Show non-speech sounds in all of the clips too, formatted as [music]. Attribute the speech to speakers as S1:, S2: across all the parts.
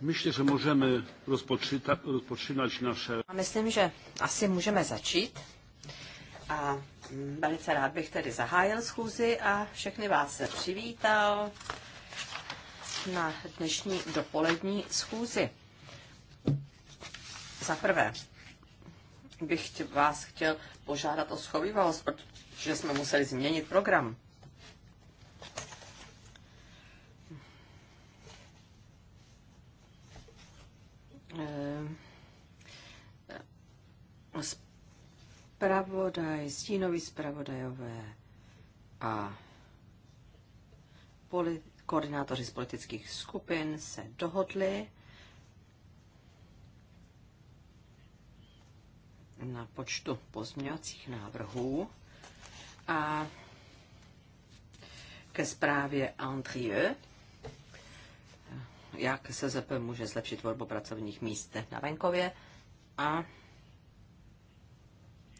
S1: Myslím, že můžeme rozpočínat naše...
S2: A myslím, že asi můžeme začít. A velice rád bych tedy zahájil schůzi a všechny vás se přivítal na dnešní dopolední schůzi. Za prvé bych vás chtěl požádat o schovivost, protože jsme museli změnit program. zpravodaj, stínový zpravodajové a poli- koordinátoři z politických skupin se dohodli na počtu pozměňovacích návrhů a ke zprávě Andrieu, jak se může zlepšit tvorbu pracovních míst na venkově a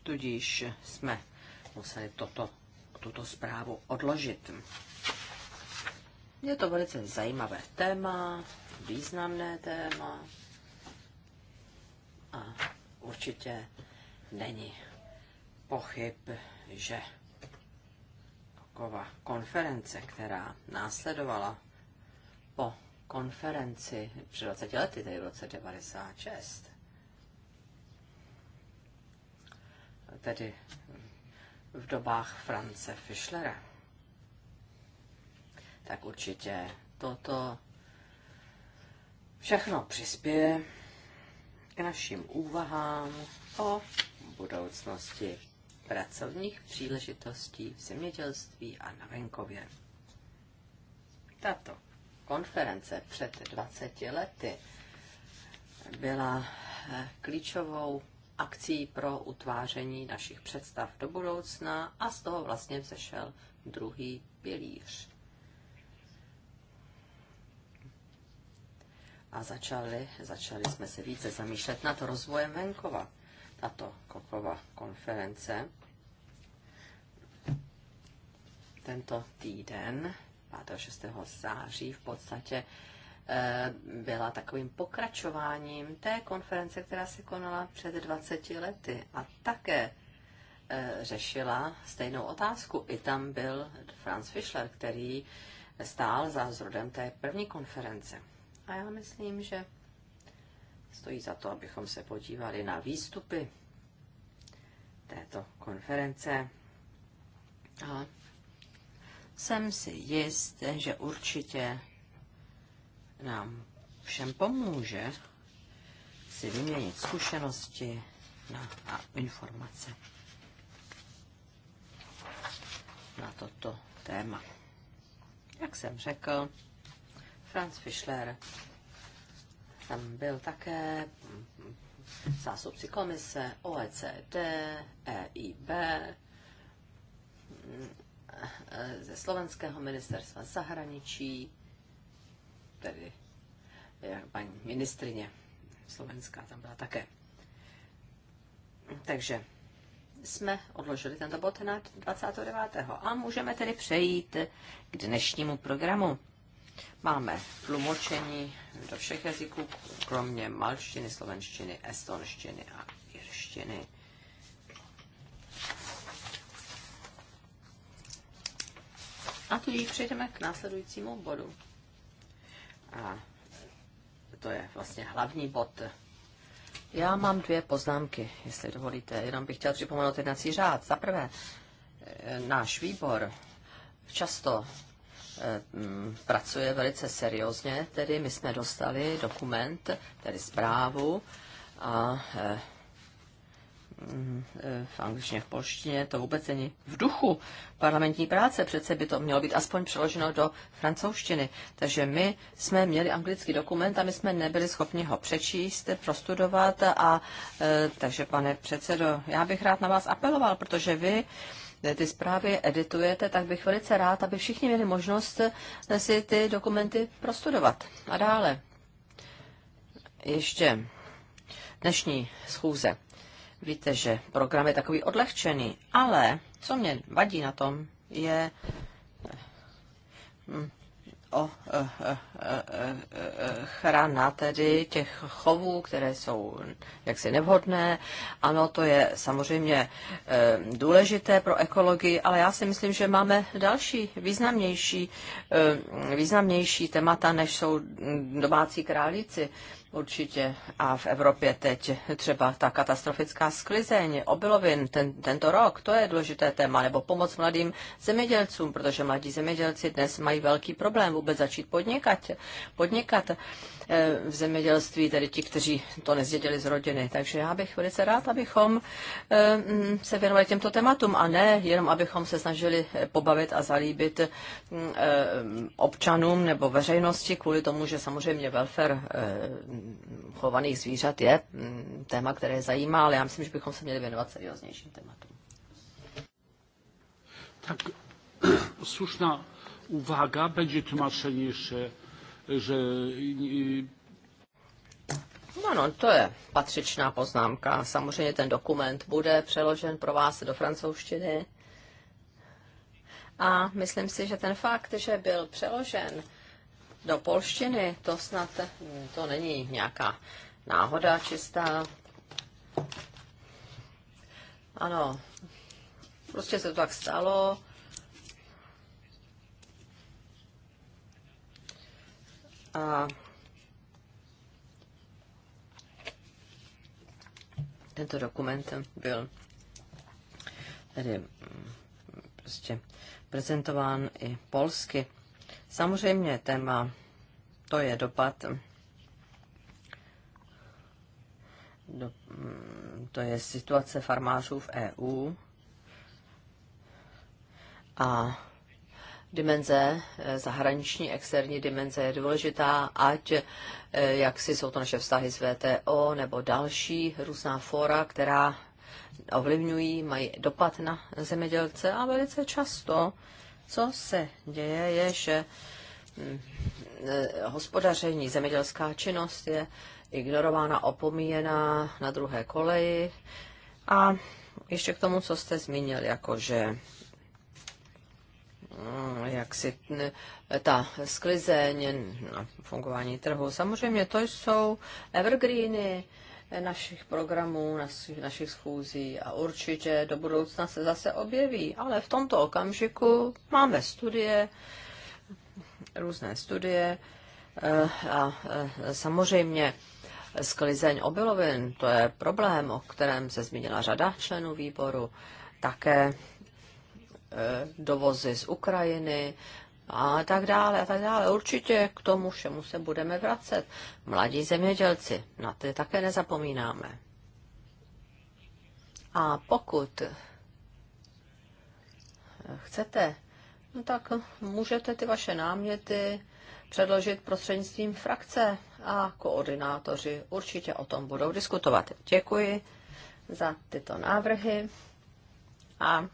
S2: Tudíž jsme museli toto, tuto zprávu odložit. Je to velice zajímavé téma, významné téma a určitě není pochyb, že taková konference, která následovala po konferenci před 20 lety, tedy v roce 96, tedy v dobách France Fischlera, tak určitě toto všechno přispěje k našim úvahám o
S3: budoucnosti
S2: pracovních příležitostí v zemědělství a na venkově. Tato konference před 20 lety byla eh, klíčovou akcí pro utváření našich představ do budoucna a z toho vlastně vzešel druhý pilíř. A začali, začali jsme se více zamýšlet nad rozvojem venkova. Tato Kokova konference tento týden, 5. 6. září, v podstatě Eh, byla takovým pokračováním té konference, která se konala před 20 lety a také eh, řešila stejnou otázku. I tam byl Franz Fischler, který stál za zrodem té první konference. A já myslím, že stojí za to, abychom se podívali na výstupy této konference. A jsem si jist, že určitě nám všem pomůže si vyměnit zkušenosti a informace na toto téma. Jak jsem řekl, Franz Fischler tam byl také zástupci komise, OECD, EIB, ze slovenského ministerstva zahraničí, tedy eh, paní ministrině slovenská tam byla také. Takže jsme odložili tento bod na 29. a můžeme tedy přejít k dnešnímu programu. Máme tlumočení do všech jazyků, kromě malštiny, slovenštiny, estonštiny a irštiny. A tudíž přejdeme k následujícímu bodu. A to je vlastně hlavní bod. Já mám dvě poznámky, jestli dovolíte. Jenom bych chtěl připomenout jednací řád. Za prvé, eh, náš výbor často eh, mm, pracuje velice seriózně, tedy my jsme dostali dokument, tedy zprávu a eh, v angličtině, v polštině, to vůbec není v duchu parlamentní práce. Přece by to mělo být aspoň přeloženo do francouzštiny. Takže my jsme měli anglický dokument a my jsme nebyli schopni ho přečíst, prostudovat. A, e, takže, pane předsedo, já bych rád na vás apeloval, protože vy e, ty zprávy editujete, tak bych velice rád, aby všichni měli možnost e, si ty dokumenty prostudovat. A dále. Ještě dnešní schůze Víte, že program je takový odlehčený, ale co mě vadí na tom, je eh, hm, o eh, eh, chrana tedy těch chovů, které jsou jaksi nevhodné. Ano, to je samozřejmě důležité pro ekologii, ale já si myslím, že máme další významnější, významnější témata, než jsou hm, domácí králíci. Určitě. A v Evropě teď třeba ta katastrofická sklizeň obilovin ten, tento rok, to je důležité téma, nebo pomoc mladým zemědělcům, protože mladí zemědělci dnes mají velký problém vůbec začít podnikat. podnikat eh, v zemědělství, tedy ti, kteří to nezdědili z rodiny. Takže já bych velice rád, abychom eh, mm, se věnovali těmto tématům a ne jenom, abychom se snažili pobavit a zalíbit mm, eh, občanům nebo veřejnosti kvůli tomu, že samozřejmě welfare chovaných zvířat je mm, téma, které zajímá, ale já myslím, že bychom se měli věnovat serióznějším tématům.
S1: Tak slušná úvaha bude tłumaczenie jeszcze, že... No, no, to je
S2: patřičná poznámka. Samozřejmě ten dokument bude přeložen pro vás do francouzštiny. A myslím si, že ten fakt, že byl přeložen, do polštiny, to snad hmm, to není nějaká náhoda čistá. Ano, prostě se to tak stalo. A tento dokument byl tedy hmm, prostě prezentován i polsky. Samozřejmě téma, to je dopad, do, mm, to je situace farmářů v EU a dimenze, eh, zahraniční externí dimenze je důležitá, ať eh, jak si jsou to naše vztahy s VTO nebo další různá fora, která ovlivňují, mají dopad na zemědělce a velice často co se děje, je, že hm, eh, hospodaření, zemědělská činnost je ignorována, opomíjená na druhé koleji. A ještě k tomu, co jste zmínil, jakože hm, jak si hm, ta sklizeň, fungování trhu. Samozřejmě to jsou evergreeny, našich programů, našich, našich schůzí a určitě do budoucna se zase objeví. Ale v tomto okamžiku máme studie, různé studie eh, a eh, samozřejmě sklizeň obilovin, to je problém, o kterém se zmínila řada členů výboru, také eh, dovozy z Ukrajiny a tak dále a tak dále. Určitě k tomu všemu se budeme vracet. Mladí zemědělci, na ty také nezapomínáme. A pokud chcete, no tak můžete ty vaše náměty předložit prostřednictvím frakce a koordinátoři určitě o tom budou diskutovat. Děkuji za tyto návrhy a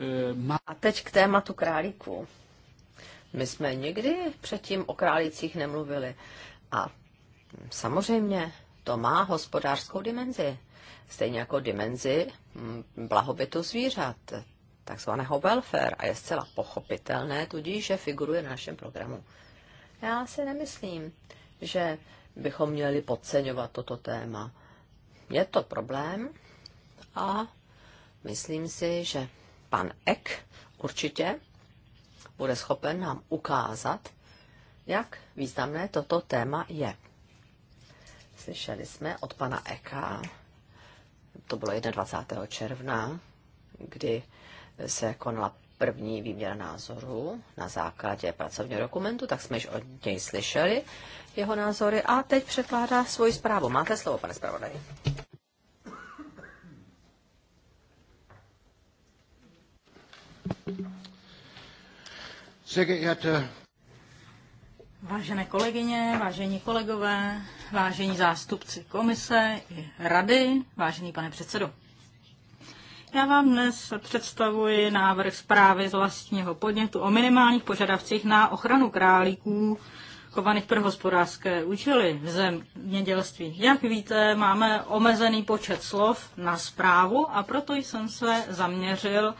S2: Eh, a teď k tématu králíků. My jsme nikdy předtím o králících nemluvili. A samozřejmě to má hospodářskou dimenzi. Stejně jako dimenzi hm, blahobytu zvířat, takzvaného welfare. A je zcela pochopitelné, tudíž, že figuruje na našem programu. Já si nemyslím, že bychom měli podceňovat toto téma. Je to problém a myslím si, že pan Ek určitě bude schopen nám ukázat, jak významné toto téma je. Slyšeli jsme od pana Eka, to bylo 21. června, kdy se konala první výměra názoru na základě pracovního dokumentu, tak jsme již od něj slyšeli jeho názory a teď překládá svoji zprávu. Máte slovo, pane zpravodaj.
S3: Vážené kolegyně, vážení kolegové, vážení zástupci komise i rady, vážený pane předsedo. Já vám dnes představuji návrh zprávy z vlastního podnětu o minimálních požadavcích na ochranu králíků chovaných pro hospodářské účely v zemědělství. Jak víte, máme omezený počet slov na zprávu a proto jsem se zaměřil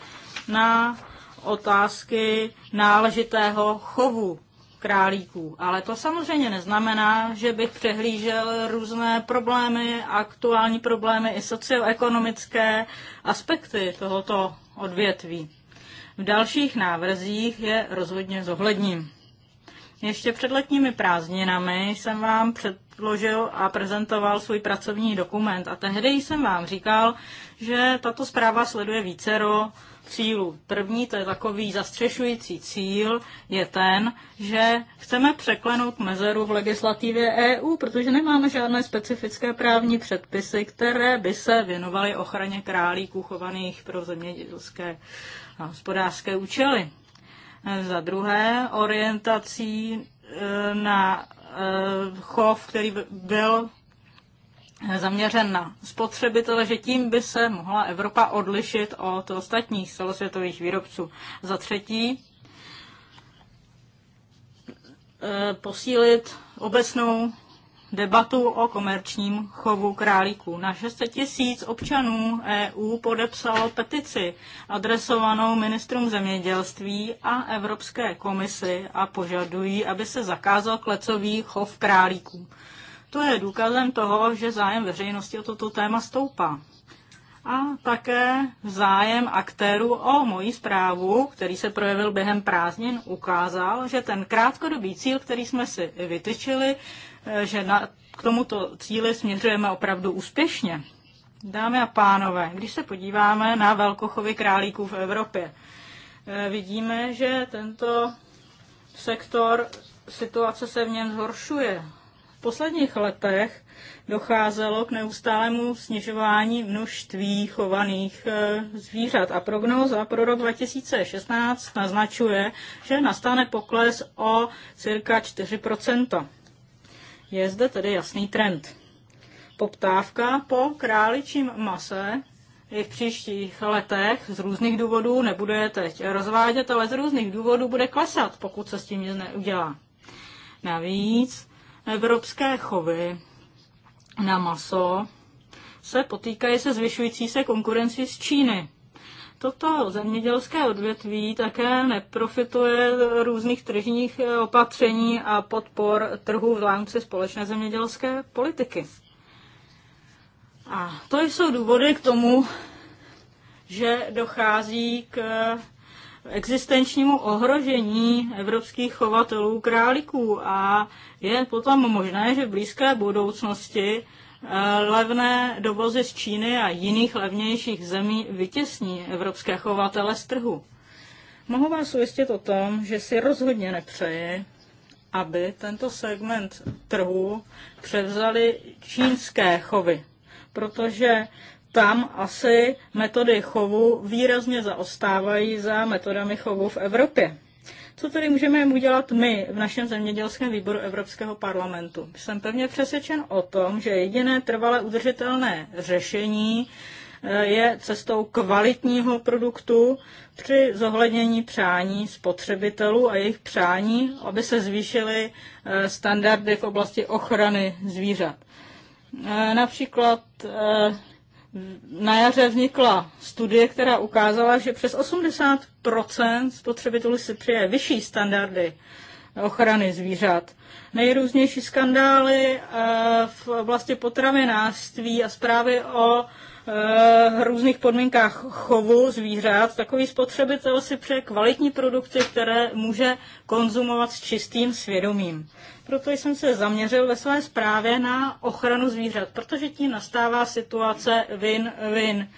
S3: na otázky náležitého chovu králíků. Ale to samozřejmě neznamená, že bych přehlížel různé problémy, aktuální problémy i socioekonomické aspekty tohoto odvětví. V dalších návrzích je rozhodně zohledním. Ještě před letními prázdninami jsem vám předložil a prezentoval svůj pracovní dokument a tehdy jsem vám říkal, že tato zpráva sleduje vícero cílů. První, to je takový zastřešující cíl, je ten, že chceme překlenout mezeru v legislativě EU, protože nemáme žádné specifické právní předpisy, které by se věnovaly ochraně králíků chovaných pro zemědělské a hospodářské účely. Za druhé, orientací e, na e, chov, který byl zaměřen na spotřebitele, že tím by se mohla Evropa odlišit od ostatních celosvětových výrobců. Za třetí, e, posílit obecnou debatu o komerčním chovu králíků. Na 600 tisíc občanů EU podepsalo petici adresovanou ministrům zemědělství a Evropské komisi a požadují, aby se zakázal klecový chov králíků. To je důkazem toho, že zájem veřejnosti o toto téma stoupá. A také zájem aktérů o moji zprávu, který se projevil během prázdnin, ukázal, že ten krátkodobý cíl, který jsme si vytyčili, eh, že na, k tomuto cíli směřujeme opravdu úspěšně. Dámy a pánové, když se podíváme na velkochovy králíků v Evropě, eh, vidíme, že tento sektor, situace se v něm zhoršuje. V posledních letech docházelo k neustálému snižování množství chovaných e, zvířat a prognóza pro rok 2016 naznačuje, že nastane pokles o cirka 4 Je zde tedy jasný trend. Poptávka po králičím mase i v příštích letech z různých důvodů nebude teď rozvádět, ale z různých důvodů bude klesat, pokud se s tím nic neudělá. Navíc Evropské chovy na maso se potýkají se zvyšující se konkurenci z Číny. Toto zemědělské odvětví také neprofituje různých tržních opatření a podpor trhu v rámci společné zemědělské politiky. A to jsou důvody k tomu, že dochází k existenčnímu ohrožení evropských chovatelů králíků a je potom možné, že v blízké budoucnosti eh, levné dovozy z Číny a jiných levnějších zemí vytěsní evropské chovatele z trhu. Mohu vás ujistit o tom, že si rozhodně nepřeji, aby tento segment trhu převzali čínské chovy, protože tam asi metody chovu výrazně zaostávají za metodami chovu v Evropě. Co tedy můžeme udělat my v našem zemědělském výboru Evropského parlamentu? Jsem pevně přesvědčen o tom, že jediné trvale udržitelné řešení eh, je cestou kvalitního produktu při zohlednění přání spotřebitelů a jejich přání, aby se zvýšily eh, standardy v oblasti ochrany zvířat. Eh, například na jaře vznikla studie, která ukázala, že přes 80% spotřebitelů si přeje vyšší standardy ochrany zvířat. Nejrůznější skandály eh, v oblasti potravinářství a zprávy o eh, různých podmínkách chovu zvířat. Takový spotřebitel si přeje kvalitní produkty, které může konzumovat s čistým svědomím proto jsem se zaměřil ve své zprávě na ochranu zvířat, protože tím nastává situace win-win.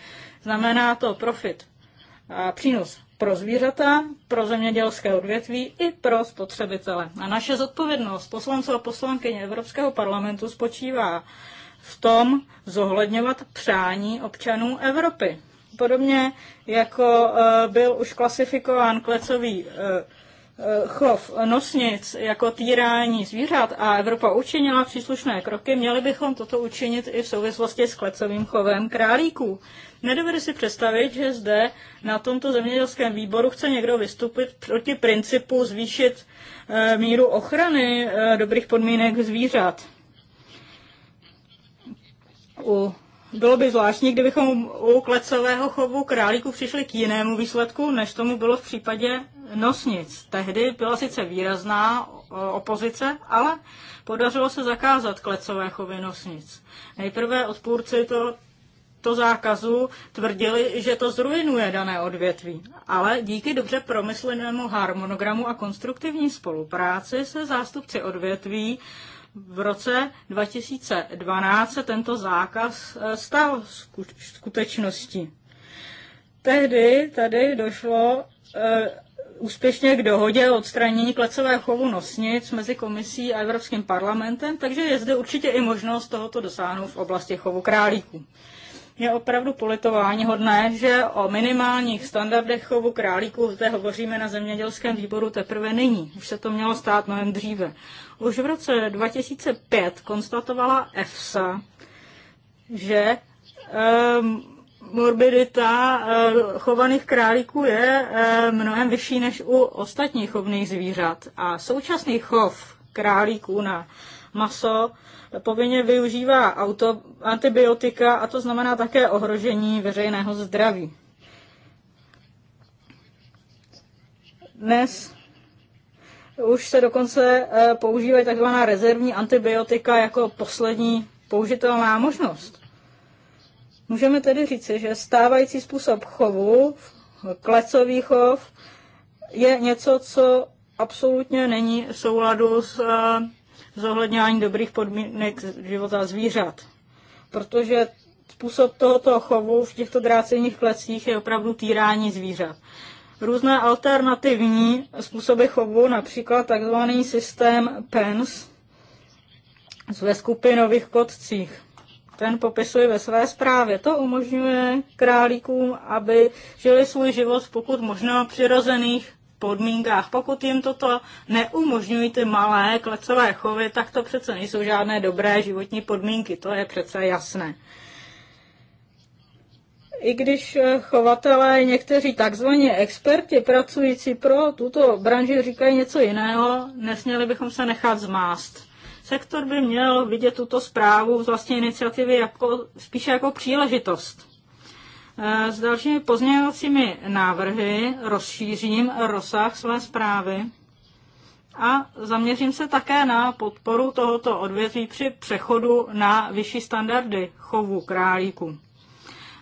S3: Znamená to profit a přínos pro zvířata, pro zemědělské odvětví i pro spotřebitele. A naše zodpovědnost poslanců a poslankyně Evropského parlamentu spočívá v tom zohledňovat přání občanů Evropy. Podobně jako eh, byl už klasifikován klecový eh, Eh, chov nosnic jako týrání zvířat a Evropa učinila příslušné kroky, měli bychom toto učinit i v souvislosti s klecovým chovem králíků. Nedovedu si představit, že zde na tomto zemědělském výboru chce někdo vystupit proti principu zvýšit eh, míru ochrany eh, dobrých podmínek zvířat. U bylo by zvláštní, kdybychom u klecového chovu králíku přišli k jinému výsledku, než tomu bylo v případě nosnic. Tehdy byla sice výrazná opozice, ale podařilo se zakázat klecové chovy nosnic. Nejprve odpůrci to, to zákazu tvrdili, že to zrujnuje dané odvětví, ale díky dobře promyslenému harmonogramu a konstruktivní spolupráci se zástupci odvětví v roce 2012 se tento zákaz e, stal skutečností. Tehdy tady došlo e, úspěšně k dohodě o odstranění klecového chovu nosnic mezi komisí a Evropským parlamentem, takže je zde určitě i možnost tohoto dosáhnout v oblasti chovu králíků. Je opravdu politování hodné, že o minimálních standardech chovu králíků zde hovoříme na zemědělském výboru teprve nyní. Už se to mělo stát mnohem dříve. Už v roce 2005 konstatovala EFSA, že ehm, morbidita eh, chovaných králíků je eh, mnohem vyšší než u ostatních chovných zvířat. A současný chov králíků na maso povinně využívá auto, antibiotika a to znamená také ohrožení veřejného zdraví. Dnes už se dokonce eh, používají takzvaná rezervní antibiotika jako poslední použitelná možnost. Můžeme tedy říci, že stávající způsob chovu, klecový chov, je něco, co absolutně není v souladu eh, s zohledňováním dobrých podmínek života zvířat. Protože způsob tohoto chovu v těchto drácených klecích je opravdu týrání zvířat. Různé alternativní způsoby chovu, například takzvaný systém PENS ve skupinových kotcích ten popisuje ve své zprávě. To umožňuje králíkům, aby žili svůj život pokud možno přirozených podmínkách. Pokud jim toto neumožňují ty malé klecové chovy, tak to přece nejsou žádné dobré životní podmínky, to je přece jasné. I když eh, chovatelé, někteří takzvaně experti pracující pro tuto branži říkají něco jiného, nesměli bychom se nechat zmást. Sektor by měl vidět tuto zprávu z vlastní iniciativy jako, spíše jako příležitost. E, s dalšími pozměňovacími návrhy rozšířím rozsah své zprávy a zaměřím se také na podporu tohoto odvětví při přechodu na vyšší standardy chovu králíků.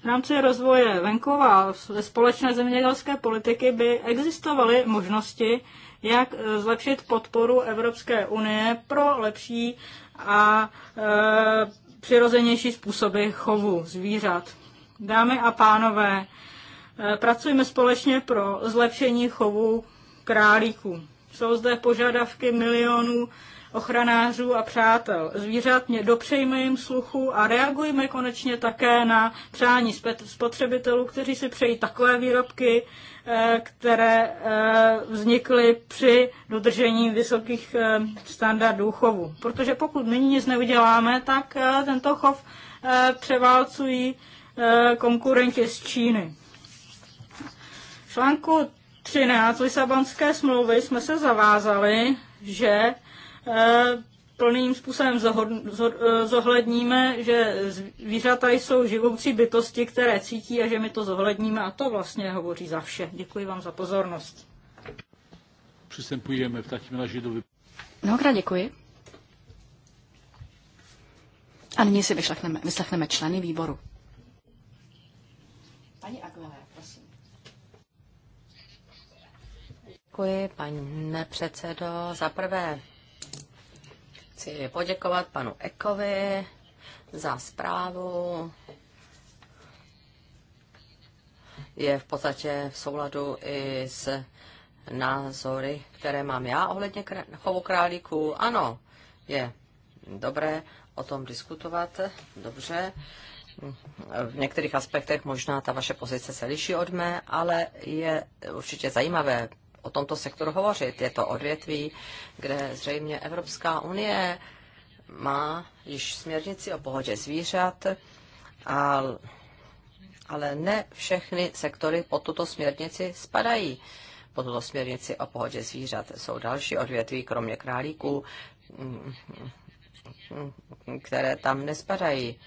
S3: V rámci rozvoje venkova ve společné zemědělské politiky by existovaly možnosti, jak eh, zlepšit podporu Evropské unie pro lepší a e, přirozenější způsoby chovu zvířat. Dámy a pánové, e, pracujeme společně pro zlepšení chovu králíků. Jsou zde požadavky milionů ochranářů a přátel. Zvířat mě dopřejme jim sluchu a reagujme konečně také na přání spotřebitelů, kteří si přejí takové výrobky, Eh, které eh, vznikly při dodržení vysokých eh, standardů chovu. Protože pokud nyní nic neuděláme, tak tento chov převálcují konkurenti z Číny. V článku 13 Lisabonské smlouvy jsme se zavázali, že plným způsobem eh, zohledníme, že zvířata jsou živoucí bytosti, které cítí a že my to zohledníme a to vlastně hovoří za vše. Děkuji vám za pozornost.
S1: Přistępujeme v takém Židovi. No,
S3: Mnohokrát děkuji.
S4: A nyní si vyslechneme,
S2: vyslechneme členy výboru.
S4: Paní Aguilera, prosím.
S2: Děkuji, paní nepředsedo. Za prvé Chci poděkovat panu Ekovi za zprávu. Je v podstatě v souladu i s názory, které mám já ohledně chovu králíků. Ano, je dobré o tom diskutovat, dobře. V některých aspektech možná ta vaše pozice se liší od mé, ale je určitě zajímavé o tomto sektoru hovořit. Je to odvětví, kde zřejmě Evropská unie má již směrnici o pohodě zvířat, a, ale ne všechny sektory pod tuto směrnici spadají. Pod tuto směrnici o pohodě zvířat jsou další odvětví, kromě králíků, které tam nespadají.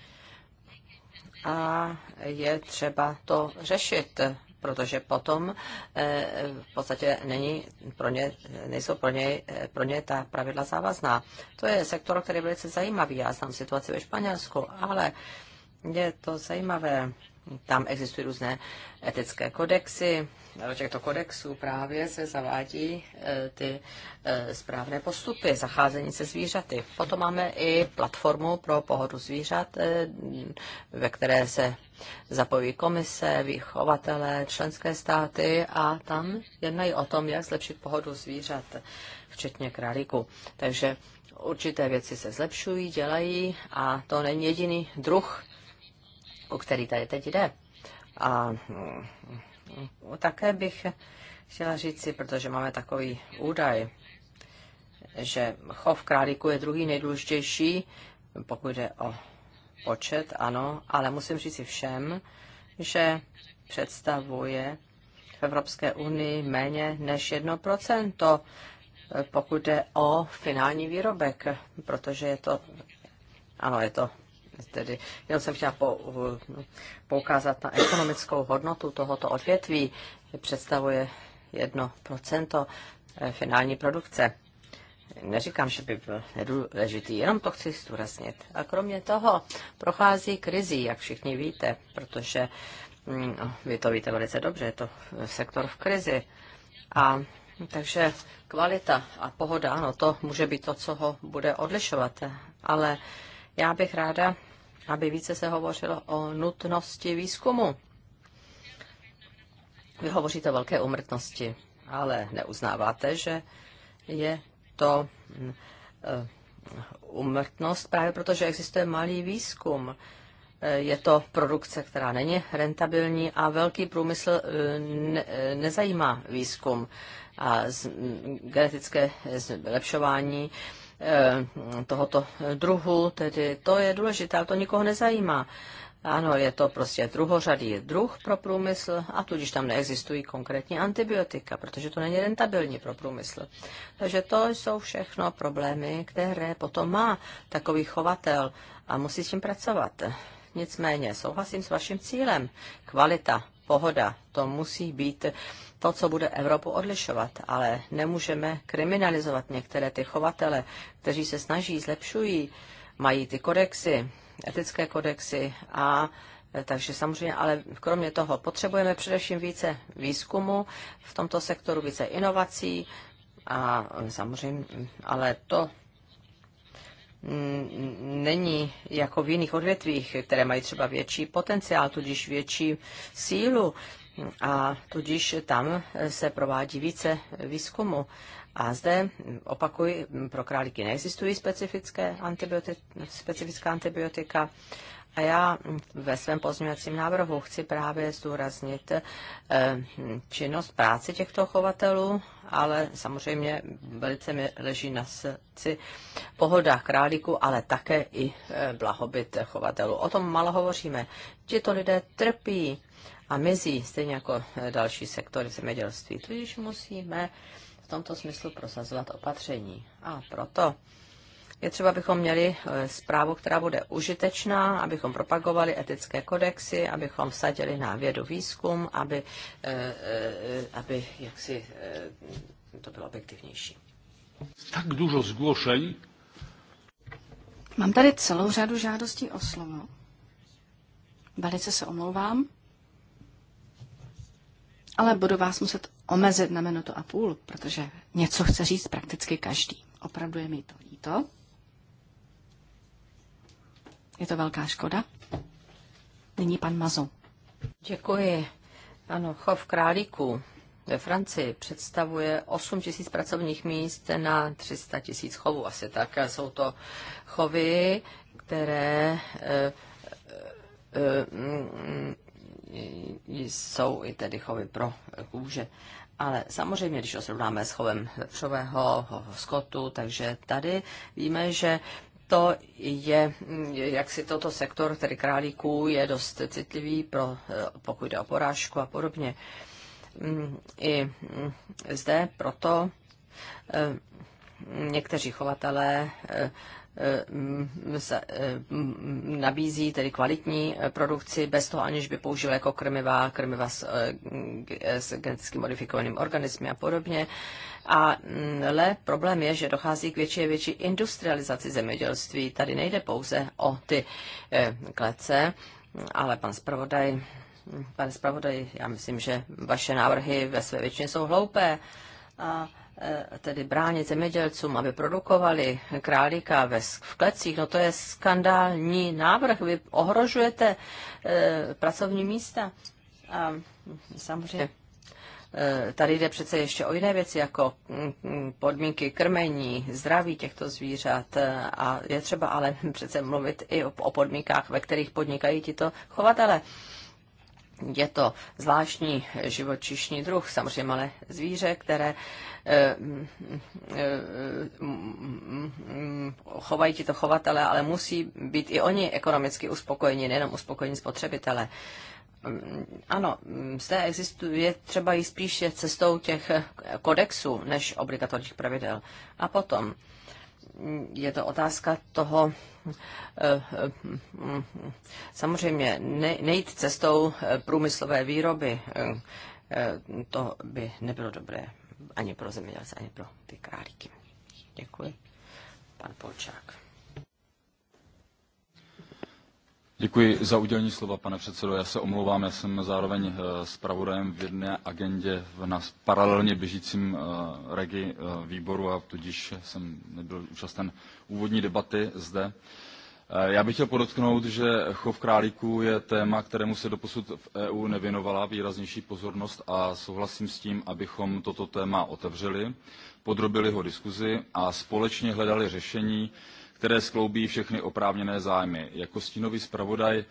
S2: A je třeba to řešit protože potom eh, v podstatě není pro ně, nejsou pro ně, eh, pro ně ta pravidla závazná. To je sektor, který je velice zajímavý. Já znám situaci ve Španělsku, ale je to zajímavé. Tam existují různé etické kodexy. Do těchto kodexů právě se zavádí eh, ty správné postupy, zacházení se zvířaty. Potom máme i platformu pro pohodu zvířat, ve které se zapojí komise, vychovatele, členské státy a tam jednají o tom, jak zlepšit pohodu zvířat, včetně králíku. Takže určité věci se zlepšují, dělají a to není jediný druh, o který tady teď jde. A mm, také bych chtěla říci, protože máme takový údaj, že chov králíku je druhý nejdůležitější, pokud jde o počet, ano, ale musím říct si všem, že představuje v Evropské unii méně než 1%, pokud jde o finální výrobek, protože je to, ano, je to tedy, jenom jsem chtěla poukázat na ekonomickou hodnotu tohoto odvětví, představuje 1% eh, finální produkce neříkám, že by byl nedůležitý, jenom to chci zdůraznit. A kromě toho prochází krizí, jak všichni víte, protože mm, no, vy to víte velice dobře, je to sektor v krizi. A takže kvalita a pohoda, ano, to může být to, co ho bude odlišovat. Ale já bych ráda, aby více se hovořilo o nutnosti výzkumu. Vy hovoříte o velké umrtnosti, ale neuznáváte, že je to mm, eh, umrtnost právě protože existuje malý výzkum. Eh, je to produkce, která není rentabilní a velký průmysl eh, ne, nezajímá výzkum a z, mm, genetické zlepšování tohoto druhu, tedy to je důležité, ale to nikoho nezajímá. Ano, je to prostě druhořadý druh pro průmysl a tudíž tam neexistují konkrétní antibiotika, protože to není rentabilní pro průmysl. Takže to jsou všechno problémy, které potom má takový chovatel a musí s tím pracovat. Nicméně souhlasím s vaším cílem. Kvalita, pohoda, to musí být to, co bude Evropu odlišovat, ale nemůžeme kriminalizovat některé ty chovatele, kteří se snaží, zlepšují, mají ty kodexy, etické kodexy a e, takže samozřejmě, ale kromě toho potřebujeme především více výzkumu v tomto sektoru, více inovací a samozřejmě, ale to není jako v jiných odvětvích, které mají třeba větší potenciál, tudíž větší sílu a tudíž tam se provádí více výzkumu. A zde, hm, opakuji, hm, pro králíky neexistují specifické antibiotik, specifická antibiotika. A já hm, ve svém pozměňovacím návrhu chci právě zdůraznit eh, činnost práce těchto chovatelů, ale samozřejmě velice mi leží na srdci pohoda králíku, ale také i eh, blahobyt chovatelů. O tom malo hovoříme. Tito lidé trpí a mizí, stejně jako eh, další sektory zemědělství. Tudíž musíme v tomto smyslu prosazovat opatření. A proto je třeba, abychom měli eh, zprávu, která bude užitečná, abychom propagovali etické kodexy, abychom vsadili na vědu výzkum, aby, eh, eh, aby jaksi to bylo objektivnější.
S1: Tak dužo zgłoszeń.
S4: Mám tady celou řadu žádostí o slovo. Velice se omlouvám, ale budu vás muset omezit na minutu a půl, protože něco chce říct prakticky každý. Opravdu je mi to líto. Je to velká škoda. Nyní pan Mazo.
S2: Děkuji. Ano, chov králíků ve Francii představuje 8 tisíc pracovních míst na 300 tisíc chovů. Asi tak jsou to chovy, které e, e, jsou i tedy chovy pro kůže. Ale samozřejmě, když to srovnáme s chovem vepřového, skotu, takže tady víme, že to je, jak si toto sektor, tedy králíků, je dost citlivý, pro, pokud jde o porážku a podobně. I zde proto eh, někteří chovatelé eh, Eh, eh, nabízí tedy kvalitní eh, produkci bez toho, aniž by použil jako krmiva, krmiva s, s geneticky modifikovaným organismy a podobně. Ale mm, problém je, že dochází k větší a větší industrializaci zemědělství. Tady nejde pouze o ty klece, ale pan zpravodaj, pane zpravodaj, já myslím, že vaše návrhy ve své většině jsou hloupé. A Eh, tedy bránit zemědělcům, aby produkovali králíka ve, v klecích, no to je skandální návrh. Vy ohrožujete e, pracovní místa. A samozřejmě e, tady jde přece ještě o jiné věci, jako mm, mm, podmínky krmení, zdraví těchto zvířat a je třeba ale [laughs] přece mluvit i o, o podmínkách, ve kterých podnikají tito chovatele. E, je to zvláštní živočišní druh, samozřejmě malé zvíře, které eh, mm, eh, mm, chovají tito chovatele, ale musí být i oni ekonomicky uspokojeni, nejenom uspokojeni spotřebitele. Mm, ano, zde existuje třeba i spíše cestou těch eh, kodexů než obligatorních pravidel. A potom je to otázka toho Eh, eh, samozřejmě nejít cestou eh, průmyslové výroby, to by nebylo dobré ani pro zemědělce, ani pro ty králíky. Děkuji.
S1: Pan Polčák. Děkuji za udělení slova, pane předsedo. Já se omlouvám, já jsem zároveň eh, zpravodajem v jedné agendě v nás paralelně běžícím eh, regi eh, výboru a tudíž jsem nebyl účasten úvodní debaty zde. Já bych chtěl podotknout, že chov králíků je téma, kterému se doposud v EU nevěnovala výraznější pozornost a souhlasím s tím, abychom toto téma otevřeli, podrobili ho diskuzi a společně hledali řešení, které skloubí všechny oprávněné zájmy. Jako stínový zpravodaj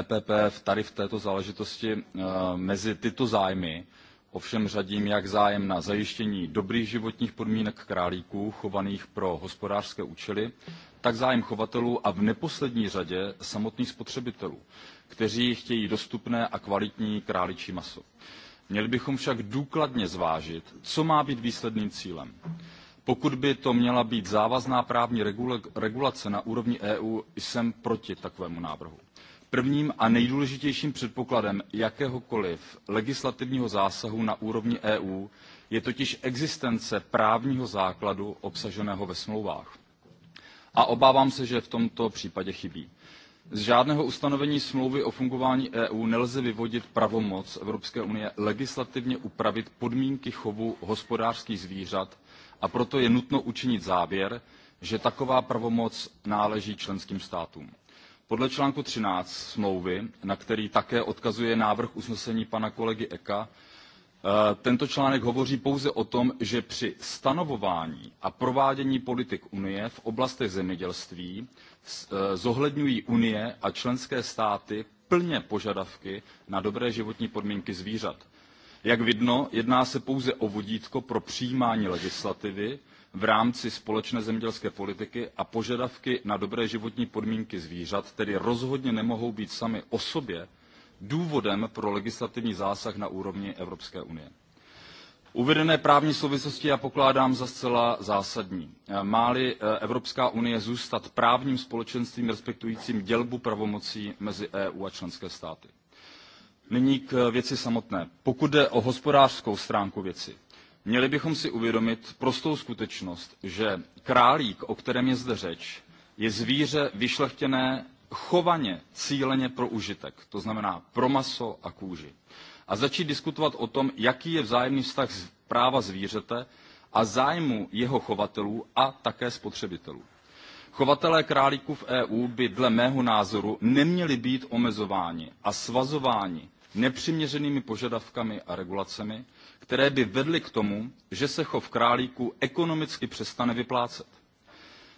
S1: EPP eh, e v tady v této záležitosti eh, mezi tyto zájmy ovšem řadím jak zájem na zajištění dobrých životních podmínek králíků chovaných pro hospodářské účely, tak zájem chovatelů a v neposlední řadě samotných spotřebitelů, kteří chtějí dostupné a kvalitní králičí maso. Měli bychom však důkladně zvážit, co má být výsledným cílem. Pokud by to měla být závazná právní regulace na úrovni EU, jsem proti takovému návrhu. Prvním a nejdůležitějším předpokladem jakéhokoliv legislativního zásahu na úrovni EU je totiž existence právního základu obsaženého ve smlouvách. A obávám se, že v tomto případě chybí. Z žádného ustanovení smlouvy o fungování EU nelze vyvodit pravomoc Evropské unie legislativně upravit podmínky chovu hospodářských zvířat a proto je nutno učinit závěr že taková pravomoc náleží členským státům. podle článku thirteen smlouvy na který také odkazuje návrh usnesení pana kolegy Eka, eh, tento článek hovoří pouze o tom že při stanovování a provádění politik unie v oblastech zemědělství eh, zohledňují unie a členské státy plně požadavky na dobré životní podmínky zvířat jak vidno, jedná se pouze o vodítko pro přijímání legislativy v rámci společné zemědělské politiky a požadavky na dobré životní podmínky zvířat tedy rozhodně nemohou být samy o sobě důvodem pro legislativní zásah na úrovni Evropské unie. Uvedené právní souvislosti já pokládám za zcela zásadní. Má-li eh, Evropská unie zůstat právním společenstvím respektujícím dělbu pravomocí mezi EU a členské státy Nyní k věci samotné. Pokud jde o hospodářskou stránku věci, měli bychom si uvědomit prostou skutečnost, že králík, o kterém je zde řeč, je zvíře vyšlechtěné chovaně, cíleně pro užitek, to znamená pro maso a kůži. A začít diskutovat o tom, jaký je vzájemný vztah práva zvířete a zájmu jeho chovatelů a také spotřebitelů. Chovatelé králíků v EU by dle mého názoru neměli být omezováni a svazováni nepřiměřenými požadavky a regulacemi které by vedly k tomu že se chov králíků ekonomicky přestane vyplácet.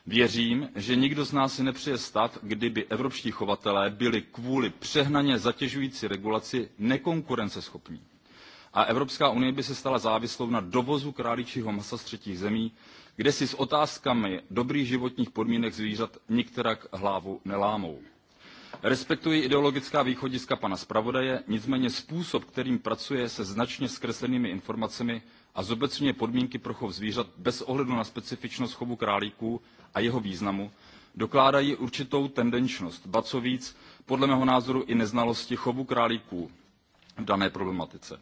S1: věřím že nikdo z nás si nepřeje stav kdy by evropští chovatelé byli kvůli přehnaně zatěžující regulaci nekonkurenceschopní a evropská unie by se stala závislou na dovozu králíčího masa z třetích zemí kde si s otázkami dobrých životních podmínek zvířat nikterak hlavu nelámou Respektuji ideologická východiska pana zpravodaje, nicméně způsob, kterým pracuje se značně zkreslenými informacemi a zobecňuje podmínky pro chov zvířat bez ohledu na specifičnost chovu králíků a jeho významu, dokládají určitou tendenčnost, ba co víc, podle mého názoru i neznalosti chovu králíků v dané problematice.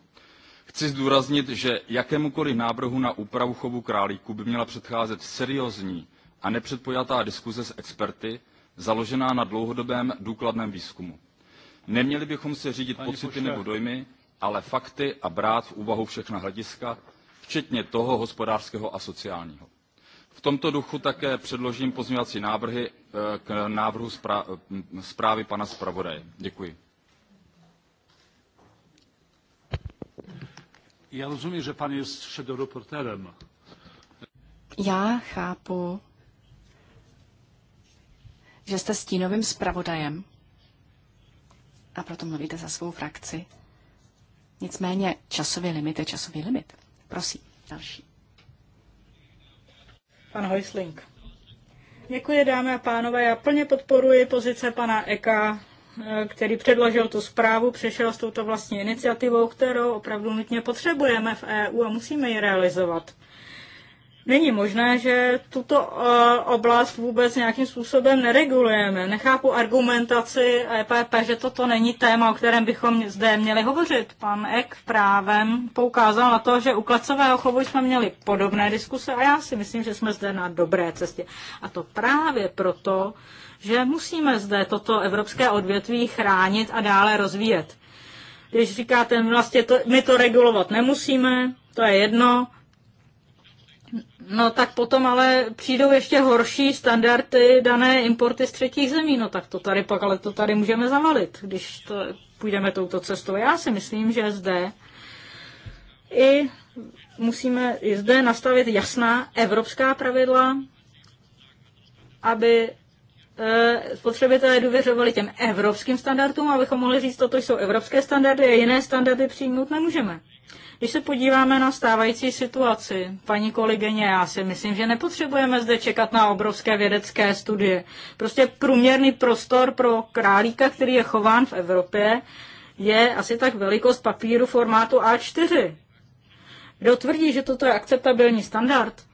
S1: Chci zdůraznit, že jakémukoliv návrhu na úpravu chovu králíků by měla předcházet seriózní a nepředpojatá diskuze s experty, založená na dlouhodobém důkladném výzkumu. Neměli bychom se řídit Pani pocity pošle. nebo dojmy, ale fakty a brát v úvahu všechna hlediska, včetně toho hospodářského a sociálního. V tomto duchu také předložím pozměňovací návrhy eh, k návrhu zprávy pana zpravodaje. Děkuji. Já rozumím, že pan je šedoreportérem.
S4: Já chápu, že jste stínovým zpravodajem a proto mluvíte za svou frakci. Nicméně časový limit je časový limit.
S3: Prosím, další. Pan Hojsling. Děkuji, dámy a pánové. Já plně podporuji pozice pana Eka, eh, který předložil tu zprávu, přišel s touto vlastní iniciativou, kterou opravdu nutně potřebujeme v EU a musíme ji realizovat. Není možné, že tuto eh, oblast vůbec nějakým způsobem neregulujeme. Nechápu argumentaci EPP, že toto není téma, o kterém bychom zde měli hovořit. Pan Ek právem poukázal na to, že u klecového chovu jsme měli podobné diskuse a já si myslím, že jsme zde na dobré cestě. A to právě proto, že musíme zde toto evropské odvětví chránit a dále rozvíjet. Když říkáte, no, vlastně to, my to regulovat nemusíme, to je jedno, No tak potom ale přijdou ještě horší standardy dané importy z třetích zemí. No tak to tady pak, ale to tady můžeme zavalit, když to, půjdeme touto cestou. Já si myslím, že zde i musíme i zde nastavit jasná evropská pravidla, aby eh, spotřebitelé důvěřovali těm evropským standardům, abychom mohli říct, toto jsou evropské standardy a jiné standardy přijmout nemůžeme. Když se podíváme na stávající situaci, paní kolegyně, já si myslím, že nepotřebujeme zde čekat na obrovské vědecké studie. Prostě průměrný prostor pro králíka, který je chován v Evropě, je asi tak velikost papíru formátu A4. Kdo tvrdí, že toto je akceptabilní standard?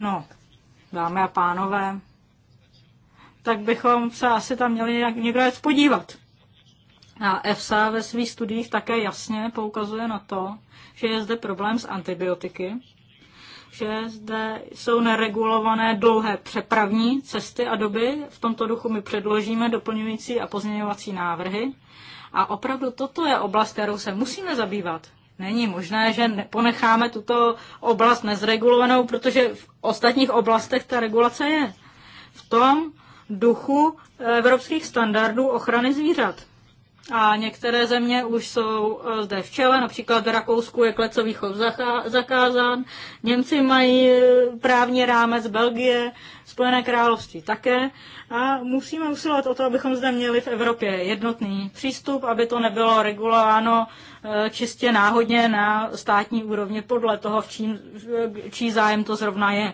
S3: No, dámy a pánové, tak bychom se asi tam měli někdo podívat. A EFSA ve svých studiích také jasně poukazuje na to, že je zde problém s antibiotiky, že zde jsou neregulované dlouhé přepravní cesty a doby. V tomto duchu my předložíme doplňující a pozměňovací návrhy. A opravdu toto je oblast, kterou se musíme zabývat. Není možné, že ponecháme tuto oblast nezregulovanou, protože v ostatních oblastech ta regulace je. V tom duchu evropských standardů ochrany zvířat. A některé země už jsou eh, zde v čele, například v Rakousku je klecový chov zakázán, Němci mají eh, právní rámec, Belgie, Spojené království také. A musíme usilovat o to, abychom zde měli v Evropě jednotný přístup, aby to nebylo regulováno eh, čistě náhodně na státní úrovni podle toho, v čím, čí zájem to zrovna je.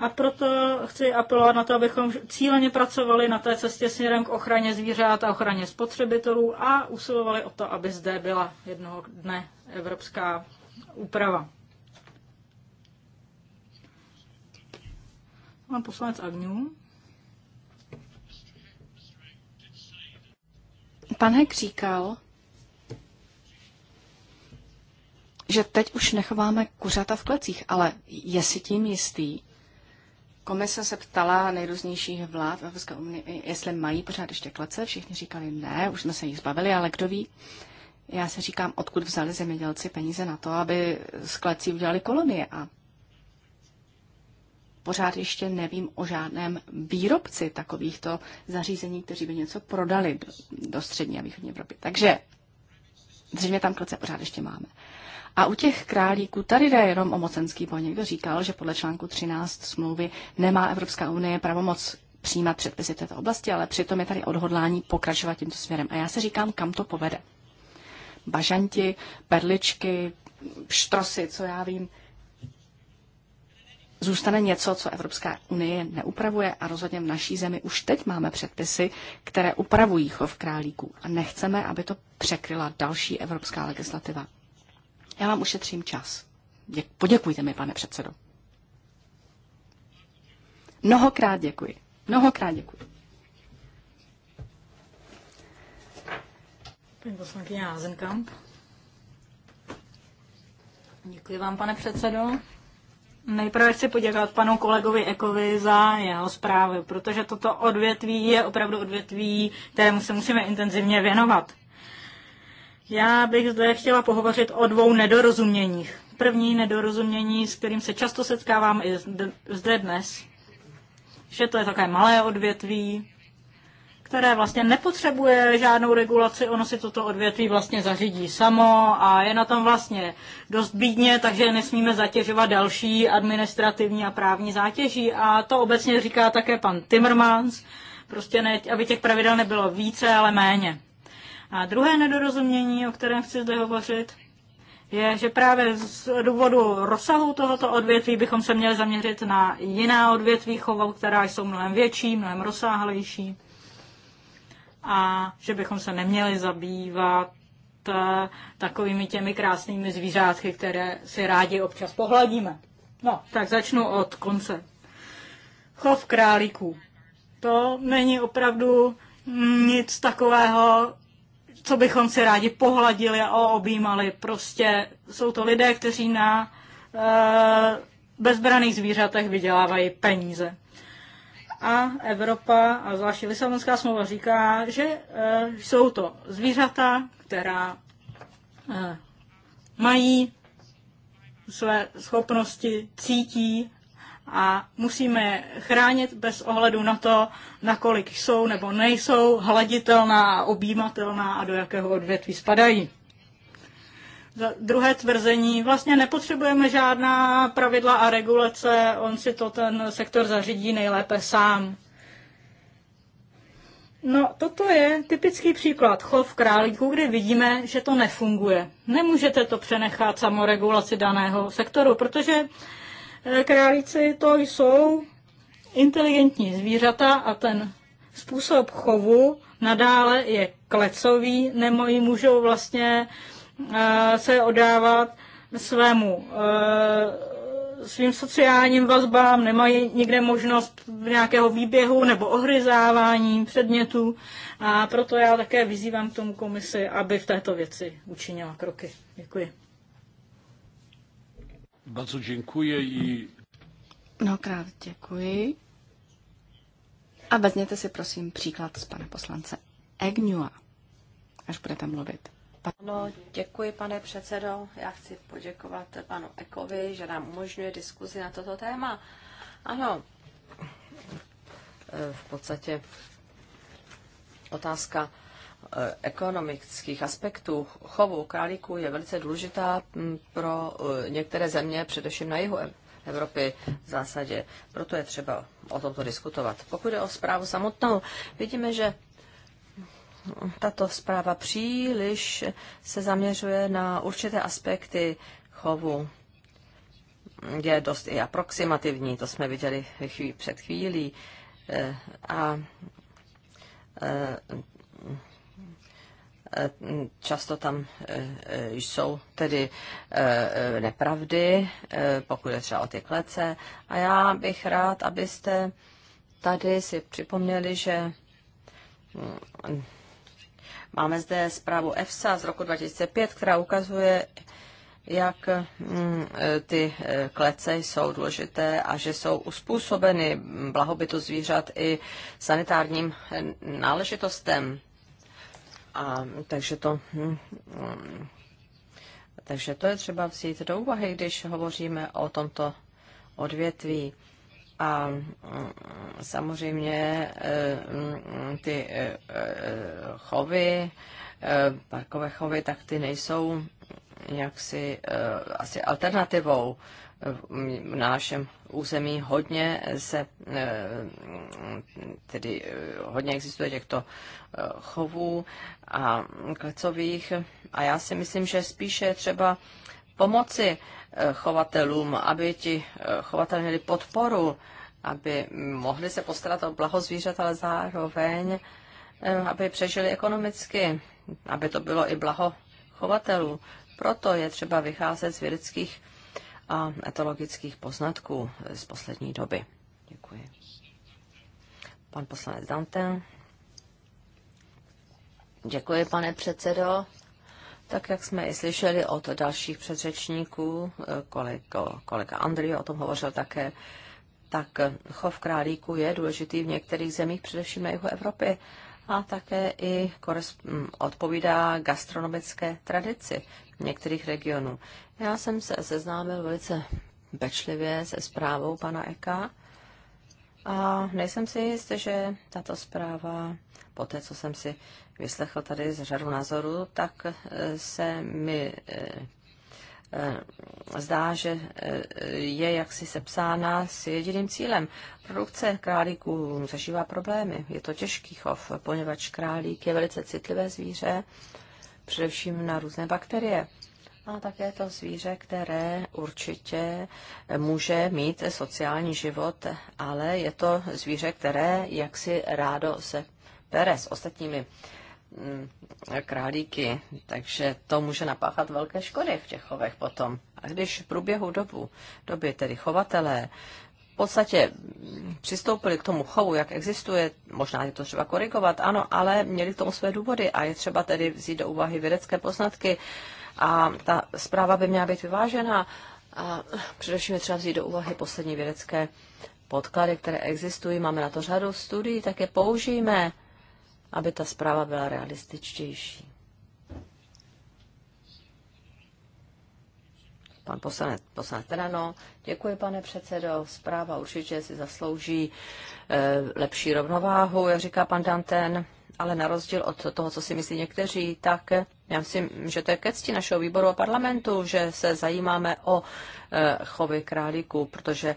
S3: A proto chci apelovat na to, abychom cíleně pracovali na té cestě směrem k ochraně zvířat a ochraně spotřebitelů a usilovali o to, aby zde byla jednoho dne evropská úprava. Pan poslanec Agňů. Pan Hek říkal, že
S4: teď už nechováme kuřata v klecích, ale je si tím jistý, Komise se ptala nejrůznějších vlád v Evropské unii, jestli mají pořád ještě klece. Všichni říkali ne, už jsme se jich zbavili, ale kdo ví. Já se říkám, odkud vzali zemědělci peníze na to, aby z klecí udělali kolonie. A pořád ještě nevím o žádném výrobci takovýchto zařízení, kteří by něco prodali do, do střední a východní Evropy. Takže zřejmě tam klece pořád ještě máme. Uh, a u těch králíků tady jde jenom o mocenský boj. Někdo říkal, že podle článku 13 smlouvy nemá Evropská unie pravomoc přijímat předpisy této oblasti, ale přitom je tady odhodlání pokračovat tímto směrem. A já se říkám, kam to povede. Bažanti, perličky, štrosy, co já vím, zůstane něco, co Evropská unie neupravuje a rozhodně v naší zemi už teď máme předpisy, které upravují chov králíků a nechceme, aby to překryla další evropská legislativa. Já vám ušetřím čas. Děk, poděkujte mi, pane předsedo. Mnohokrát děkuji. Mnohokrát děkuji.
S3: Paní poslankyně Házenkamp. Děkuji vám, pane předsedo. Nejprve chci poděkovat panu kolegovi Ekovi za jeho zprávy, protože toto odvětví je opravdu odvětví, kterému se musíme intenzivně věnovat. Já bych zde chtěla pohovořit o dvou nedorozuměních. První nedorozumění, s kterým se často setkávám i zde dnes, že to je takové malé odvětví, které vlastně nepotřebuje žádnou regulaci, ono si toto odvětví vlastně zařídí samo a je na tom vlastně dost bídně, takže nesmíme zatěžovat další administrativní a právní zátěží. A to obecně říká také pan Timmermans, prostě ne, aby těch pravidel nebylo více, ale méně. A druhé nedorozumění, o kterém chci zde hovořit, je, že právě z důvodu rozsahu tohoto odvětví bychom se měli zaměřit na jiná odvětví chovu, která jsou mnohem větší, mnohem rozsáhlejší a že bychom se neměli zabývat eh, takovými těmi krásnými zvířátky, které si rádi občas pohladíme. No, tak začnu od konce. Chov králíků. To není opravdu nic takového, co bychom si rádi pohladili a objímali. Prostě jsou to lidé, kteří na e, eh, bezbraných zvířatech vydělávají peníze. A Evropa, a zvláště Lisabonská smlouva říká, že e, jsou to zvířata, která e, mají své schopnosti, cítí a musíme je chránit bez ohledu na to, nakolik jsou nebo nejsou hladitelná, objímatelná a do jakého odvětví spadají. Za druhé tvrzení, vlastně nepotřebujeme žádná pravidla a regulace, on si to ten sektor zařídí nejlépe sám. No, toto je typický příklad chov králíků, kde vidíme, že to nefunguje. Nemůžete to přenechat samoregulaci daného sektoru, protože Eh, králíci to jsou inteligentní zvířata a ten způsob chovu nadále je klecový, nebo ji můžou vlastně eh, se odávat svému eh, svým sociálním vazbám, nemají někde možnost nějakého výběhu nebo ohryzávání předmětů a proto já také vyzývám k tomu komisi, aby v této věci učinila kroky. Děkuji.
S1: Bardzo dziękuję i...
S3: Mnohokrát děkuji.
S4: A vezměte si prosím příklad z pana poslance Egnua, až budete mluvit.
S2: Ano, děkuji, pane předsedo. Já chci poděkovat panu Ekovi, že nám umožňuje diskuzi na toto téma. Ano, eh, v podstatě otázka Eh, ekonomických aspektů chovu králíků je velice důležitá mm, pro eh, některé země, především na jihu Evropy v zásadě. Proto je třeba o tomto diskutovat. Pokud je o zprávu samotnou, vidíme, že tato zpráva příliš se zaměřuje na určité aspekty chovu. Je dost i aproximativní, to jsme viděli chví, před chvílí. Eh, a, a Často tam eh, jsou tedy eh, nepravdy, eh, pokud je třeba o ty klece. A já bych rád, abyste tady si připomněli, že hm, máme zde zprávu EFSA z roku 2005, která ukazuje, jak hm, ty klece jsou důležité a že jsou uspůsobeny blahobytu zvířat i sanitárním náležitostem. A takže to, hm, hm, takže to je třeba vzít do úvahy, když hovoříme o tomto odvětví. A hm, samozřejmě e, ty e, e, chovy, parkové chovy, tak ty nejsou jaksi asi alternativou v našem území hodně se, eh, tedy eh, hodně existuje těchto eh, chovů a klecových a já si myslím, že spíše třeba pomoci chovatelům, aby ti chovatelé měli podporu, aby mohli se postarat o blaho zvířat, ale zároveň aby přežili ekonomicky, aby to bylo i blaho chovatelů. Proto je třeba vycházet z vědeckých a etologických poznatků z poslední doby. Děkuji. Pan poslanec Dante. Děkuji, pane předsedo. Tak jak jsme i slyšeli od dalších předřečníků, kolego, kolega Andrio o tom hovořil také, tak chov králíků je důležitý v některých zemích, především na jihu Evropy a také i odpovídá gastronomické tradici některých regionů. Já jsem se seznámil velice pečlivě se zprávou pana Eka a nejsem si jist, že tato zpráva, po té, co jsem si vyslechl tady z řadu názorů, tak e, se mi e, Eh, zdá, že eh, je jaksi sepsána s jediným cílem. Produkce králíků zažívá problémy. Je to těžký chov, poněvadž králík je velice citlivé zvíře, především na různé bakterie. A také to zvíře, které určitě může mít sociální život, ale je to zvíře, které jaksi rádo se pere s ostatními Mm, králíky, takže to může napáchat velké škody v těch chovech potom. A když v průběhu dobu, doby tedy chovatelé v podstatě přistoupili k tomu chovu, jak existuje, možná je to třeba korigovat, ano, ale měli k tomu své důvody a je třeba tedy vzít do úvahy vědecké poznatky a ta zpráva by měla být vyvážená a především je třeba vzít do úvahy poslední vědecké podklady, které existují, máme na to řadu studií, tak je použijeme aby ta zpráva byla realističtější. Pan poslanec, poslanec Terano, děkuji pane předsedo, zpráva určitě si zaslouží e, lepší rovnováhu, jak říká pan Danten, ale na rozdíl od toho, co si myslí někteří, tak já myslím, že to je ke cti našeho výboru a parlamentu, že se zajímáme o e, chovy králíků, protože e,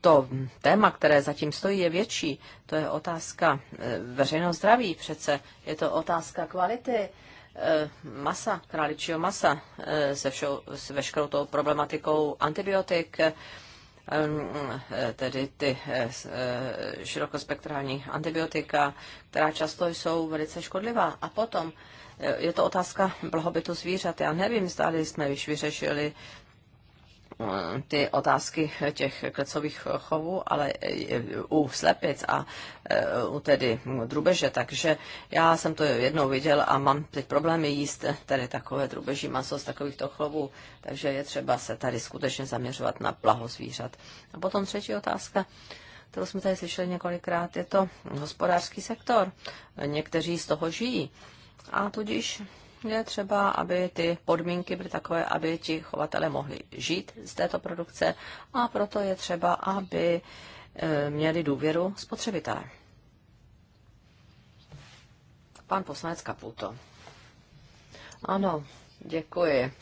S2: to téma, které zatím stojí, je větší. To je otázka eh, veřejného zdraví přece. Je to otázka kvality eh, masa, králičího masa eh, se, všou, s veškerou tou problematikou antibiotik, tedy ty širokospektrální antibiotika, která často jsou velice škodlivá. A potom je to otázka blahobytu zvířat. Já nevím, zda jsme již vyřešili ty otázky těch klecových chovů, ale u slepic a e, u tedy drubeže, takže já jsem to jednou viděl a mám teď problémy jíst tady takové drubeží maso z takovýchto chovů, takže je třeba se tady skutečně zaměřovat na blaho zvířat. A potom třetí otázka kterou jsme tady slyšeli několikrát, je to hospodářský sektor. Někteří z toho žijí. A tudíž je třeba, aby ty podmínky byly takové, aby ti chovatele mohli žít z této produkce a proto je třeba, aby eh, měli důvěru spotřebitelé. Pan poslanec Kaputo. Ano, děkuji.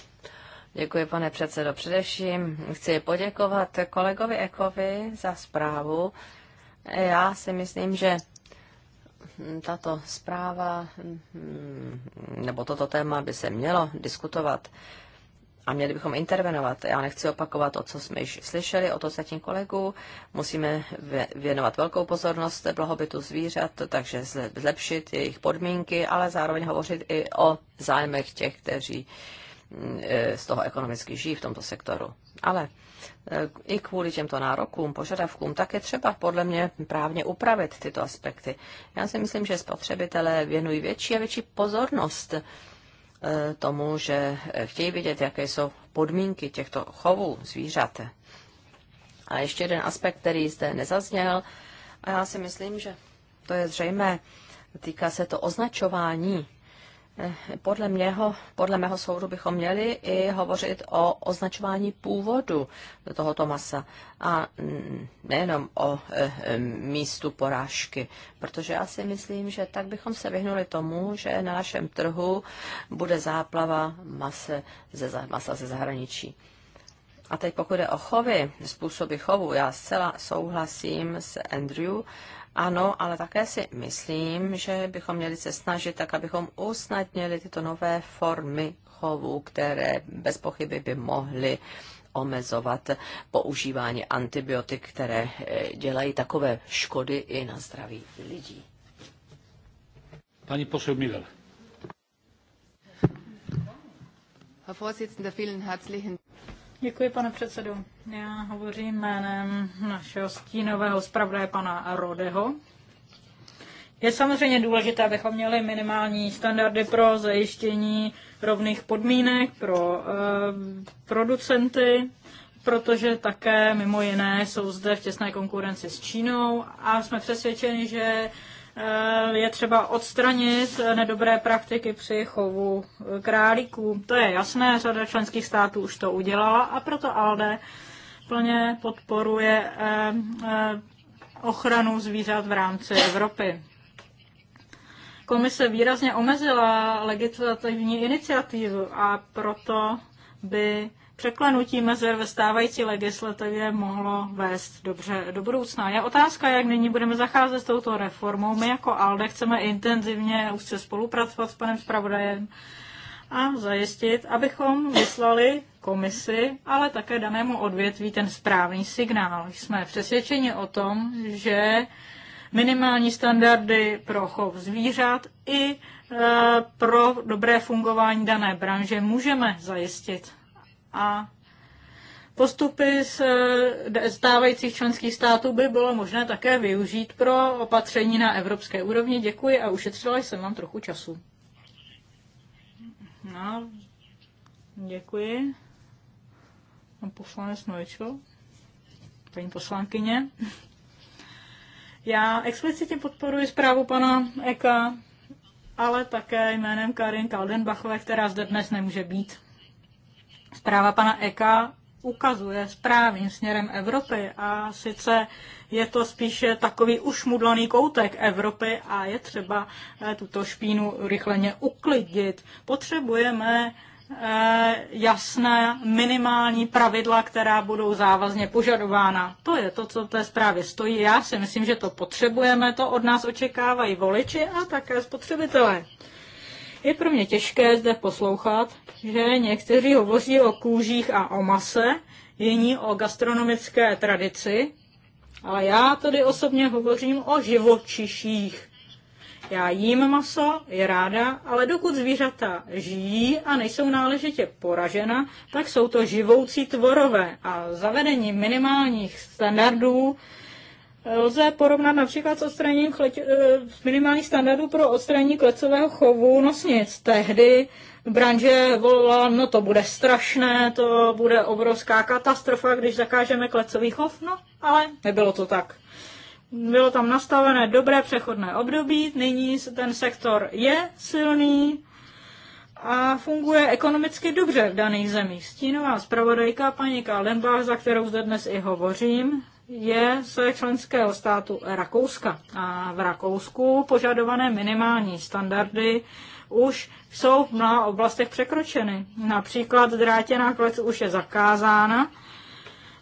S2: Děkuji, pane předsedo. Především chci poděkovat kolegovi Ekovi za zprávu. Já si myslím, že tato zpráva nebo toto téma by se mělo diskutovat a měli bychom intervenovat. Já nechci opakovat, o co jsme již slyšeli, o to zatím kolegů. Musíme věnovat velkou pozornost blahobytu zvířat, takže zlepšit jejich podmínky, ale zároveň hovořit i o zájmech těch, kteří mm, e, z toho ekonomicky žijí v tomto sektoru. Ale i kvůli těmto nárokům, požadavkům, tak je třeba podle mě právně upravit tyto aspekty. Já si myslím, že spotřebitelé věnují větší a větší pozornost eh, tomu, že chtějí vidět, jaké jsou podmínky těchto chovů zvířat. A ještě jeden aspekt, který zde nezazněl, a já si myslím, že to je zřejmé, týká se to označování podle, mého podle mého soudu bychom měli i hovořit o označování původu tohoto masa a nejenom o e, místu porážky, protože já si myslím, že tak bychom se vyhnuli tomu, že na našem trhu bude záplava mase ze, masa ze zahraničí. A teď pokud jde o chovy, způsoby chovu, já zcela souhlasím s Andrew ano, ale také si myslím, že bychom měli se snažit tak, abychom usnadnili tyto nové formy chovu, které bez pochyby by mohly omezovat používání antibiotik, které eh, dělají takové škody i na zdraví lidí.
S1: Pani poseł Miller.
S3: Herr Vorsitzender, vielen herzlichen Dank. Děkuji, pane předsedo. Já hovořím jménem našeho stínového zpravodaje pana Rodeho. Je samozřejmě důležité, abychom měli minimální standardy pro zajištění rovných podmínek pro uh, producenty, protože také mimo jiné jsou zde v těsné konkurenci s Čínou a jsme přesvědčeni, že Eh, je třeba odstranit nedobré praktiky při chovu eh, králíků. To je jasné, řada členských států už to udělala a proto ALDE plně podporuje eh, ochranu zvířat v rámci Evropy. Komise výrazně omezila legislativní iniciativu a proto by překlenutí mezer ve stávající legislativě mohlo vést dobře do budoucna. Je otázka, jak nyní budeme zacházet s touto reformou. My jako ALDE chceme intenzivně už se spolupracovat s panem zpravodajem a zajistit, abychom vyslali komisi, ale také danému odvětví ten správný signál. Jsme přesvědčeni o tom, že minimální standardy pro chov zvířat i eh, pro dobré fungování dané branže můžeme zajistit a postupy z stávajících členských států by bylo možné také využít pro opatření na evropské úrovni. Děkuji a ušetřila jsem vám trochu času. No, děkuji. Pan poslanec Nojčo, paní poslankyně. Já explicitně podporuji zprávu pana Eka, ale také jménem Karin Kaldenbachové, která zde dnes nemůže být. Zpráva pana Eka ukazuje správným směrem Evropy a sice je to spíše takový ušmudlaný koutek Evropy a je třeba eh, tuto špínu rychleně uklidit. Potřebujeme eh, jasné minimální pravidla, která budou závazně požadována. To je to, co v té zprávě stojí. Já si myslím, že to potřebujeme, to od nás očekávají voliči a také spotřebitelé. Je pro mě těžké zde poslouchat, že někteří hovoří o kůžích a o mase, jiní o gastronomické tradici, ale já tady osobně hovořím o živočiších. Já jím maso, je ráda, ale dokud zvířata žijí a nejsou náležitě poražena, tak jsou to živoucí tvorové a zavedení minimálních standardů lze porovnat například s odstraněním eh, minimálních standardů pro odstranění klecového chovu nosnic. Tehdy branže volala, no to bude strašné, to bude obrovská katastrofa, když zakážeme klecový chov, no ale nebylo to tak. Bylo tam nastavené dobré přechodné období, nyní ten sektor je silný a funguje ekonomicky dobře v daných zemích. Stínová zpravodajka paní Kaldenbach, za kterou zde dnes i hovořím, je z členského státu Rakouska. A v Rakousku požadované minimální standardy už jsou v mnoha oblastech překročeny. Například drátěná klec už je zakázána.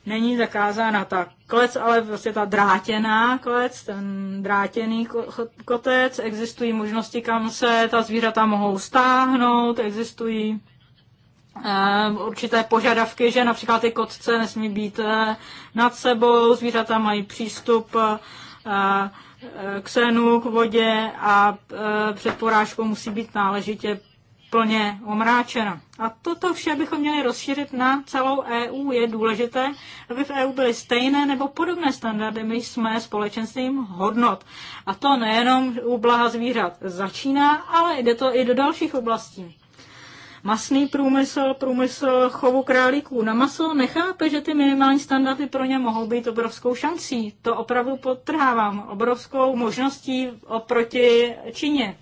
S3: Není zakázána ta klec, ale vlastně ta drátěná klec, ten drátěný kotec. Existují možnosti, kam se ta zvířata mohou stáhnout, existují Eh, určité požadavky, že například ty kotce nesmí být eh, nad sebou, zvířata mají přístup eh, k senu, k vodě a před porážkou musí být náležitě plně omráčena. A toto vše bychom měli rozšířit na celou EU. Je důležité, aby v EU byly stejné nebo podobné standardy. My jsme společenstvím hodnot. A to nejenom u blaha zvířat začíná, ale jde to i do dalších oblastí masný průmysl, průmysl chovu králíků na maso nechápe, že ty minimální standardy pro ně mohou být obrovskou šancí. To opravdu potrhávám, obrovskou možností oproti Číně.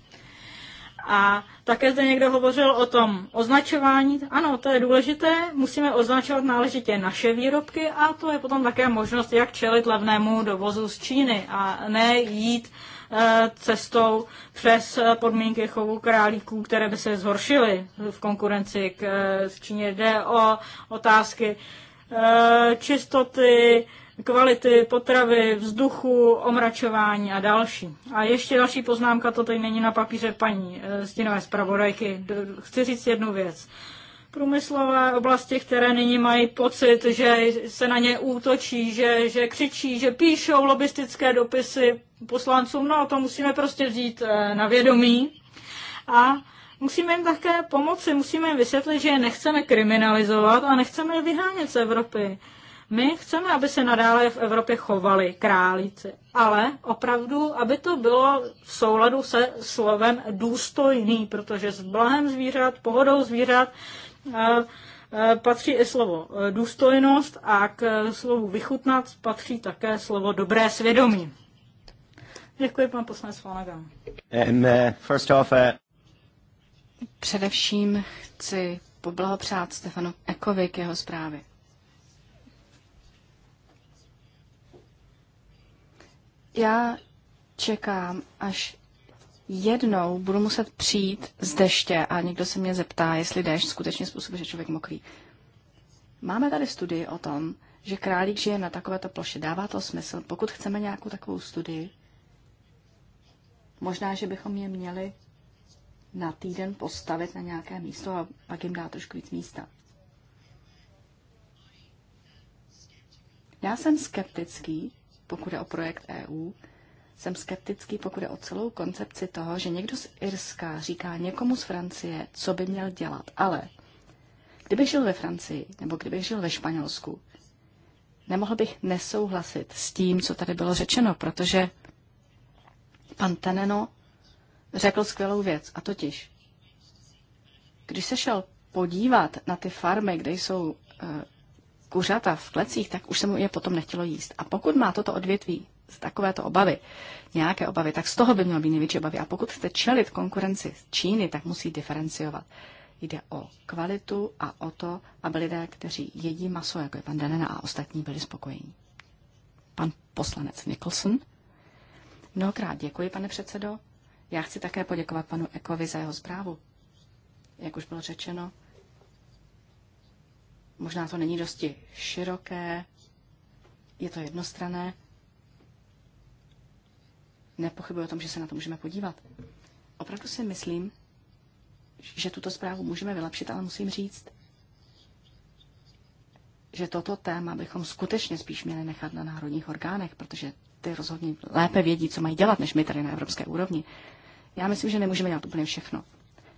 S3: A také zde někdo hovořil o tom označování. Ano, to je důležité, musíme označovat náležitě naše výrobky a to je potom také možnost, jak čelit levnému dovozu z Číny a ne jít Eh, cestou přes eh, podmínky chovu králíků, které by se zhoršily v konkurenci k, eh, Číně. Jde o otázky čistoty, kvality potravy, vzduchu, omračování a další. A ještě další poznámka, to tady není na papíře paní Stinové zpravodajky. Chci říct jednu věc průmyslové oblasti, které nyní mají pocit, že se na ně útočí, že, že křičí, že píšou lobistické dopisy poslancům, no to musíme prostě vzít eh, na vědomí. A musíme jim také pomoci, musíme jim vysvětlit, že je nechceme kriminalizovat a nechceme je vyhánět z Evropy. My chceme, aby se nadále v Evropě chovali králíci, ale opravdu, aby to bylo v souladu se slovem důstojný, protože s blahem zvířat, pohodou zvířat patří i slovo e, důstojnost a k e, slovu vychutnat patří také slovo dobré svědomí. Děkuji, pan poslanec Flanagan.
S4: Um, uh, first off, uh... Především chci poblahopřát Stefanu Ekovi k jeho zprávě. Já čekám, až jednou budu muset přijít z deště a někdo se mě zeptá, jestli déšť skutečně způsobí, že člověk mokrý. Máme tady studii o tom, že králík žije na takovéto ploše. Dává to smysl. Pokud chceme nějakou takovou studii, možná, že bychom je měli na týden postavit na nějaké místo a pak jim dá trošku víc místa. Já jsem skeptický, pokud je o projekt EU, jsem skeptický, pokud je o celou koncepci toho, že někdo z Irska říká někomu z Francie, co by měl dělat. Ale kdyby žil ve Francii nebo kdyby žil ve Španělsku, nemohl bych nesouhlasit s tím, co tady bylo řečeno, protože pan Teneno řekl skvělou věc, a totiž, když se šel podívat na ty farmy, kde jsou uh, kuřata v klecích, tak už se mu je potom nechtělo jíst. A pokud má toto odvětví z takovéto obavy, nějaké obavy, tak z toho by mělo být největší obavy. A pokud chce čelit konkurenci z Číny, tak musí diferenciovat. Jde o kvalitu a o to, aby lidé, kteří jedí maso, jako je pan Danena a ostatní, byli spokojení. Pan poslanec Nicholson. Mnohokrát děkuji, pane předsedo. Já chci také poděkovat panu Ekovi za jeho zprávu. Jak už bylo řečeno, možná to není dosti široké, je to jednostrané, nepochybuji o tom, že se na to můžeme podívat. Opravdu si myslím, že tuto zprávu můžeme vylepšit, ale musím říct, že toto téma bychom skutečně spíš měli nechat na národních orgánech, protože ty rozhodně lépe vědí, co mají dělat, než my tady na evropské úrovni. Já myslím, že nemůžeme dělat úplně všechno.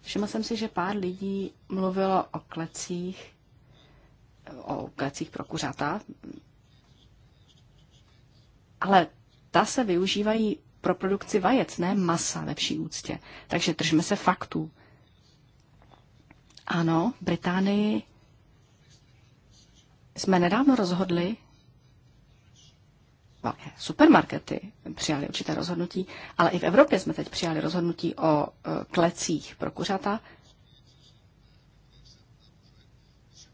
S4: Všiml jsem si, že pár lidí mluvilo o klecích, o klecích pro kuřata, ale ta se využívají pro produkci vajec, ne masa ve vší úctě. Takže držme se faktů. Ano, v Británii jsme nedávno rozhodli, velké no, supermarkety přijali určité rozhodnutí, ale i v Evropě jsme teď přijali rozhodnutí o e, klecích pro kuřata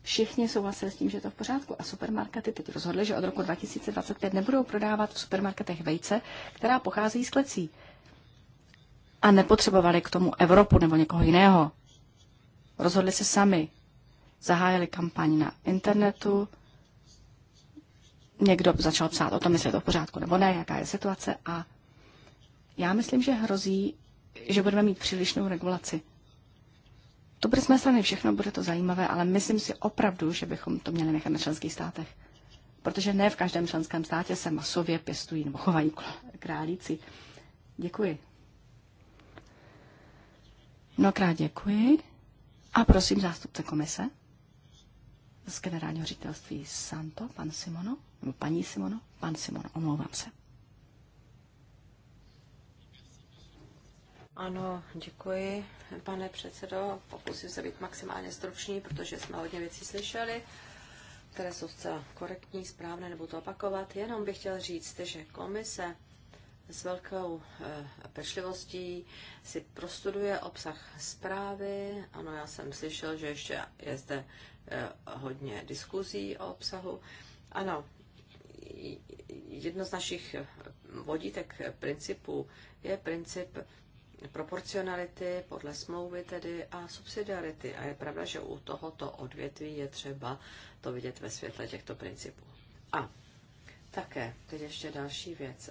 S4: Všichni souhlasili s tím, že je to v pořádku a supermarkety teď rozhodly, že od roku 2025 nebudou prodávat v supermarketech vejce, která pochází z klecí. A nepotřebovali k tomu Evropu nebo někoho jiného. Rozhodli se sami. Zahájili kampaň na internetu, někdo začal psát o tom, jestli je to v pořádku nebo ne, jaká je situace a já myslím, že hrozí, že budeme mít přílišnou regulaci. To bude smyslené všechno, bude to zajímavé, ale myslím si opravdu, že bychom to měli nechat na členských státech. Protože ne v každém členském státě se masově pěstují nebo chovají králíci. Děkuji. Mnohokrát děkuji. A prosím zástupce komise z generálního ředitelství Santo, pan Simono, nebo paní Simono, pan Simono, omlouvám se.
S2: Ano, děkuji, pane předsedo. Pokusím se být maximálně stručný, protože jsme hodně věcí slyšeli, které jsou zcela korektní, správné, nebo to opakovat. Jenom bych chtěl říct, že komise s velkou eh, pečlivostí si prostuduje obsah zprávy. Ano, já jsem slyšel, že ještě je zde eh, hodně diskuzí o obsahu. Ano, jedno z našich eh, vodítek principů je princip proporcionality podle smlouvy tedy a subsidiarity. A je pravda, že u tohoto odvětví je třeba to vidět ve světle těchto principů. A také, teď ještě další věc.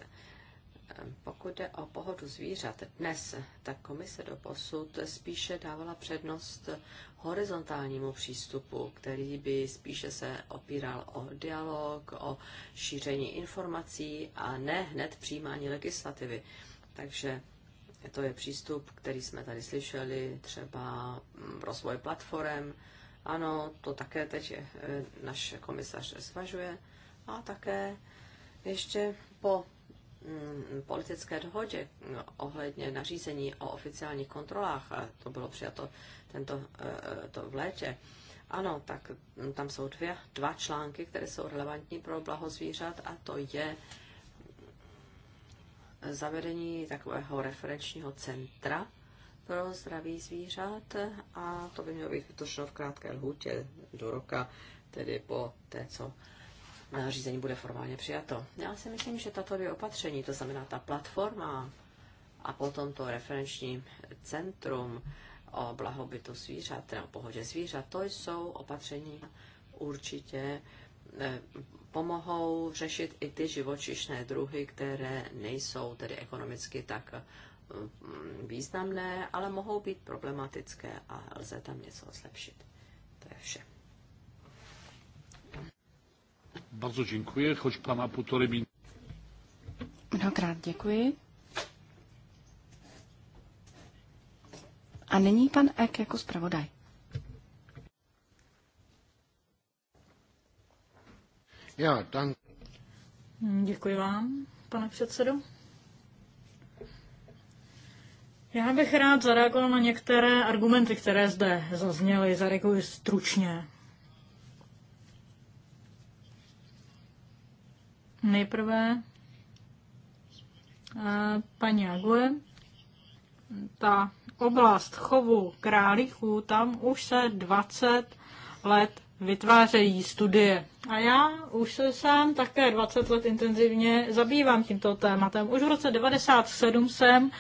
S2: Ehm, pokud jde o pohodu zvířat dnes, tak komise do posud spíše dávala přednost horizontálnímu přístupu, který by spíše se opíral o dialog, o šíření informací a ne hned přijímání legislativy. Takže to je přístup, který jsme tady slyšeli, třeba mm, rozvoj platform. Ano, to také teď eh, naš komisař zvažuje. A také ještě po mm, politické dohodě no, ohledně nařízení o oficiálních kontrolách, a to bylo přijato tento, eh, eh, to v létě, ano, tak mm, tam jsou dvě, dva články, které jsou relevantní pro blaho zvířat a to je zavedení takového referenčního centra pro zdraví zvířat a to by mělo být vytočeno v krátké lhůtě do roka, tedy po té, co řízení bude formálně přijato. Já si myslím, že tato dvě opatření, to znamená ta platforma a potom to referenční centrum o blahobytu zvířat, nebo pohodě zvířat, to jsou opatření určitě eh, pomohou řešit i ty živočišné druhy, které nejsou tedy ekonomicky tak mm, významné, ale mohou být problematické a lze tam něco zlepšit. To je vše.
S1: Bardzo dziękuję, choć pana półtorej minuty.
S4: Mnohokrát děkuji.
S1: A
S3: nyní pan Ek jako zpravodaj. Já, tam... Děkuji vám, pane předsedo. Já bych rád zareagoval na některé argumenty, které zde zazněly. Zareaguji stručně. Nejprve eh, paní Ague, ta oblast chovu králíků, tam už se 20 let vytvářejí studie. A já už se sám také 20 let intenzivně zabývám tímto tématem. Už v roce 1997 jsem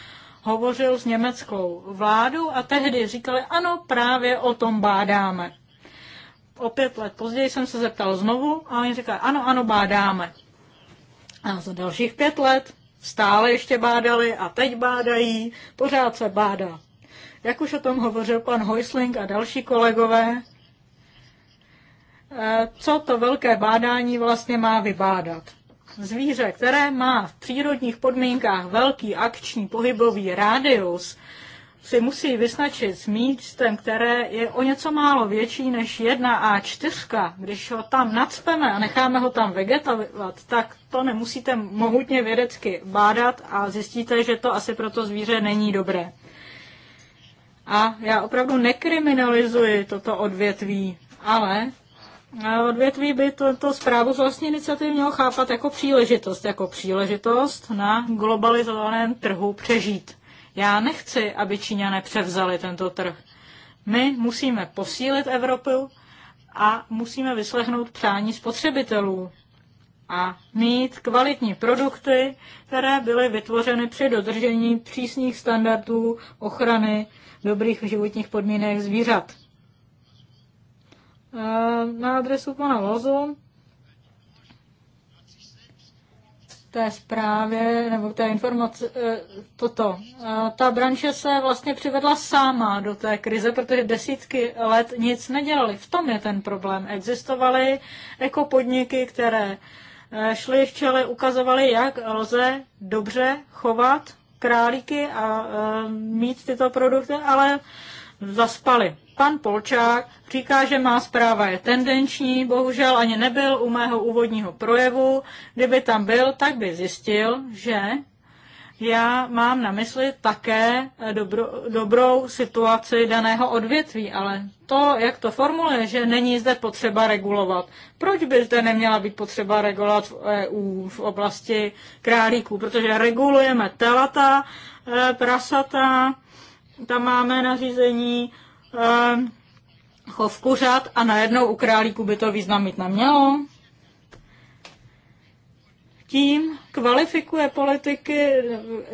S3: hovořil s německou vládou a tehdy říkali, ano, právě o tom bádáme. O pět let později jsem se zeptal znovu a oni říkali, ano, ano, bádáme. A za dalších pět let stále ještě bádali a teď bádají, pořád se bádá. Jak už o tom hovořil pan Hoisling a další kolegové, Eh, co to velké bádání vlastně má vybádat. Zvíře, které má v přírodních podmínkách velký akční pohybový rádius, si musí vysnačit s místem, které je o něco málo větší než jedna A4. Když ho tam nadspeme a necháme ho tam vegetovat, tak to nemusíte mohutně vědecky bádat a zjistíte, že to asi pro to zvíře není dobré. A já opravdu nekriminalizuji toto odvětví, ale odvětví by tuto zprávu z vlastní iniciativy mělo chápat jako příležitost, jako příležitost na globalizovaném trhu přežít. Já nechci, aby Číňané převzali tento trh. My musíme posílit Evropu a musíme vyslechnout přání spotřebitelů a mít kvalitní produkty, které byly vytvořeny při dodržení přísných standardů ochrany dobrých životních podmínek zvířat. Eh, na adresu pana Lozu. té zprávě nebo té informace, eh, toto. Eh, ta branše se vlastně přivedla sama do té krize, protože desítky let nic nedělali. V tom je ten problém. Existovaly ekopodniky, které šly v čele, ukazovaly, jak lze dobře chovat králíky a mít tyto produkty, ale zaspali. Pan Polčák říká, že má zpráva je tendenční, bohužel ani nebyl u mého úvodního projevu. Kdyby tam byl, tak by zjistil, že já mám na mysli také dobro, dobrou situaci daného odvětví, ale to, jak to formuluje, že není zde potřeba regulovat. Proč by zde neměla být potřeba regulovat v EU v oblasti králíků? Protože regulujeme telata, e, prasata, tam máme nařízení Eh, chov kuřat a najednou u králíku by to význam mít nemělo. Tím kvalifikuje politiky,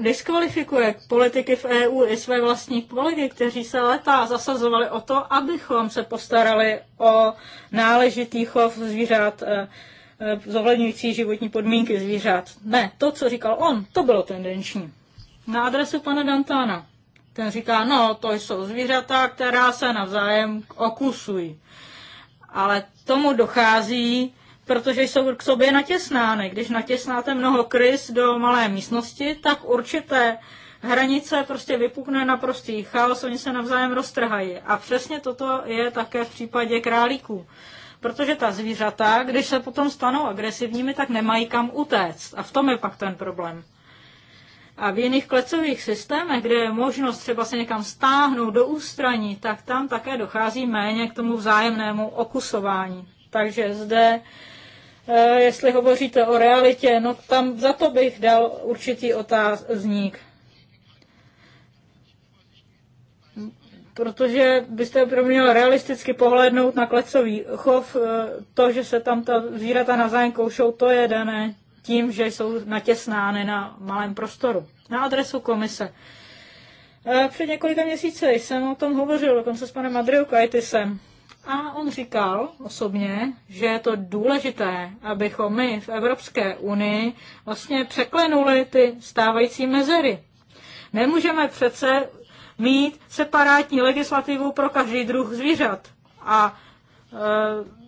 S3: diskvalifikuje politiky v EU i své vlastní kolegy, kteří se letá zasazovali o to, abychom se postarali o náležitý chov zvířat eh, eh, zohledňující životní podmínky zvířat. Ne, to, co říkal on, to bylo tendenční. Na adresu pana Dantána. Ten říká, no, to jsou zvířata, která se navzájem okusují. Ale tomu dochází, protože jsou k sobě natěsnány. Když natěsnáte mnoho krys do malé místnosti, tak určité hranice prostě vypukne naprostý chaos, oni se navzájem roztrhají. A přesně toto je také v případě králíků. Protože ta zvířata, když se potom stanou agresivními, tak nemají kam utéct. A v tom je pak ten problém. A v jiných klecových systémech, kde je možnost třeba se někam stáhnout do ústraní, tak tam také dochází méně k tomu vzájemnému okusování. Takže zde, e, jestli hovoříte o realitě, no tam za to bych dal určitý otázník. protože byste pro měl realisticky pohlédnout na klecový chov, e, to, že se tam ta zvířata zájem koušou, to je dané tím, že jsou natěsnány na malém prostoru. Na adresu komise. E, před několika měsíci jsem o tom hovořil, dokonce s panem kajtisem, A on říkal osobně, že je to důležité, abychom my v Evropské unii vlastně překlenuli ty stávající mezery. Nemůžeme přece mít separátní legislativu pro každý druh zvířat a e,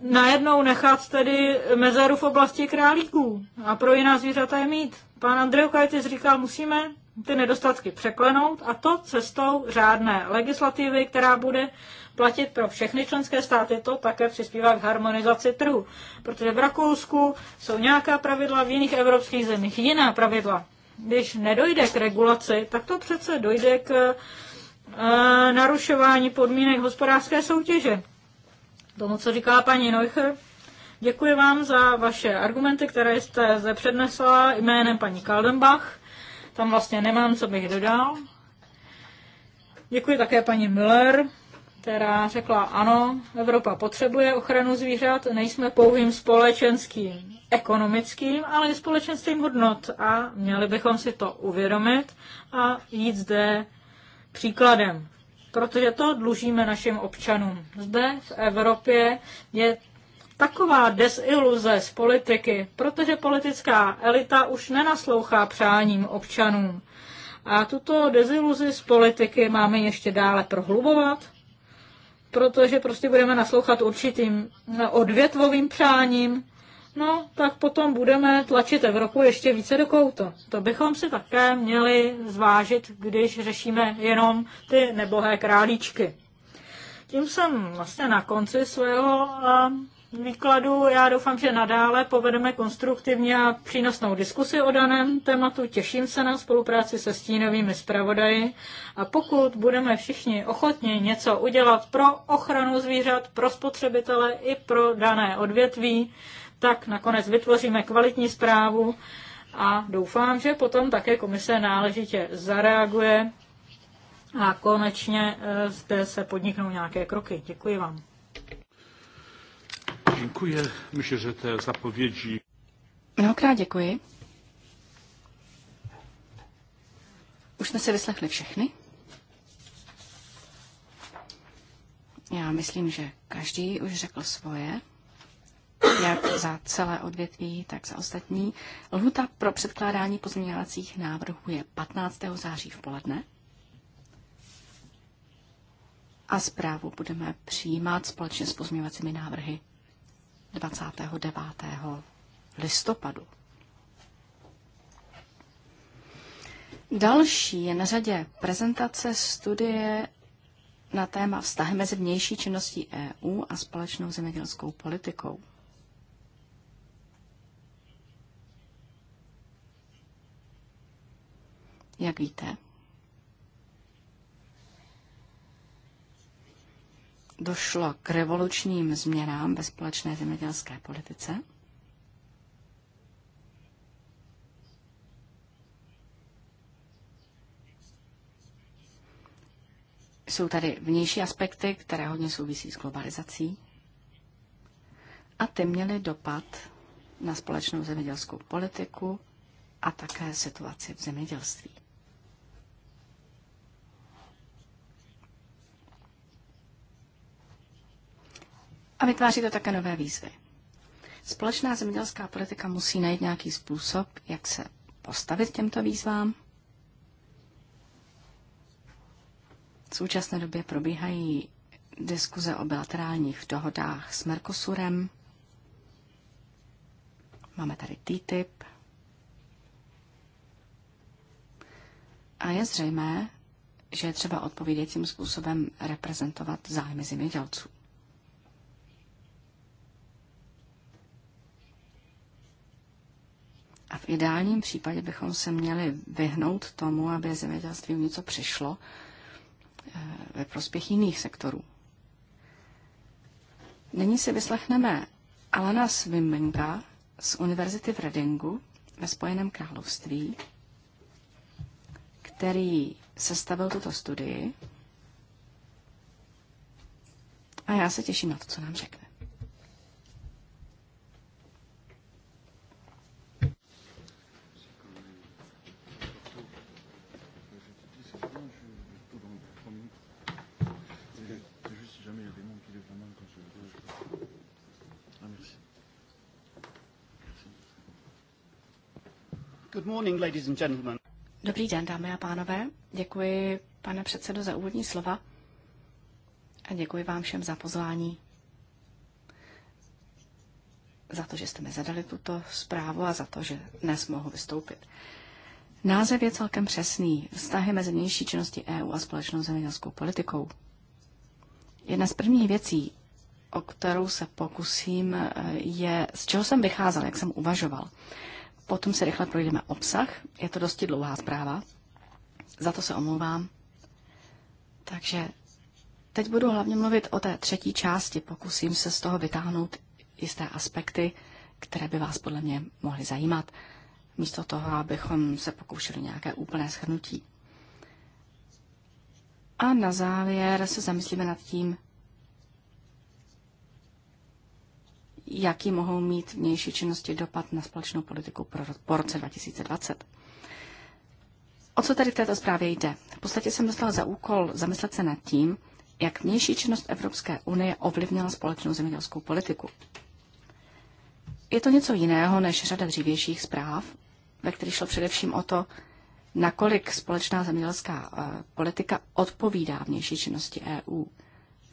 S3: najednou nechat tedy mezeru v oblasti králíků a pro jiná zvířata je mít. Pan Andrej Kajtis říkal, musíme ty nedostatky překlenout a to cestou řádné legislativy, která bude platit pro všechny členské státy, to také přispívá k harmonizaci trhu. Protože v Rakousku jsou nějaká pravidla, v jiných evropských zemích jiná pravidla. Když nedojde k regulaci, tak to přece dojde k e, narušování podmínek hospodářské soutěže tomu, co říká paní Neucher. Děkuji vám za vaše argumenty, které jste zde přednesla jménem paní Kaldenbach. Tam vlastně nemám, co bych dodal. Děkuji také paní Müller, která řekla ano, Evropa potřebuje ochranu zvířat, nejsme pouhým společenským ekonomickým, ale i společenstvím hodnot a měli bychom si to uvědomit a jít zde příkladem protože to dlužíme našim občanům. Zde v Evropě je taková desiluze z politiky, protože politická elita už nenaslouchá přáním občanům. A tuto deziluzi z politiky máme ještě dále prohlubovat, protože prostě budeme naslouchat určitým odvětvovým přáním, no tak potom budeme tlačit Evropu ještě více do kouta. To bychom si také měli zvážit, když řešíme jenom ty nebohé králíčky. Tím jsem vlastně na konci svého um, výkladu. Já doufám, že nadále povedeme konstruktivně a přínosnou diskusi o daném tématu. Těším se na spolupráci se stínovými zpravodaji a pokud budeme všichni ochotni něco udělat pro ochranu zvířat, pro spotřebitele i pro dané odvětví, tak nakonec vytvoříme kvalitní zprávu a doufám, že potom také komise náležitě zareaguje a konečně eh, zde se podniknou nějaké kroky. Děkuji vám.
S1: Děkuji. Myslím, že té zapovědi.
S3: Mnohokrát děkuji.
S4: Už jsme si vyslechli všechny. Já myslím, že každý už řekl svoje jak za celé odvětví, tak za ostatní. Lhuta pro předkládání pozměňovacích návrhů je 15. září v poledne. A zprávu budeme přijímat společně s pozměňovacími návrhy 29. listopadu. Další je na řadě prezentace studie na téma vztahy mezi vnější činností EU a společnou zemědělskou politikou. jak víte, došlo k revolučním změnám ve společné zemědělské politice. Jsou tady vnější aspekty, které hodně souvisí s globalizací. A ty měly dopad na společnou zemědělskou politiku a také situaci v zemědělství. A vytváří to také nové výzvy. Společná zemědělská politika musí najít nějaký způsob, jak se postavit těmto výzvám. V současné době probíhají diskuze o bilaterálních dohodách s Mercosurem. Máme tady TTIP. A je zřejmé, že je třeba odpovídajícím způsobem reprezentovat zájmy zemědělců. A v ideálním případě bychom se měli vyhnout tomu, aby zemědělství o něco přišlo eh, ve prospěch jiných sektorů. Nyní si vyslechneme Alana Swimminga z Univerzity v Redingu ve Spojeném království, který sestavil tuto studii. A já se těším na to, co nám řekne. Good morning, ladies and gentlemen. Dobrý den, dámy a pánové. Děkuji, pane předsedo, za úvodní slova a děkuji vám všem za pozvání, za to, že jste mi zadali tuto zprávu a za to, že dnes mohu vystoupit. Název je celkem přesný. Vztahy mezi vnější činností EU a společnou zemědělskou politikou. Jedna z prvních věcí, o kterou se pokusím, je, z čeho jsem vycházel, jak jsem uvažoval. Potom si rychle projdeme obsah. Je to dosti dlouhá zpráva. Za to se omlouvám. Takže teď budu hlavně mluvit o té třetí části. Pokusím se z toho vytáhnout jisté aspekty, které by vás podle mě mohly zajímat, místo toho, abychom se pokoušeli nějaké úplné shrnutí. A na závěr se zamyslíme nad tím, jaký mohou mít vnější činnosti dopad na společnou politiku pro, po roce 2020. O co tady v této zprávě jde? V podstatě jsem dostal za úkol zamyslet se nad tím, jak vnější činnost Evropské unie ovlivnila společnou zemědělskou politiku. Je to něco jiného než řada dřívějších zpráv, ve kterých šlo především o to, nakolik společná zemědělská eh, politika odpovídá vnější činnosti EU.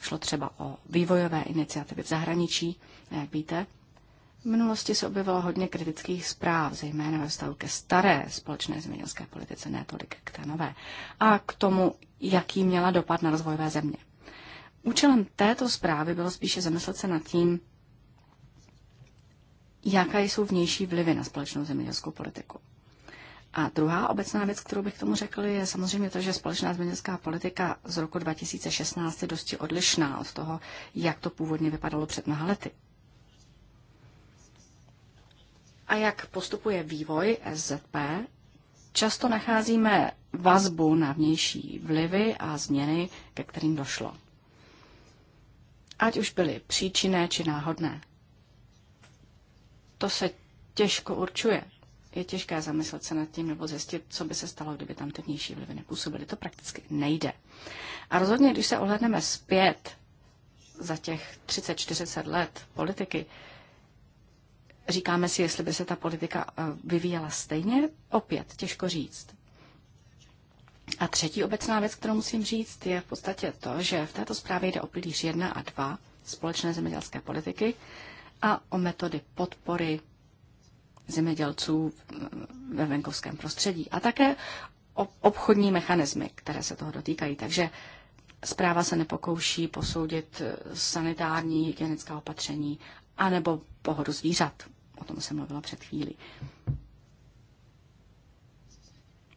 S4: Šlo třeba o vývojové iniciativy v zahraničí. A jak víte, v minulosti se objevilo hodně kritických zpráv, zejména ve vztahu ke staré společné zemědělské politice, ne tolik k té nové, a k tomu, jaký měla dopad na rozvojové země. Účelem této zprávy bylo spíše zamyslet se nad tím, jaké jsou vnější vlivy na společnou zemědělskou politiku. A druhá obecná věc, kterou bych tomu řekl, je samozřejmě to, že společná zemědělská politika z roku 2016 je dosti odlišná od toho, jak to původně vypadalo před mnoha lety. A jak postupuje vývoj SZP, často nacházíme vazbu na vnější vlivy a změny, ke kterým došlo. Ať už byly příčinné či náhodné. To se těžko určuje je těžké zamyslet se nad tím nebo zjistit, co by se stalo, kdyby tam ty vnější vlivy nepůsobily. To prakticky nejde. A rozhodně, když se ohledneme zpět za těch 30-40 let politiky, říkáme si, jestli by se ta politika eh, vyvíjela stejně, opět těžko říct. A třetí obecná věc, kterou musím říct, je v podstatě to, že v této zprávě jde o pilíř 1 a 2 společné zemědělské politiky a o metody podpory zemědělců ve venkovském prostředí. A také obchodní mechanismy, které se toho dotýkají. Takže zpráva se nepokouší posoudit eh, sanitární, hygienická opatření anebo pohodu zvířat. O tom jsem mluvila před chvílí.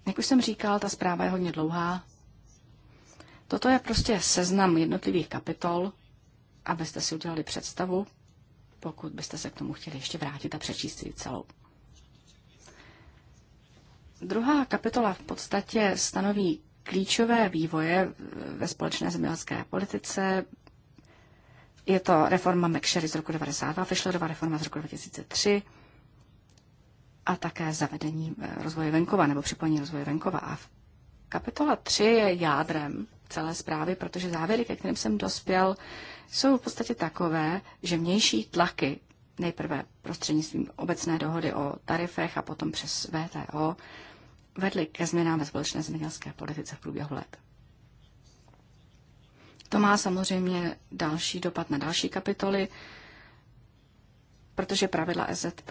S4: Jak už jsem říkal, ta zpráva je hodně dlouhá. Toto je prostě seznam jednotlivých kapitol, abyste si udělali představu pokud byste se k tomu chtěli ještě vrátit a přečíst si celou. Druhá kapitola v podstatě stanoví klíčové vývoje ve společné zemědělské politice. Je to reforma McSherry z roku 1992, Fischlerova reforma z roku 2003 a také zavedení eh, rozvoje venkova nebo připojení rozvoje venkova. A v kapitola 3 je jádrem celé zprávy, protože závěry, ke kterým jsem dospěl, jsou v podstatě takové, že vnější tlaky, nejprve prostřednictvím obecné dohody o tarifech a potom přes VTO, vedly ke změnám ve společné zemědělské politice v průběhu let. To má samozřejmě další dopad na další kapitoly, protože pravidla SZP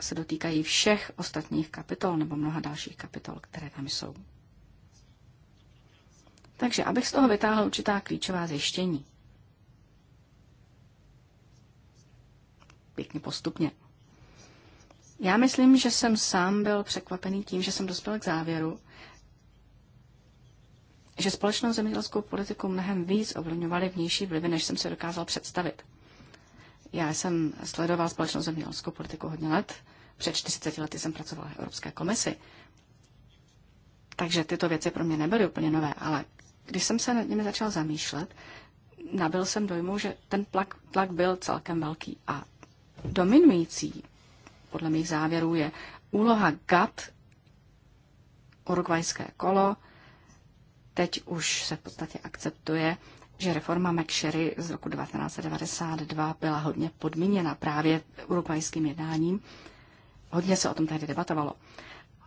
S4: se dotýkají všech ostatních kapitol nebo mnoha dalších kapitol, které tam jsou takže abych z toho vytáhl určitá klíčová zjištění. Pěkně postupně. Já myslím, že jsem sám byl překvapený tím, že jsem dospěl k závěru, že společnou zemědělskou politiku mnohem víc ovlivňovaly vnější vlivy, než jsem si dokázal představit. Já jsem sledoval společnou zemědělskou politiku hodně let. Před 40 lety jsem pracoval v Evropské komisi. Takže tyto věci pro mě nebyly úplně nové, ale když jsem se nad nimi začal zamýšlet, nabil jsem dojmu, že ten tlak, tlak byl celkem velký. A dominující, podle mých závěrů, je úloha GATT, urugvajské kolo. Teď už se v podstatě akceptuje, že reforma McSherry z roku 1992 byla hodně podmíněna právě urugvajským jednáním. Hodně se o tom tehdy debatovalo.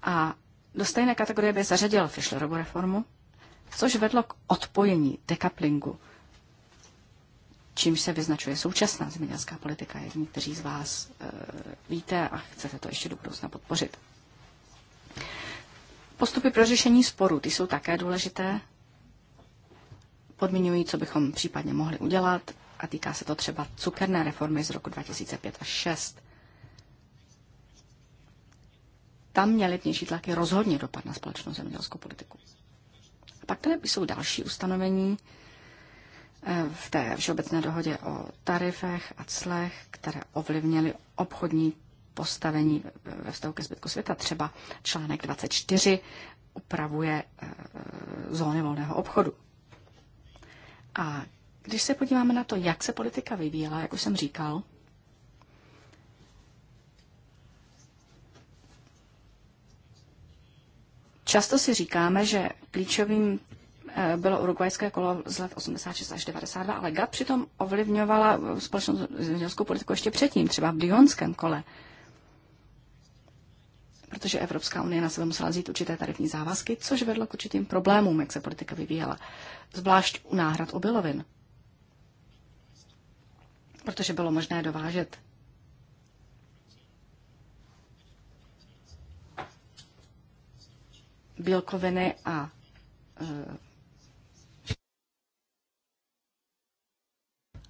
S4: A do stejné kategorie by zařadil Fischlerovu reformu, což vedlo k odpojení dekaplingu, čímž se vyznačuje současná zemědělská politika, jak někteří z vás e, víte a chcete to ještě do budoucna podpořit. Postupy pro řešení sporů, ty jsou také důležité, podmiňují, co bychom případně mohli udělat a týká se to třeba cukerné reformy z roku 2005 až 2006. Tam měly vnější tlaky rozhodně dopad na společnou zemědělskou politiku. A pak tady jsou další ustanovení eh, v té všeobecné dohodě o tarifech a clech, které ovlivnily obchodní postavení ve vztahu ke zbytku světa. Třeba článek 24 upravuje eh, zóny volného obchodu. A když se podíváme na to, jak se politika vyvíjela, jak už jsem říkal, Často si říkáme, že klíčovým eh, bylo urugvajské kolo z let 86 až 92, ale GATT přitom ovlivňovala eh, společnou zemědělskou politiku ještě předtím, třeba v Dionském kole. Protože Evropská unie na sebe musela zít určité tarifní závazky, což vedlo k určitým problémům, jak se politika vyvíjela. Zvlášť u náhrad obilovin. Protože bylo možné dovážet bílkoviny a e,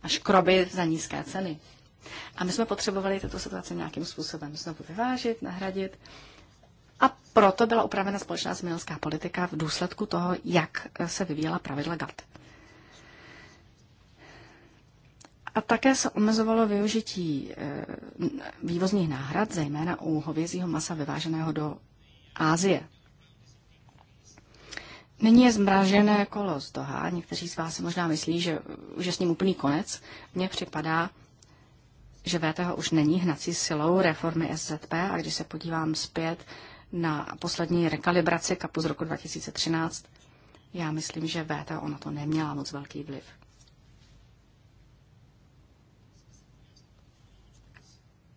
S4: a škroby za nízké ceny. A my jsme potřebovali tuto situaci nějakým způsobem znovu vyvážit, nahradit. A proto byla upravena společná zemědělská politika v důsledku toho, jak se vyvíjela pravidla GATT. A také se omezovalo využití e, vývozních náhrad, zejména u hovězího masa vyváženého do Ázie. Nyní je zmražené kolo z Doha. Někteří z vás si možná myslí, že už je s ním úplný konec. Mně připadá, že VTH už není hnací silou reformy SZP a když se podívám zpět na poslední rekalibraci kapu z roku 2013, já myslím, že VTH na to neměla moc velký vliv.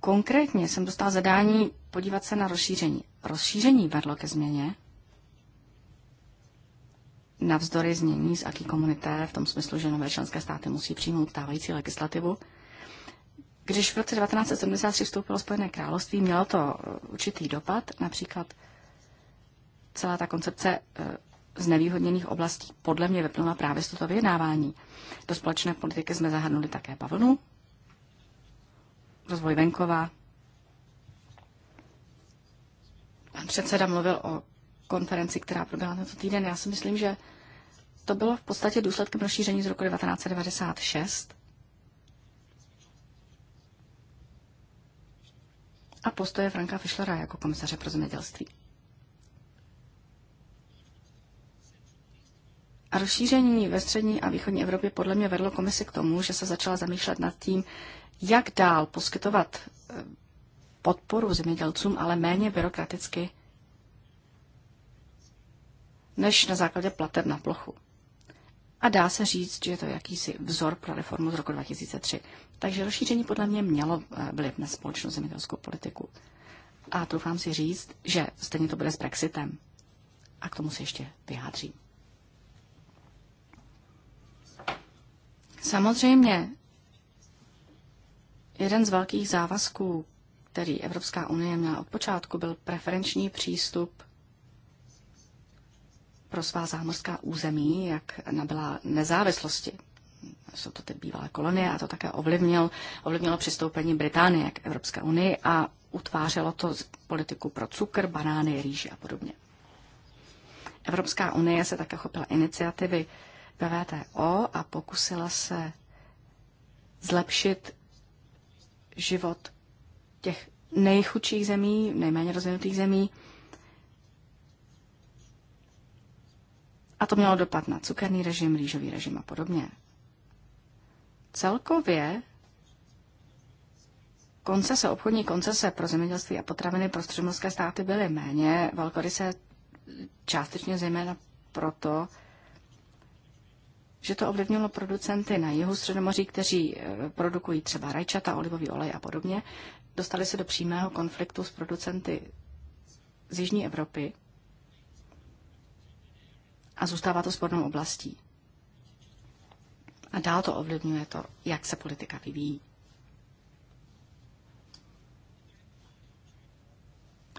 S4: Konkrétně jsem dostal zadání podívat se na rozšíření. Rozšíření vedlo ke změně navzdory změní z aký komunité, v tom smyslu, že nové členské státy musí přijmout stávající legislativu. Když v roce 1973 vstoupilo Spojené království, mělo to eh, určitý dopad, například celá ta koncepce eh, z nevýhodněných oblastí podle mě vyplnula právě z toto vyjednávání. Do společné politiky jsme zahrnuli také Pavlnu, rozvoj venkova. Pan předseda mluvil o konferenci, která proběhla tento týden. Já si myslím, že to bylo v podstatě důsledkem rozšíření z roku 1996 a postoje Franka Fischlera jako komisaře pro zemědělství. A rozšíření ve střední a východní Evropě podle mě vedlo komisi k tomu, že se začala zamýšlet nad tím, jak dál poskytovat eh, podporu zemědělcům, ale méně byrokraticky než na základě plateb na plochu. A dá se říct, že je to jakýsi vzor pro reformu z roku 2003. Takže rozšíření podle mě mělo eh, vliv na společnou zemědělskou politiku. A troufám si říct, že stejně to bude s Brexitem. A k tomu se ještě vyjádřím. Samozřejmě, jeden z velkých závazků, který Evropská unie měla od počátku, byl preferenční přístup pro svá zámořská území, jak nabyla nezávislosti. Jsou to ty bývalé kolonie a to také ovlivnil, ovlivnilo přistoupení Británie k Evropské unii a utvářelo to politiku pro cukr, banány, rýži a podobně. Evropská unie se také chopila iniciativy PVTO a pokusila se zlepšit život těch nejchudších zemí, nejméně rozvinutých zemí, A to mělo dopad na cukerný režim, rýžový režim a podobně. Celkově koncese, obchodní koncese pro zemědělství a potraviny pro středomorské státy byly méně se částečně zejména proto, že to ovlivnilo producenty na jihu Středomoří, kteří eh, produkují třeba rajčata, olivový olej a podobně. Dostali se do přímého konfliktu s producenty z Jižní Evropy, a zůstává to spornou oblastí. A dál to ovlivňuje to, jak se politika vyvíjí.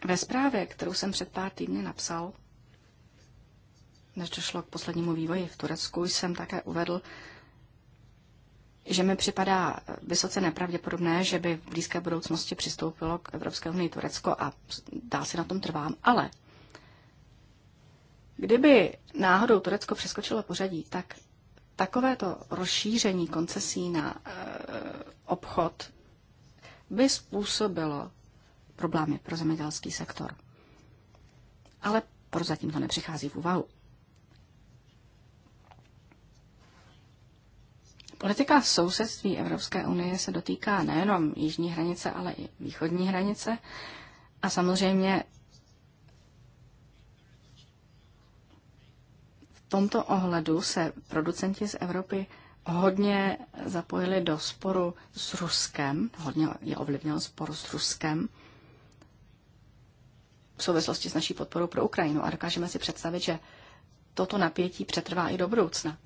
S4: Ve zprávě, kterou jsem před pár týdny napsal, než došlo k poslednímu vývoji v Turecku, jsem také uvedl, že mi připadá vysoce nepravděpodobné, že by v blízké budoucnosti přistoupilo k Evropské unii Turecko a dál si na tom trvám, ale Kdyby náhodou Turecko přeskočilo pořadí, tak takovéto rozšíření koncesí na uh, obchod by způsobilo problémy pro zemědělský sektor. Ale prozatím to nepřichází v úvahu. Politika sousedství Evropské unie se dotýká nejenom jižní hranice, ale i východní hranice. A samozřejmě tomto ohledu se producenti z Evropy hodně zapojili do sporu s Ruskem, hodně je ovlivnil spor s Ruskem v souvislosti s naší podporou pro Ukrajinu a dokážeme si představit, že toto napětí přetrvá i do budoucna.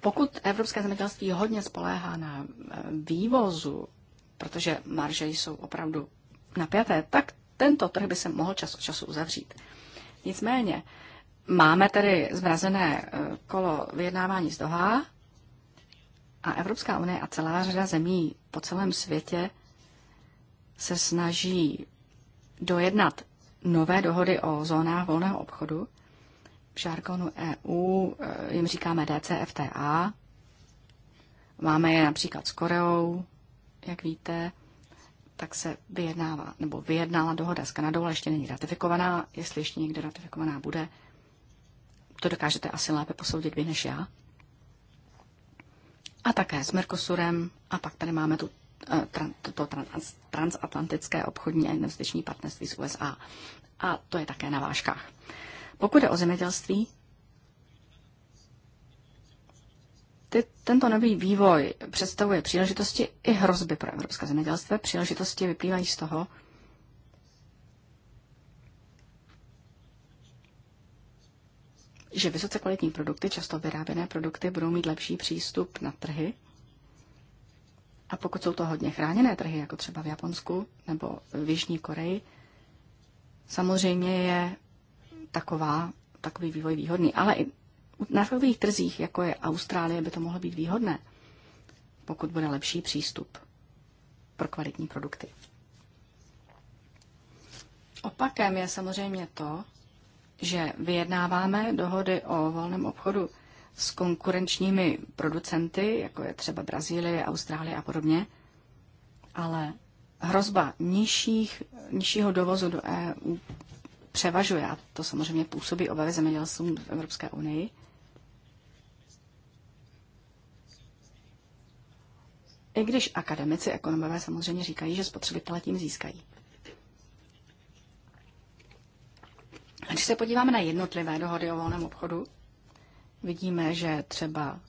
S4: Pokud evropské zemědělství hodně spoléhá na eh, vývozu, protože marže jsou opravdu napjaté, tak tento trh by se mohl čas od času uzavřít. Nicméně, Máme tedy zmrazené eh, kolo vyjednávání z Doha a Evropská unie a celá řada zemí po celém světě se snaží dojednat nové dohody o zónách volného obchodu. V žargonu EU eh, jim říkáme DCFTA. Máme je například s Koreou, jak víte, tak se vyjednává, nebo vyjednala dohoda s Kanadou, ale ještě není ratifikovaná. Jestli ještě někde ratifikovaná bude, to dokážete asi lépe posoudit vy než já. A také s Mercosurem. A pak tady máme tu eh, to transatlantické obchodní a investiční partnerství s USA. A to je také na vážkách. Pokud je o zemědělství, ty, tento nový vývoj představuje příležitosti i hrozby pro evropské zemědělství. Příležitosti vyplývají z toho, že vysoce kvalitní produkty, často vyráběné produkty, budou mít lepší přístup na trhy. A pokud jsou to hodně chráněné trhy, jako třeba v Japonsku nebo v Jižní Koreji, samozřejmě je taková, takový vývoj výhodný. Ale i na takových trzích, jako je Austrálie, by to mohlo být výhodné, pokud bude lepší přístup pro kvalitní produkty. Opakem je samozřejmě to, že vyjednáváme dohody o volném obchodu s konkurenčními producenty, jako je třeba Brazílie, Austrálie a podobně, ale hrozba nižších, nižšího dovozu do EU převažuje a to samozřejmě působí obavy zemědělcům v Evropské unii. I když akademici, ekonomové samozřejmě říkají, že spotřebitelé tím získají. A když se podíváme na jednotlivé dohody o volném obchodu, vidíme, že třeba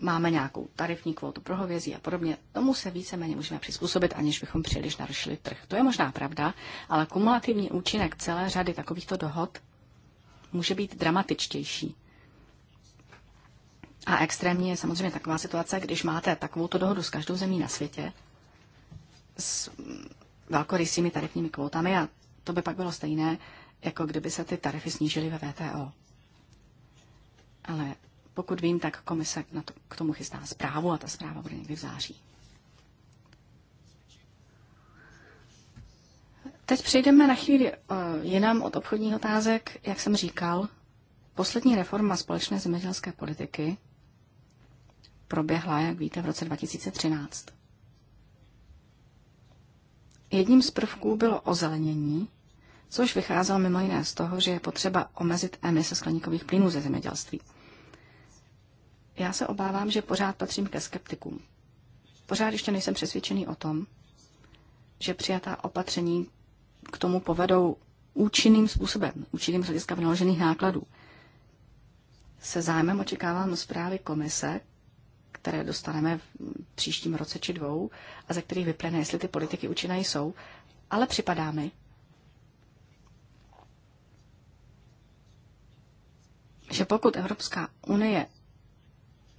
S4: máme nějakou tarifní kvotu pro hovězí a podobně, tomu se víceméně můžeme přizpůsobit, aniž bychom příliš narušili trh. To je možná pravda, ale kumulativní účinek celé řady takovýchto dohod může být dramatičtější. A extrémně je samozřejmě taková situace, když máte takovouto dohodu s každou zemí na světě, s velkorysými tarifními kvótami a to by pak bylo stejné, jako kdyby se ty tarify snížily ve VTO. Ale pokud vím, tak komise na to, k tomu chystá zprávu a ta zpráva bude někdy v září. Teď přejdeme na chvíli uh, jinam od obchodních otázek. Jak jsem říkal, poslední reforma společné zemědělské politiky proběhla, jak víte, v roce 2013. Jedním z prvků bylo ozelenění což vycházelo mimo jiné z toho, že je potřeba omezit emise skleníkových plynů ze zemědělství. Já se obávám, že pořád patřím ke skeptikům. Pořád ještě nejsem přesvědčený o tom, že přijatá opatření k tomu povedou účinným způsobem, účinným z hlediska vynaložených nákladů. Se zájmem očekávám zprávy komise, které dostaneme v příštím roce či dvou a ze kterých vyplyne, jestli ty politiky účinné jsou, ale připadá mi, že pokud Evropská unie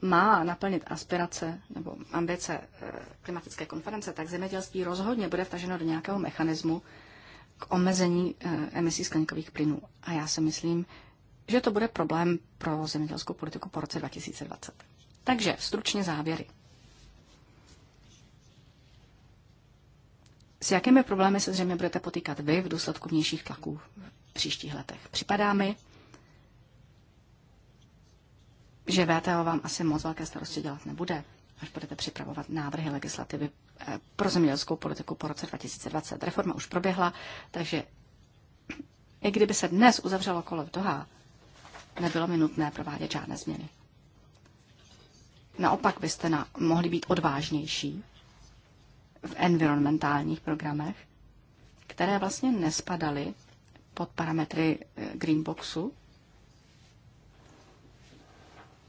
S4: má naplnit aspirace nebo ambice eh, klimatické konference, tak zemědělství rozhodně bude vtaženo do nějakého mechanismu k omezení eh, emisí skleníkových plynů. A já si myslím, že to bude problém pro zemědělskou politiku po roce 2020. Takže stručně závěry. S jakými problémy se zřejmě budete potýkat vy v důsledku vnějších tlaků v příštích letech? Připadá mi, že VTO vám asi moc velké starosti dělat nebude, až budete připravovat návrhy legislativy eh, pro zemědělskou politiku po roce 2020. Reforma už proběhla, takže i kdyby se dnes uzavřelo kolo v Doha, nebylo mi nutné provádět žádné změny. Naopak byste na, mohli být odvážnější v environmentálních programech, které vlastně nespadaly pod parametry eh, Greenboxu,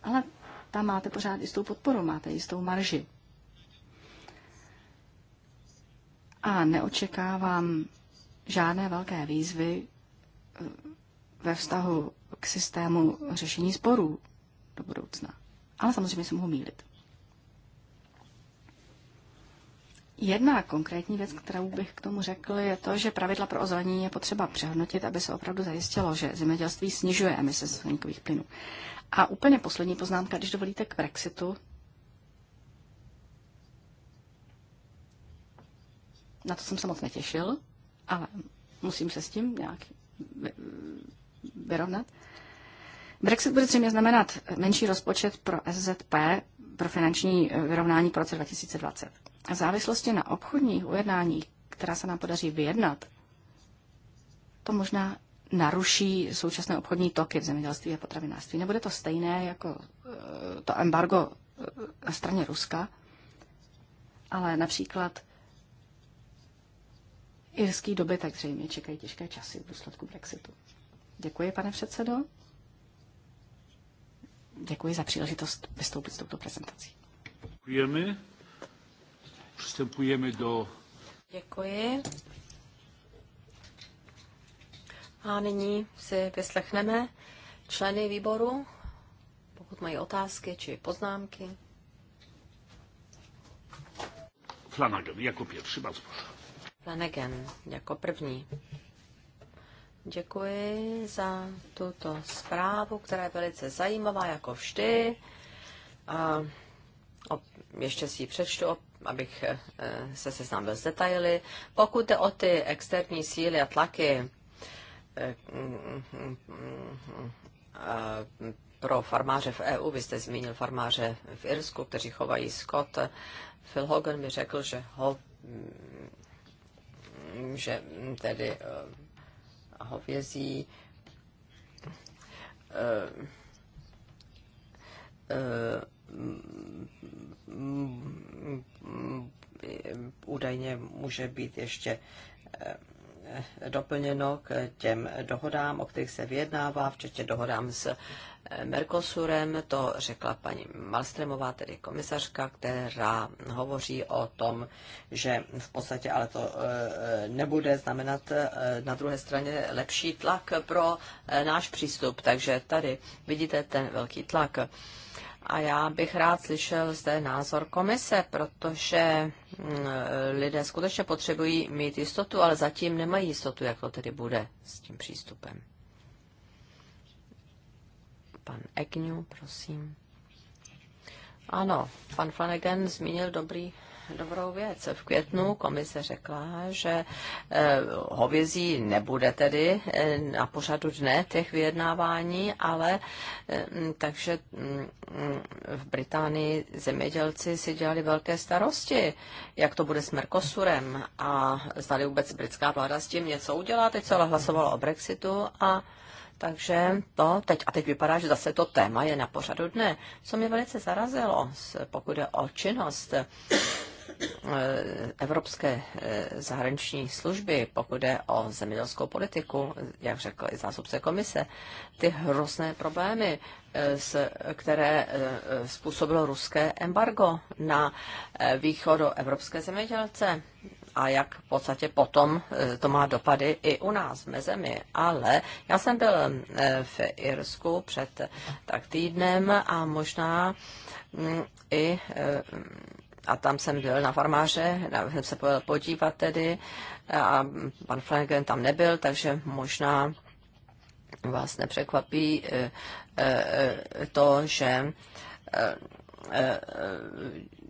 S4: ale tam máte pořád jistou podporu, máte jistou marži. A neočekávám žádné velké výzvy eh, ve vztahu k systému řešení sporů do budoucna. Ale samozřejmě se mohu mílit. Jedna konkrétní věc, kterou bych k tomu řekl, je to, že pravidla pro ozelenění je potřeba přehodnotit, aby se opravdu zajistilo, že zemědělství snižuje emise skleníkových plynů. A úplně poslední poznámka, když dovolíte k Brexitu. Na to jsem se moc netěšil, ale musím se s tím nějak vyrovnat. Brexit bude třeba znamenat menší rozpočet pro SZP pro finanční vyrovnání pro roce 2020. V závislosti na obchodních ujednáních, která se nám podaří vyjednat, to možná naruší současné obchodní toky v zemědělství a potravinářství. Nebude to stejné jako eh, to embargo eh, na straně Ruska, ale například irský dobytek zřejmě čekají těžké časy v důsledku Brexitu. Děkuji, pane předsedo. Děkuji za příležitost vystoupit s touto prezentací.
S1: Děkujeme. Přistupujeme do...
S2: Děkuji. A nyní si vyslechneme členy výboru, pokud mají otázky či poznámky.
S1: Flanagan jako první. bardzo proszę.
S2: Flanagan jako první. Děkuji za tuto zprávu, která je velice zajímavá, jako vždy. A ještě si ji přečtu, abych eh, se seznámil s detaily. Pokud jde o ty externí síly a tlaky, pro farmáře v EU, vy jste zmínil farmáře v Irsku, kteří chovají skot. Phil Hogan mi řekl, že, ho, že tedy hovězí údajně může být ještě Eh, doplněno k těm dohodám, o kterých se vyjednává, včetně dohodám s eh, Mercosurem, to řekla paní Malstremová, tedy komisařka, která hovoří o tom, že v podstatě ale to eh, nebude znamenat na druhé straně lepší tlak pro náš přístup. Takže tady vidíte ten velký tlak. A já bych rád slyšel zde názor komise, protože mm, lidé skutečně potřebují mít jistotu, ale zatím nemají jistotu, jak to tedy bude s tím přístupem. Pan Egnu, prosím. Ano, pan Flanagan zmínil dobrý dobrou věc. V květnu komise řekla, že eh, hovězí nebude tedy eh, na pořadu dne těch vyjednávání, ale eh, takže mm, v Británii zemědělci si dělali velké starosti, jak to bude s Mercosurem a zdali vůbec britská vláda s tím něco udělá. Teď se ale hlasovalo o Brexitu a takže to teď, a teď vypadá, že zase to téma je na pořadu dne. Co mě velice zarazilo, pokud je o činnost Eh, evropské eh, zahraniční služby, pokud jde o zemědělskou politiku, jak řekl i zástupce komise, ty hrozné problémy, eh, které způsobilo ruské embargo na východu evropské zemědělce a jak v podstatě potom to má dopady i u nás, v mezemi. Ale já jsem byl v Irsku před tak týdnem a možná mm, i a tam jsem byl na farmáře, jsem se pojel podívat tedy a pan Flanagan tam nebyl, takže možná vás nepřekvapí e, e, e, to, že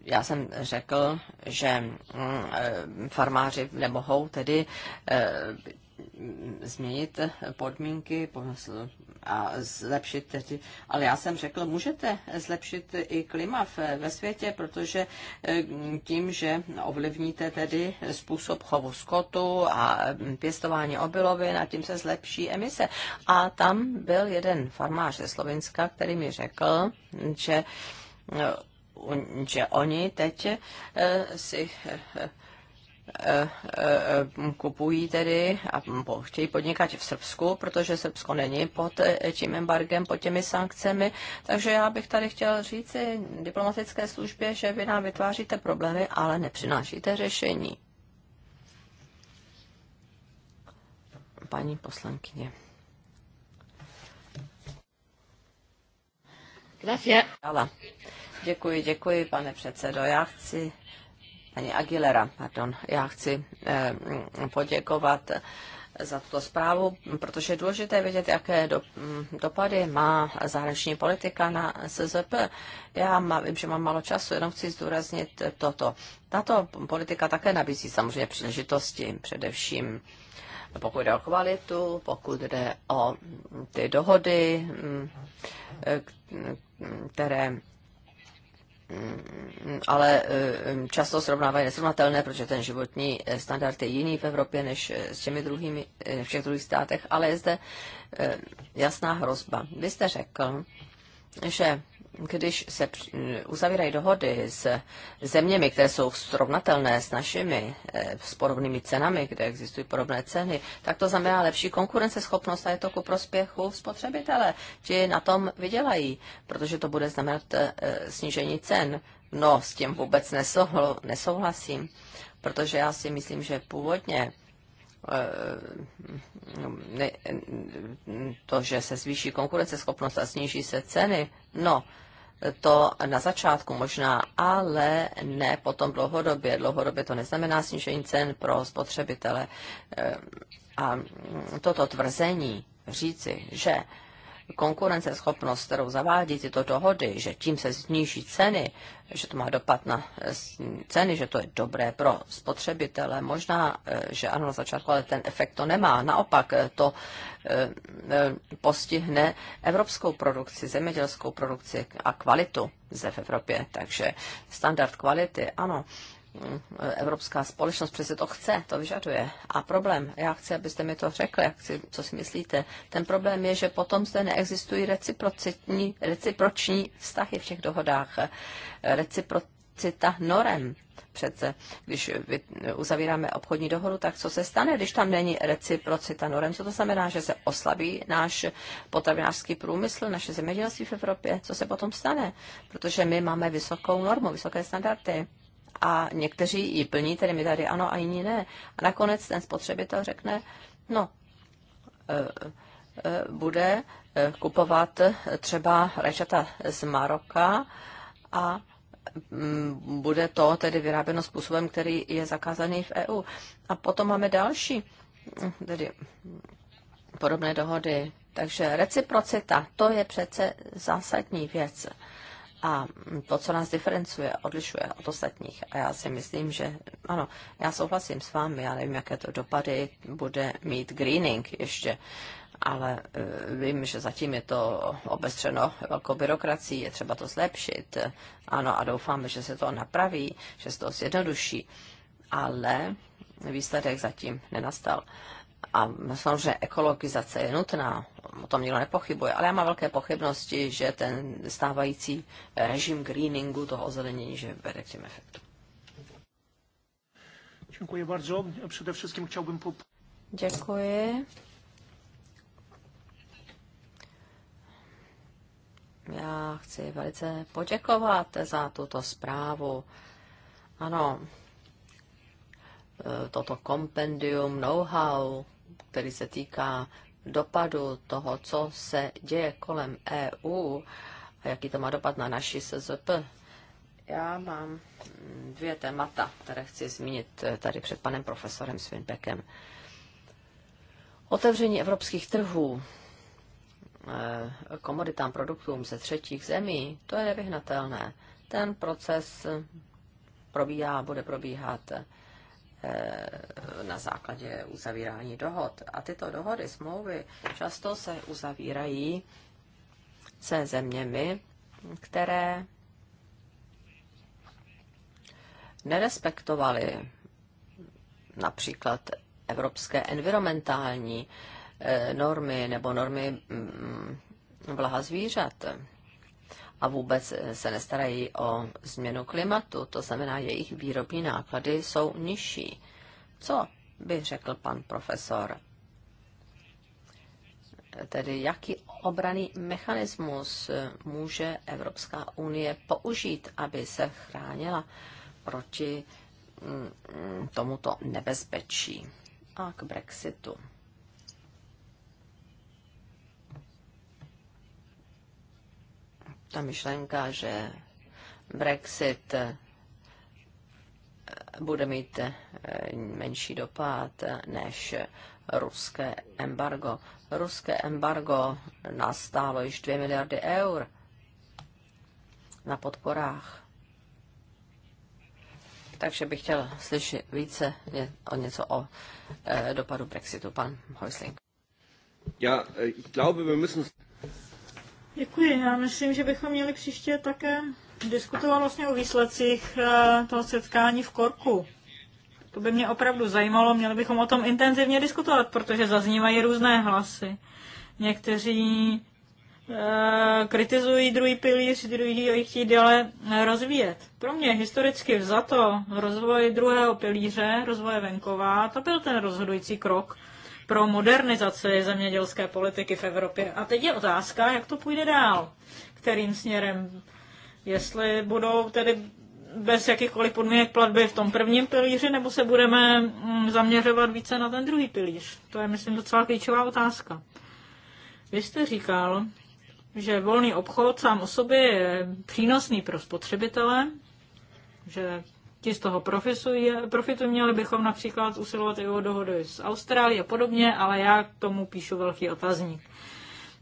S2: já jsem řekl, že mm, farmáři nemohou tedy změnit podmínky a zlepšit tedy. Ale já jsem řekl, můžete zlepšit i klima ve světě, protože eh, tím, že ovlivníte tedy způsob chovu skotu a mm, pěstování obilovin a tím se zlepší emise. A tam byl jeden farmář ze Slovenska, který mi řekl, že eh, že oni teď eh, si Eh, eh, kupují tedy a chtějí podnikat v Srbsku, protože Srbsko není pod eh, tím embargem, pod těmi sankcemi. Takže já bych tady chtěl říci diplomatické službě, že vy nám vytváříte problémy, ale nepřinášíte řešení. Paní poslankyně. Děkuji, děkuji, pane předsedo. Já chci paní Aguilera, pardon, já chci eh, poděkovat za tuto zprávu, protože je důležité vědět, jaké do, mm, dopady má zahraniční politika na SZP. Já má, vím, že mám málo času, jenom chci zdůraznit toto. Tato politika také nabízí samozřejmě příležitosti, především pokud jde o kvalitu, pokud jde o ty dohody, mm, které Mm, ale eh, mm, často srovnávají nesrovnatelné, protože ten životní eh, standard je jiný v Evropě než eh, s těmi druhými, v všech druhých státech, ale je zde jasná hrozba. Vy jste řekl, že když se eh, uzavírají dohody s zeměmi, které jsou srovnatelné s našimi, eh, s podobnými cenami, kde existují podobné ceny, tak to znamená lepší konkurenceschopnost a je to ku prospěchu spotřebitele. Ti na tom vydělají, protože to bude znamenat eh, snížení cen. No, s tím vůbec nesouhlasím, protože já si myslím, že původně to, že se zvýší konkurenceschopnost a sníží se ceny, no, to na začátku možná, ale ne potom dlouhodobě. Dlouhodobě to neznamená snížení cen pro spotřebitele. Ehm, a toto tvrzení říci, že konkurenceschopnost, kterou zavádí tyto dohody, že tím se sníží ceny, že to má dopad na eh, ceny, že to je dobré pro spotřebitele. Možná, eh, že ano, na začátku, ale ten efekt to nemá. Naopak eh, to postihne evropskou produkci, zemědělskou produkci a kvalitu ze v Evropě. Takže standard kvality, ano, evropská společnost přece to chce, to vyžaduje. A problém, já chci, abyste mi to řekli, chci, co si myslíte, ten problém je, že potom zde neexistují reciprocitní, reciproční vztahy v těch dohodách. Reciprocita norem přece, když uzavíráme obchodní dohodu, tak co se stane, když tam není reciprocita norem? Co to znamená, že se oslabí náš potravinářský průmysl, naše zemědělství v Evropě? Co se potom stane? Protože my máme vysokou normu, vysoké standardy a někteří ji plní, tedy mi tady ano a jiní ne. A nakonec ten spotřebitel řekne, no, e, e, bude e, kupovat třeba rajčata z Maroka a mm, bude to tedy vyráběno způsobem, který je zakázaný v EU. A potom máme další, tedy podobné dohody. Takže reciprocita, to je přece zásadní věc a to, co nás diferencuje, odlišuje od ostatních. A já si myslím, že ano, já souhlasím s vámi, já nevím, jaké to dopady bude mít greening ještě, ale eh, vím, že zatím je to obestřeno velkou byrokracií, je třeba to zlepšit. Ano, a doufáme, že se to napraví, že se to zjednoduší, ale výsledek zatím nenastal. A samozřejmě ekologizace je nutná, o tom nikdo nepochybuje, ale já mám velké pochybnosti, že ten stávající režim greeningu, toho ozelenění, že vede k těm efektům.
S1: Děkuji bardzo. chtěl bym pop.
S3: Děkuji.
S2: Já chci velice poděkovat za tuto zprávu. Ano, e, toto kompendium know-how který se týká dopadu toho, co se děje kolem EU a jaký to má dopad na naši SZP. Já mám dvě témata, které chci zmínit tady před panem profesorem Svinbekem. Otevření evropských trhů eh, komoditám, produktům ze třetích zemí, to je nevyhnatelné. Ten proces probíhá, bude probíhat Eh, na základě uzavírání dohod. A tyto dohody, smlouvy, často se uzavírají se zeměmi, které nerespektovaly například evropské environmentální eh, normy nebo normy mm, mm, blaha zvířat a vůbec eh, se nestarají o změnu klimatu, to znamená, jejich výrobní náklady jsou nižší. Co by řekl pan profesor? Tedy jaký obraný mechanismus eh, může Evropská unie použít, aby se chránila proti mm, mm, tomuto nebezpečí a k Brexitu? ta myšlenka, že Brexit eh, bude mít eh, menší dopad než ruské embargo. Ruské embargo nastálo již 2 miliardy eur na podporách. Takže bych chtěl slyšet více o něco o eh, dopadu Brexitu. Pan Häusling.
S1: Já, ich glaube, wir müssen...
S3: Děkuji. Já myslím, že bychom měli příště také diskutovat vlastně o výsledcích eh, toho setkání v Korku. To by mě opravdu zajímalo, měli bychom o tom intenzivně diskutovat, protože zaznívají různé hlasy. Někteří e, kritizují druhý pilíř, druhý ho chtějí dále rozvíjet. Pro mě historicky vzato rozvoj druhého pilíře, rozvoje venková, to byl ten rozhodující krok, pro modernizaci zemědělské politiky v Evropě. A teď je otázka, jak to půjde dál, kterým směrem, jestli budou tedy bez jakýchkoliv podmínek platby v tom prvním pilíři, nebo se budeme mm, zaměřovat více na ten druhý pilíř? To je, myslím, docela klíčová otázka. Vy jste říkal, že volný obchod sám o sobě je přínosný pro spotřebitele, že ti z toho profitují. Měli bychom například usilovat i o dohody s Austrálií a podobně, ale já k tomu píšu velký otazník.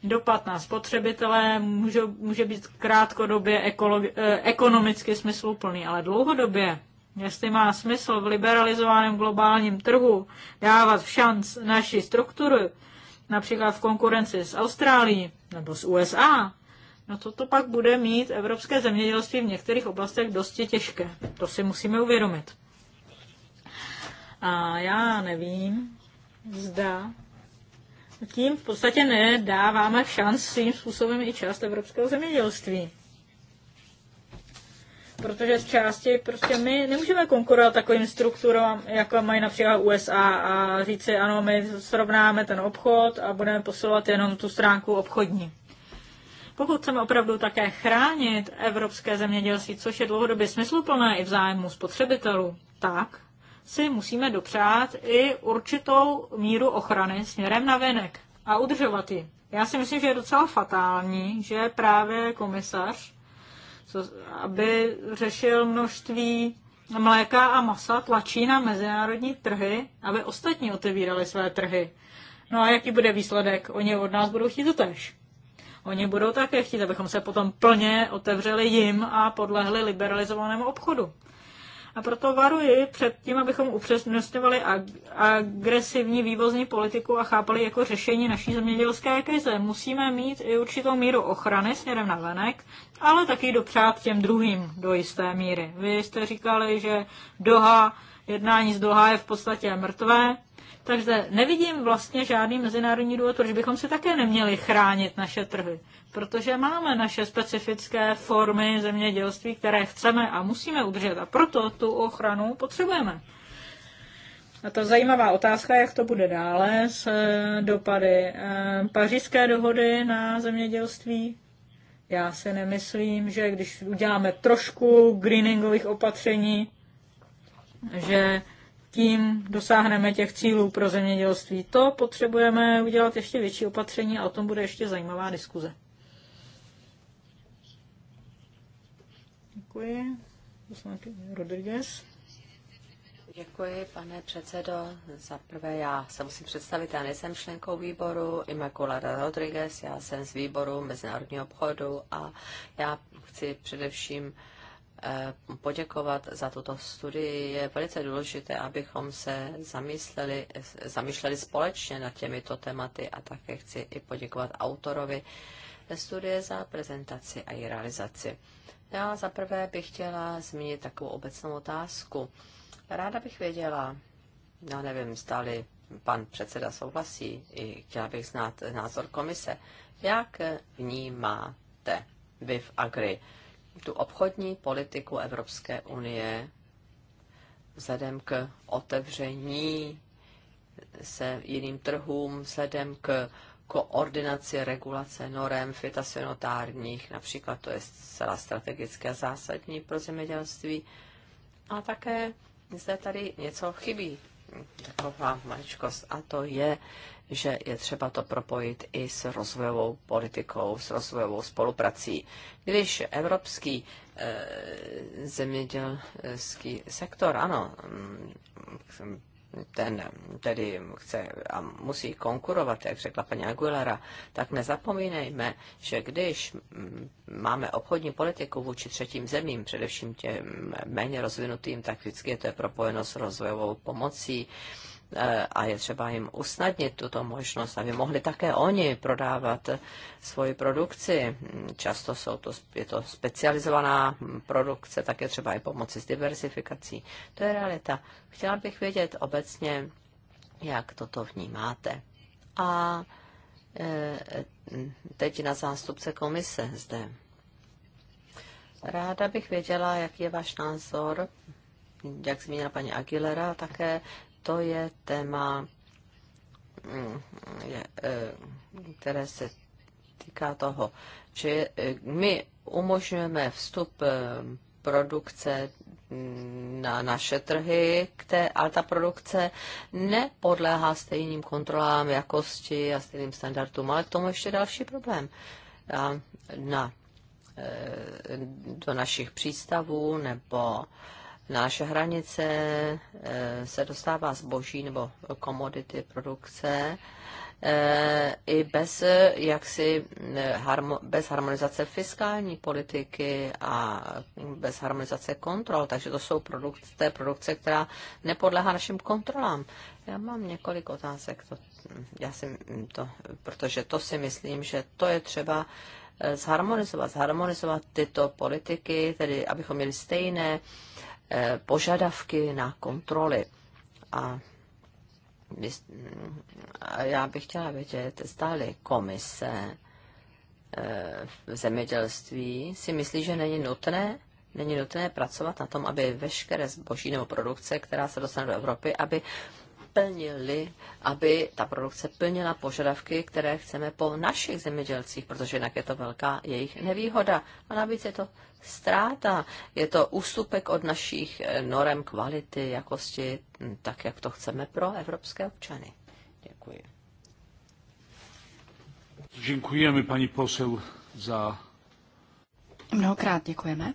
S3: Dopad na spotřebitele může, může být krátkodobě ekologi- eh, ekonomicky smysluplný, ale dlouhodobě, jestli má smysl v liberalizovaném globálním trhu dávat šanc naší struktury, například v konkurenci s Austrálií nebo s USA, No to to pak bude mít evropské zemědělství v některých oblastech dosti těžké. To si musíme uvědomit. A já nevím, zda tím v podstatě nedáváme šanci svým způsobem i část evropského zemědělství. Protože z části prostě my nemůžeme konkurovat takovým strukturám, jako mají například USA a říci ano, my srovnáme ten obchod a budeme posilovat jenom tu stránku obchodní. Pokud chceme opravdu také chránit evropské zemědělství, což je dlouhodobě smysluplné i v zájmu spotřebitelů, tak si musíme dopřát i určitou míru ochrany směrem na venek a udržovat ji. Já si myslím, že je docela fatální, že právě komisař, co, aby řešil množství mléka a masa, tlačí na mezinárodní trhy, aby ostatní otevírali své trhy. No a jaký bude výsledek? Oni od nás budou chtít to tež. Oni budou také chtít, abychom se potom plně otevřeli jim a podlehli liberalizovanému obchodu. A proto varuji před tím, abychom upřesňovali agresivní vývozní politiku a chápali jako řešení naší zemědělské krize. Musíme mít i určitou míru ochrany směrem na venek, ale taky dopřát těm druhým do jisté míry. Vy jste říkali, že Doha, jednání z Doha je v podstatě mrtvé. Takže nevidím vlastně žádný mezinárodní důvod, proč bychom si také neměli chránit naše trhy. Protože máme naše specifické formy zemědělství, které chceme a musíme udržet. A proto tu ochranu potřebujeme. A to zajímavá otázka, jak to bude dále s eh, dopady eh, pařížské dohody na zemědělství. Já si nemyslím, že když uděláme trošku greeningových opatření, že tím dosáhneme těch cílů pro zemědělství. To potřebujeme udělat ještě větší opatření a o tom bude ještě zajímavá diskuze. Děkuji. Poslankyně Rodriguez.
S2: Děkuji, pane předsedo. Za prvé já se musím představit, já nejsem členkou výboru Immaculada Rodriguez, já jsem z výboru Mezinárodního obchodu a já chci především uh, Eh, poděkovat za tuto studii. Je velice důležité, abychom se zamysleli, zamýšleli společně nad těmito tématy a také chci i poděkovat autorovi studie za prezentaci a její realizaci. Já zaprvé bych chtěla zmínit takovou obecnou otázku. Ráda bych věděla, já nevím, stáli pan předseda souhlasí, i chtěla bych znát názor komise, jak vnímáte vy v Agri tu obchodní politiku Evropské unie vzhledem k otevření se jiným trhům, vzhledem k koordinaci regulace norem fitosanitárních, například to je zcela strategické a zásadní pro zemědělství. A také zde tady něco chybí, taková maličkost, a to je že je třeba to propojit i s rozvojovou politikou, s rozvojovou spoluprací. Když evropský e, zemědělský sektor, ano, mm, ten tedy chce a musí konkurovat, jak řekla paní Aguilera, tak nezapomínejme, že když mm, máme obchodní politiku vůči třetím zemím, především těm méně rozvinutým, tak vždycky je to propojeno s rozvojovou pomocí. Eh, a je třeba jim usnadnit tuto možnost, aby mohli také oni prodávat svoji produkci. Často jsou to, je to specializovaná produkce, tak je třeba i pomoci s diversifikací. To je realita. Chtěla bych vědět obecně, jak toto vnímáte. A eh, teď na zástupce komise zde. Ráda bych věděla, jaký je váš názor, jak zmínila paní Aguilera také to je téma, mm, e, které se týká toho, že e, my umožňujeme vstup e, produkce mm, na naše trhy, které, ale ta produkce nepodléhá stejným kontrolám jakosti a stejným standardům. Ale k tomu ještě další problém. A na, do našich přístavů nebo náš hranice eh, se dostává zboží nebo komodity produkce eh, i bez eh, jaksi bez harmonizace fiskální politiky a bez harmonizace kontrol. Takže to jsou produkce, produkce, která nepodléhá našim kontrolám. Já mám několik otázek, to, já si to, protože to si myslím, že to je třeba zharmonizovat, zharmonizovat tyto politiky, tedy abychom měli stejné Eh, požadavky na kontroly. A já bych chtěla vědět, zdali komise eh, v zemědělství si myslí, že není nutné, není nutné pracovat na tom, aby veškeré zboží nebo produkce, která se dostane do Evropy, aby naplnili, aby ta produkce plnila požadavky, které chceme po našich zemědělcích, protože jinak je to velká jejich nevýhoda. A navíc je to ztráta, je to ústupek od našich eh, norem kvality, jakosti, hm, tak jak to chceme pro evropské občany. Děkuji.
S1: Děkujeme, paní posel, za...
S2: Mnohokrát děkujeme.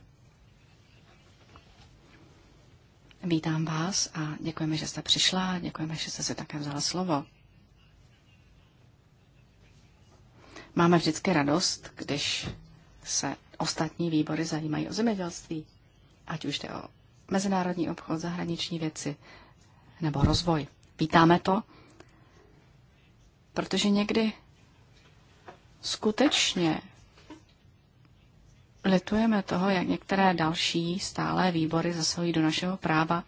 S4: Vítám vás a děkujeme, že jste přišla, děkujeme, že jste si také vzala slovo. Máme vždycky radost, když se ostatní výbory zajímají o zemědělství, ať už jde o mezinárodní obchod, zahraniční věci nebo rozvoj. Vítáme to, protože někdy skutečně litujeme toho, jak některé další stálé výbory zasahují do našeho práva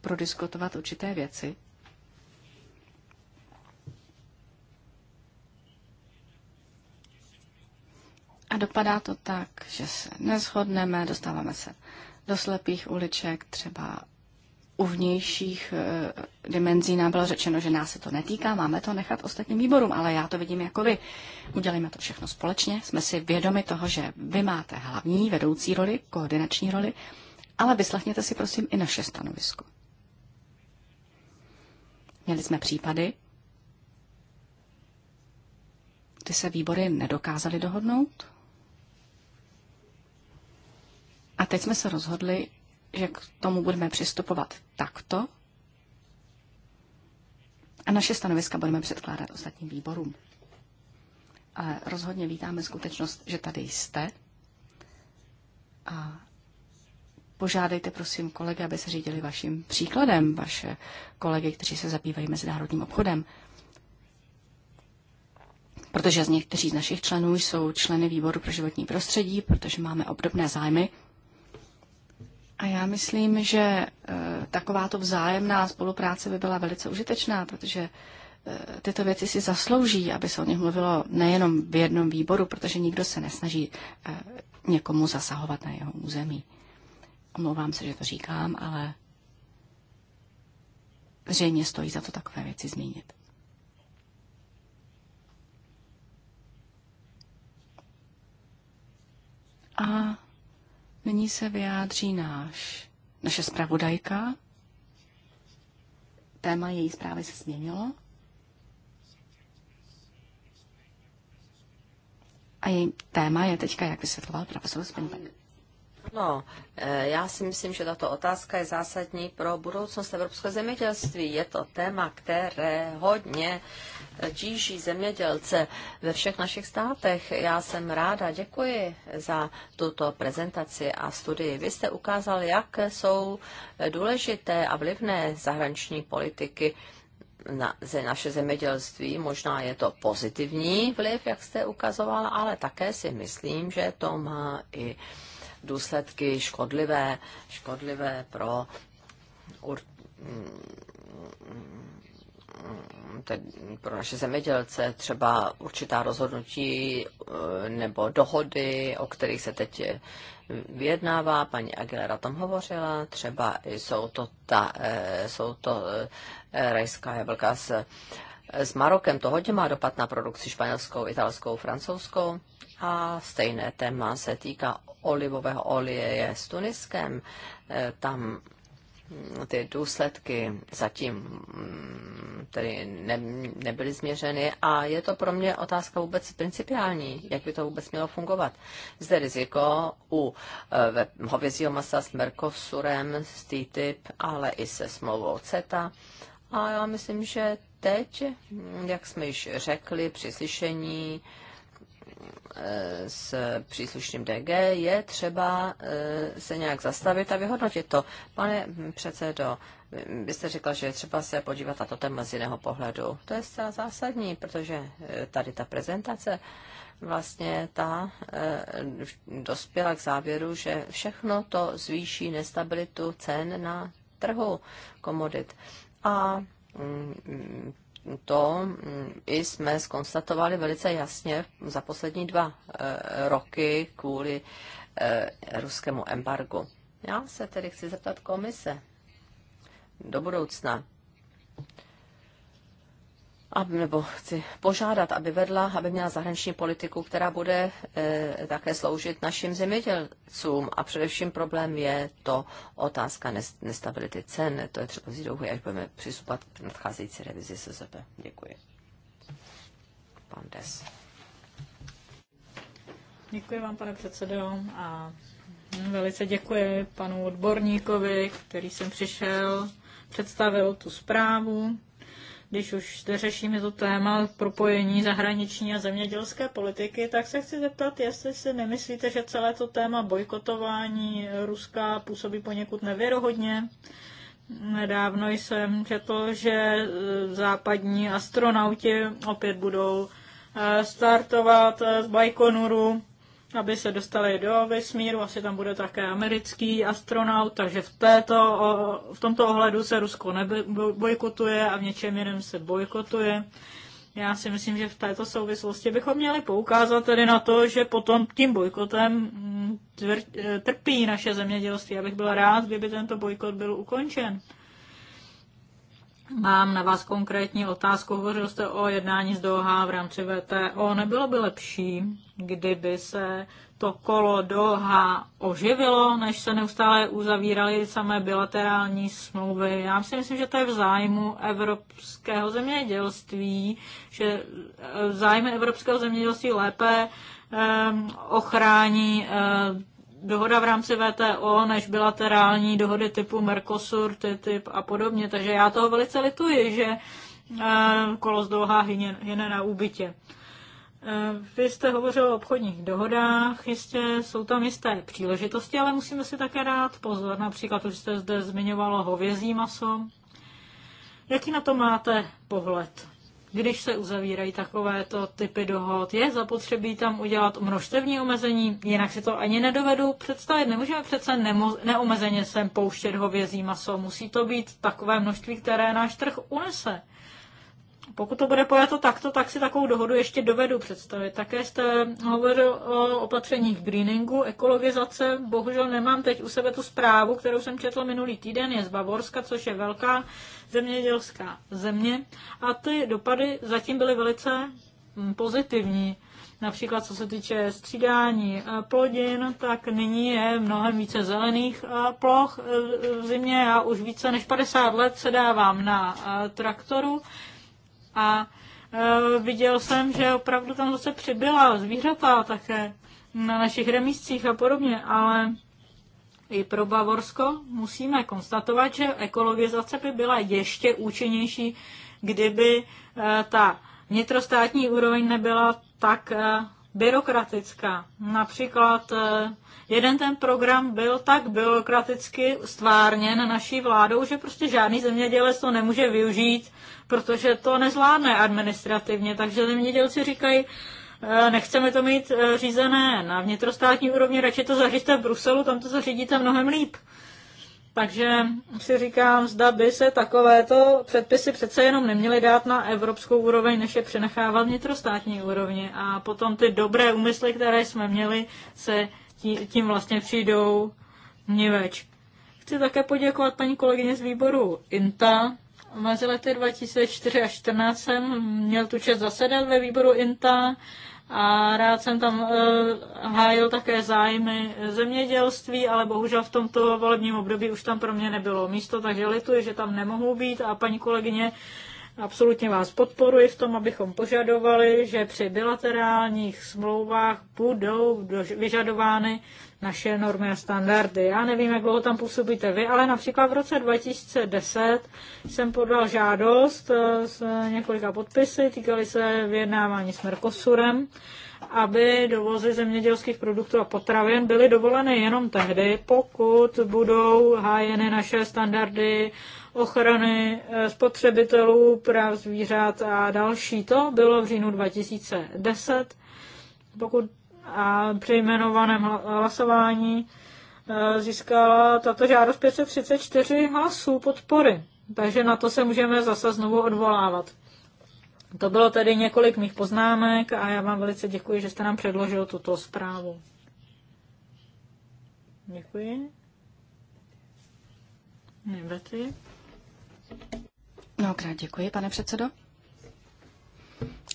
S4: prodiskutovat určité věci. A dopadá to tak, že se neshodneme, dostáváme se do slepých uliček, třeba u vnějších eh, dimenzí nám bylo řečeno, že nás se to netýká, máme to nechat ostatním výborům, ale já to vidím jako vy. Udělíme to všechno společně, jsme si vědomi toho, že vy máte hlavní vedoucí roli, koordinační roli, ale vyslechněte si prosím i naše stanovisko. Měli jsme případy, kdy se výbory nedokázaly dohodnout. A teď jsme se rozhodli, že k tomu budeme přistupovat takto a naše stanoviska budeme předkládat ostatním výborům. Ale rozhodně vítáme skutečnost, že tady jste a požádejte prosím kolegy, aby se řídili vaším příkladem, vaše kolegy, kteří se zabývají mezinárodním obchodem. Protože z někteří z našich členů jsou členy výboru pro životní prostředí, protože máme obdobné zájmy – a já myslím, že eh, takováto vzájemná spolupráce by byla velice užitečná, protože eh, tyto věci si zaslouží, aby se o nich mluvilo nejenom v jednom výboru, protože nikdo se nesnaží eh, někomu zasahovat na jeho území. Omlouvám se, že to říkám, ale zřejmě stojí za to takové věci zmínit. A Nyní se vyjádří náš, naše zpravodajka. Téma její zprávy se změnilo. A její téma je teďka, jak vysvětloval profesor
S2: Spinbeck. No, eh, já si myslím, že tato otázka je zásadní pro budoucnost evropského zemědělství. Je to téma, které hodně tíží zemědělce ve všech našich státech. Já jsem ráda, děkuji za tuto prezentaci a studii. Vy jste ukázal, jak jsou důležité a vlivné zahraniční politiky na naše zemědělství. Možná je to pozitivní vliv, jak jste ukazovala, ale také si myslím, že to má i důsledky škodlivé, škodlivé pro ur, pro naše zemědělce třeba určitá rozhodnutí eh, nebo dohody, o kterých se teď vyjednává, paní Aguilera tam hovořila, třeba jsou to, ta, eh, jsou to eh, rajská jablka s s Marokem to hodně má dopad na produkci španělskou, italskou, francouzskou. A stejné téma se týká olivového oleje s Tuniskem. Eh, tam mm, ty důsledky zatím mm, tedy ne, nebyly změřeny a je to pro mě otázka vůbec principiální, jak by to vůbec mělo fungovat. Zde riziko u eh, hovězího masa s merkosurem s TTIP, ale i se smlouvou CETA a já myslím, že Teď, jak jsme již řekli při slyšení eh, s příslušným DG, je třeba eh, se nějak zastavit a vyhodnotit to. Pane předsedo, vy jste řekla, že je třeba se podívat na to téma z jiného pohledu. To je zcela zásadní, protože eh, tady ta prezentace vlastně ta dospěla k závěru, že všechno to zvýší nestabilitu cen na trhu komodit. A to i jsme skonstatovali velice jasně za poslední dva eh, roky kvůli eh, ruskému embargu. Já se tedy chci zeptat komise do budoucna aby, nebo chci požádat, aby vedla, aby měla zahraniční politiku, která bude e, také sloužit našim zemědělcům. A především problém je to otázka nestability cen. To je třeba vzít do až budeme přistupovat k nadcházející revizi SZP. Děkuji. Pan Des.
S3: Děkuji vám, pane předsedo, a velice děkuji panu odborníkovi, který jsem přišel, představil tu zprávu když už řešíme to téma propojení zahraniční a zemědělské politiky, tak se chci zeptat, jestli si nemyslíte, že celé to téma bojkotování Ruska působí poněkud nevěrohodně. Nedávno jsem četl, že e, západní astronauti opět budou e, startovat e, z Bajkonuru aby se dostali do vesmíru, asi tam bude také americký astronaut, takže v, této, v tomto ohledu se Rusko nebojkotuje a v něčem jiném se bojkotuje. Já si myslím, že v této souvislosti bychom měli poukázat tedy na to, že potom tím bojkotem mm, eh, trpí naše zemědělství. Já bych byl rád, kdyby tento bojkot byl ukončen. Mám na vás konkrétní otázku. Hovořil jste o jednání z Doha v rámci VTO. Nebylo by lepší, kdyby se to kolo Doha oživilo, než se neustále uzavíraly samé bilaterální smlouvy? Já si myslím, že to je v zájmu evropského zemědělství, že eh, zájmy evropského zemědělství lépe ehm, ochrání eh, dohoda v rámci VTO než bilaterální dohody typu Mercosur, TTIP a podobně. Takže já toho velice lituji, že eh, kolo z dlouhá hyne na úbytě. Eh, vy jste hovořil o obchodních dohodách, jistě jsou tam jisté příležitosti, ale musíme si také dát pozor. Například už jste zde zmiňovalo hovězí maso. Jaký na to máte pohled? když se uzavírají takovéto typy dohod, je zapotřebí tam udělat množstevní omezení, jinak si to ani nedovedu představit. Nemůžeme přece nemo, neomezeně sem pouštět hovězí maso. Musí to být takové množství, které náš trh unese. Pokud to bude pojato takto, tak si takovou dohodu ještě dovedu představit. Také jste hovořil o opatřeních greeningu, ekologizace. Bohužel nemám teď u sebe tu zprávu, kterou jsem četl minulý týden. Je z Bavorska, což je velká zemědělská země. A ty dopady zatím byly velice mm, pozitivní. Například co se týče střídání eh, plodin, tak nyní je mnohem více zelených eh, ploch eh, v zimě. Já už více než 50 let sedávám na traktoru a e, viděl jsem, že opravdu tam zase přibyla zvířata také na našich remíscích a podobně, ale i pro Bavorsko musíme konstatovat, že ekologizace by byla ještě účinnější, kdyby e, ta vnitrostátní úroveň nebyla tak e, byrokratická. Například jeden ten program byl tak byrokraticky stvárněn naší vládou, že prostě žádný zemědělec to nemůže využít protože to nezvládne administrativně. Takže zemědělci říkají, eh, nechceme to mít eh, řízené na vnitrostátní úrovni, radši to zařídíte v Bruselu, tam to zařídíte mnohem líp. Takže si říkám, zda by se takovéto předpisy přece jenom neměly dát na evropskou úroveň, než je přenechávat vnitrostátní úrovni. A potom ty dobré úmysly, které jsme měli, se tím vlastně přijdou niveč. Chci také poděkovat paní kolegyně z výboru INTA, Mezi lety 2004 a 2014 jsem měl tu čest zasedat ve výboru INTA a rád jsem tam uh, hájil také zájmy zemědělství, ale bohužel v tomto volebním období už tam pro mě nebylo místo, takže lituji, že tam nemohu být a paní kolegyně, absolutně vás podporuji v tom, abychom požadovali, že při bilaterálních smlouvách budou vyžadovány naše normy a standardy. Já nevím, jak dlouho tam působíte vy, ale například v roce 2010 jsem podal žádost eh, s několika podpisy, týkaly se vyjednávání s Mercosurem, aby dovozy zemědělských produktů a potravin byly dovoleny jenom tehdy, pokud budou hájeny naše standardy ochrany eh, spotřebitelů, práv zvířat a další. To bylo v říjnu 2010. Pokud a při jmenovaném hlasování eh, získala tato žádost 534 hlasů podpory. Takže na to se můžeme zase znovu odvolávat. To bylo tedy několik mých poznámek a já vám velice děkuji, že jste nám předložil tuto zprávu. Děkuji. Nebety.
S4: krát děkuji, pane předsedo.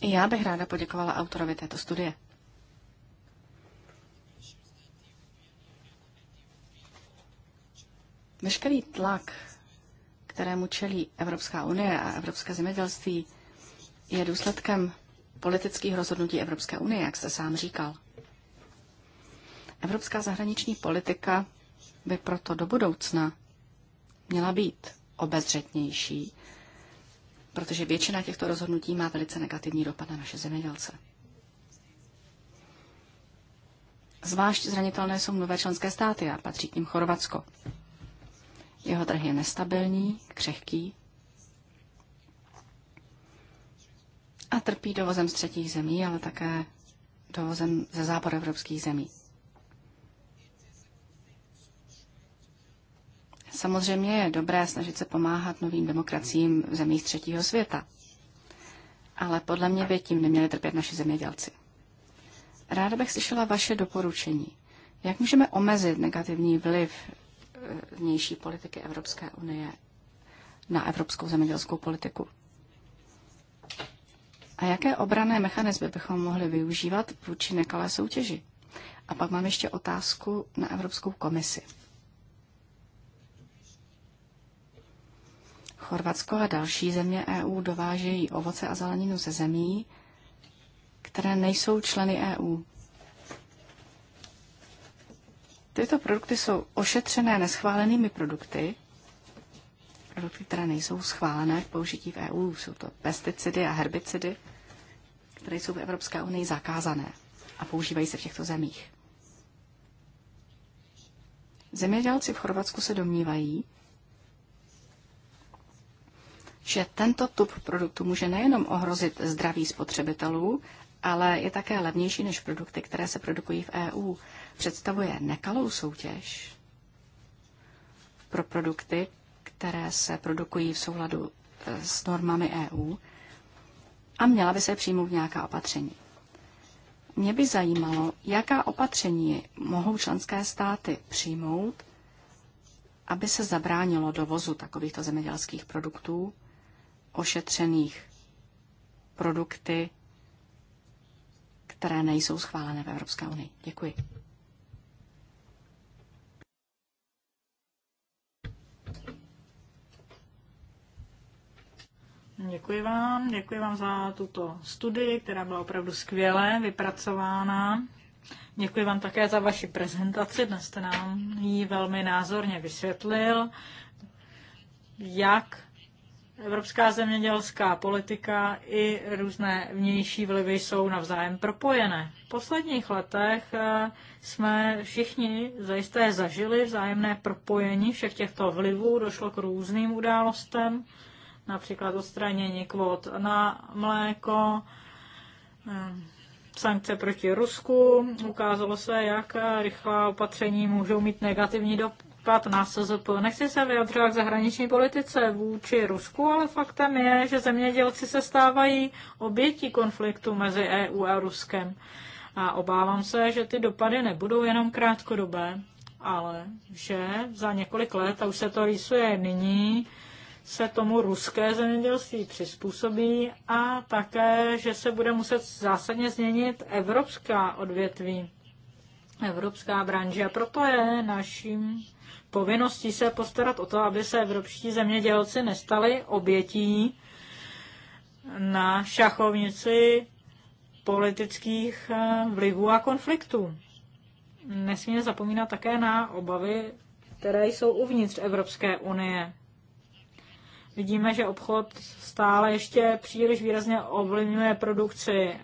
S4: Já bych ráda poděkovala autorovi této studie. Veškerý tlak, kterému čelí Evropská unie a evropské zemědělství, je důsledkem politických rozhodnutí Evropské unie, jak jste sám říkal. Evropská zahraniční politika by proto do budoucna měla být obezřetnější, protože většina těchto rozhodnutí má velice negativní dopad na naše zemědělce. Zvlášť zranitelné jsou nové členské státy a patří k nim Chorvatsko. Jeho trh je nestabilní, křehký a trpí dovozem z třetích zemí, ale také dovozem ze západoevropských zemí. Samozřejmě je dobré snažit se pomáhat novým demokraciím v zemích třetího světa, ale podle mě by tím neměli trpět naši zemědělci. Ráda bych slyšela vaše doporučení. Jak můžeme omezit negativní vliv vnější politiky Evropské unie na evropskou zemědělskou politiku. A jaké obrané mechanizmy bychom mohli využívat vůči nekalé soutěži? A pak mám ještě otázku na Evropskou komisi. Chorvatsko a další země EU dovážejí ovoce a zeleninu ze zemí, které nejsou členy EU. Tyto produkty jsou ošetřené neschválenými produkty, produkty, které nejsou schválené k použití v EU. Jsou to pesticidy a herbicidy, které jsou v Evropské unii zakázané a používají se v těchto zemích. Zemědělci v Chorvatsku se domnívají, že tento typ produktu může nejenom ohrozit zdraví spotřebitelů, ale je také levnější než produkty, které se produkují v EU představuje nekalou soutěž pro produkty, které se produkují v souladu e, s normami EU a měla by se přijmout nějaká opatření. Mě by zajímalo, jaká opatření mohou členské státy přijmout, aby se zabránilo dovozu takovýchto zemědělských produktů, ošetřených produkty, které nejsou schválené v Evropské unii. Děkuji.
S3: Děkuji vám, děkuji vám za tuto studii, která byla opravdu skvěle vypracována. Děkuji vám také za vaši prezentaci, dnes jste nám ji velmi názorně vysvětlil, jak evropská zemědělská politika i různé vnější vlivy jsou navzájem propojené. V posledních letech eh, jsme všichni zajisté zažili vzájemné propojení všech těchto vlivů, došlo k různým událostem například odstranění kvót na mléko, eh, sankce proti Rusku. Ukázalo se, jak rychlá opatření můžou mít negativní dopad na SZP. Nechci se vyjadřovat k zahraniční politice vůči Rusku, ale faktem je, že zemědělci se stávají obětí konfliktu mezi EU a Ruskem. A obávám se, že ty dopady nebudou jenom krátkodobé, ale že za několik let, a už se to rýsuje nyní, se tomu ruské zemědělství přizpůsobí a také, že se bude muset zásadně změnit evropská odvětví, evropská branže. A proto je naším povinností se postarat o to, aby se evropští zemědělci nestali obětí na šachovnici politických eh, vlivů a konfliktů. Nesmíme zapomínat také na obavy, které jsou uvnitř Evropské unie Vidíme, že obchod stále ještě příliš výrazně ovlivňuje produkci eh,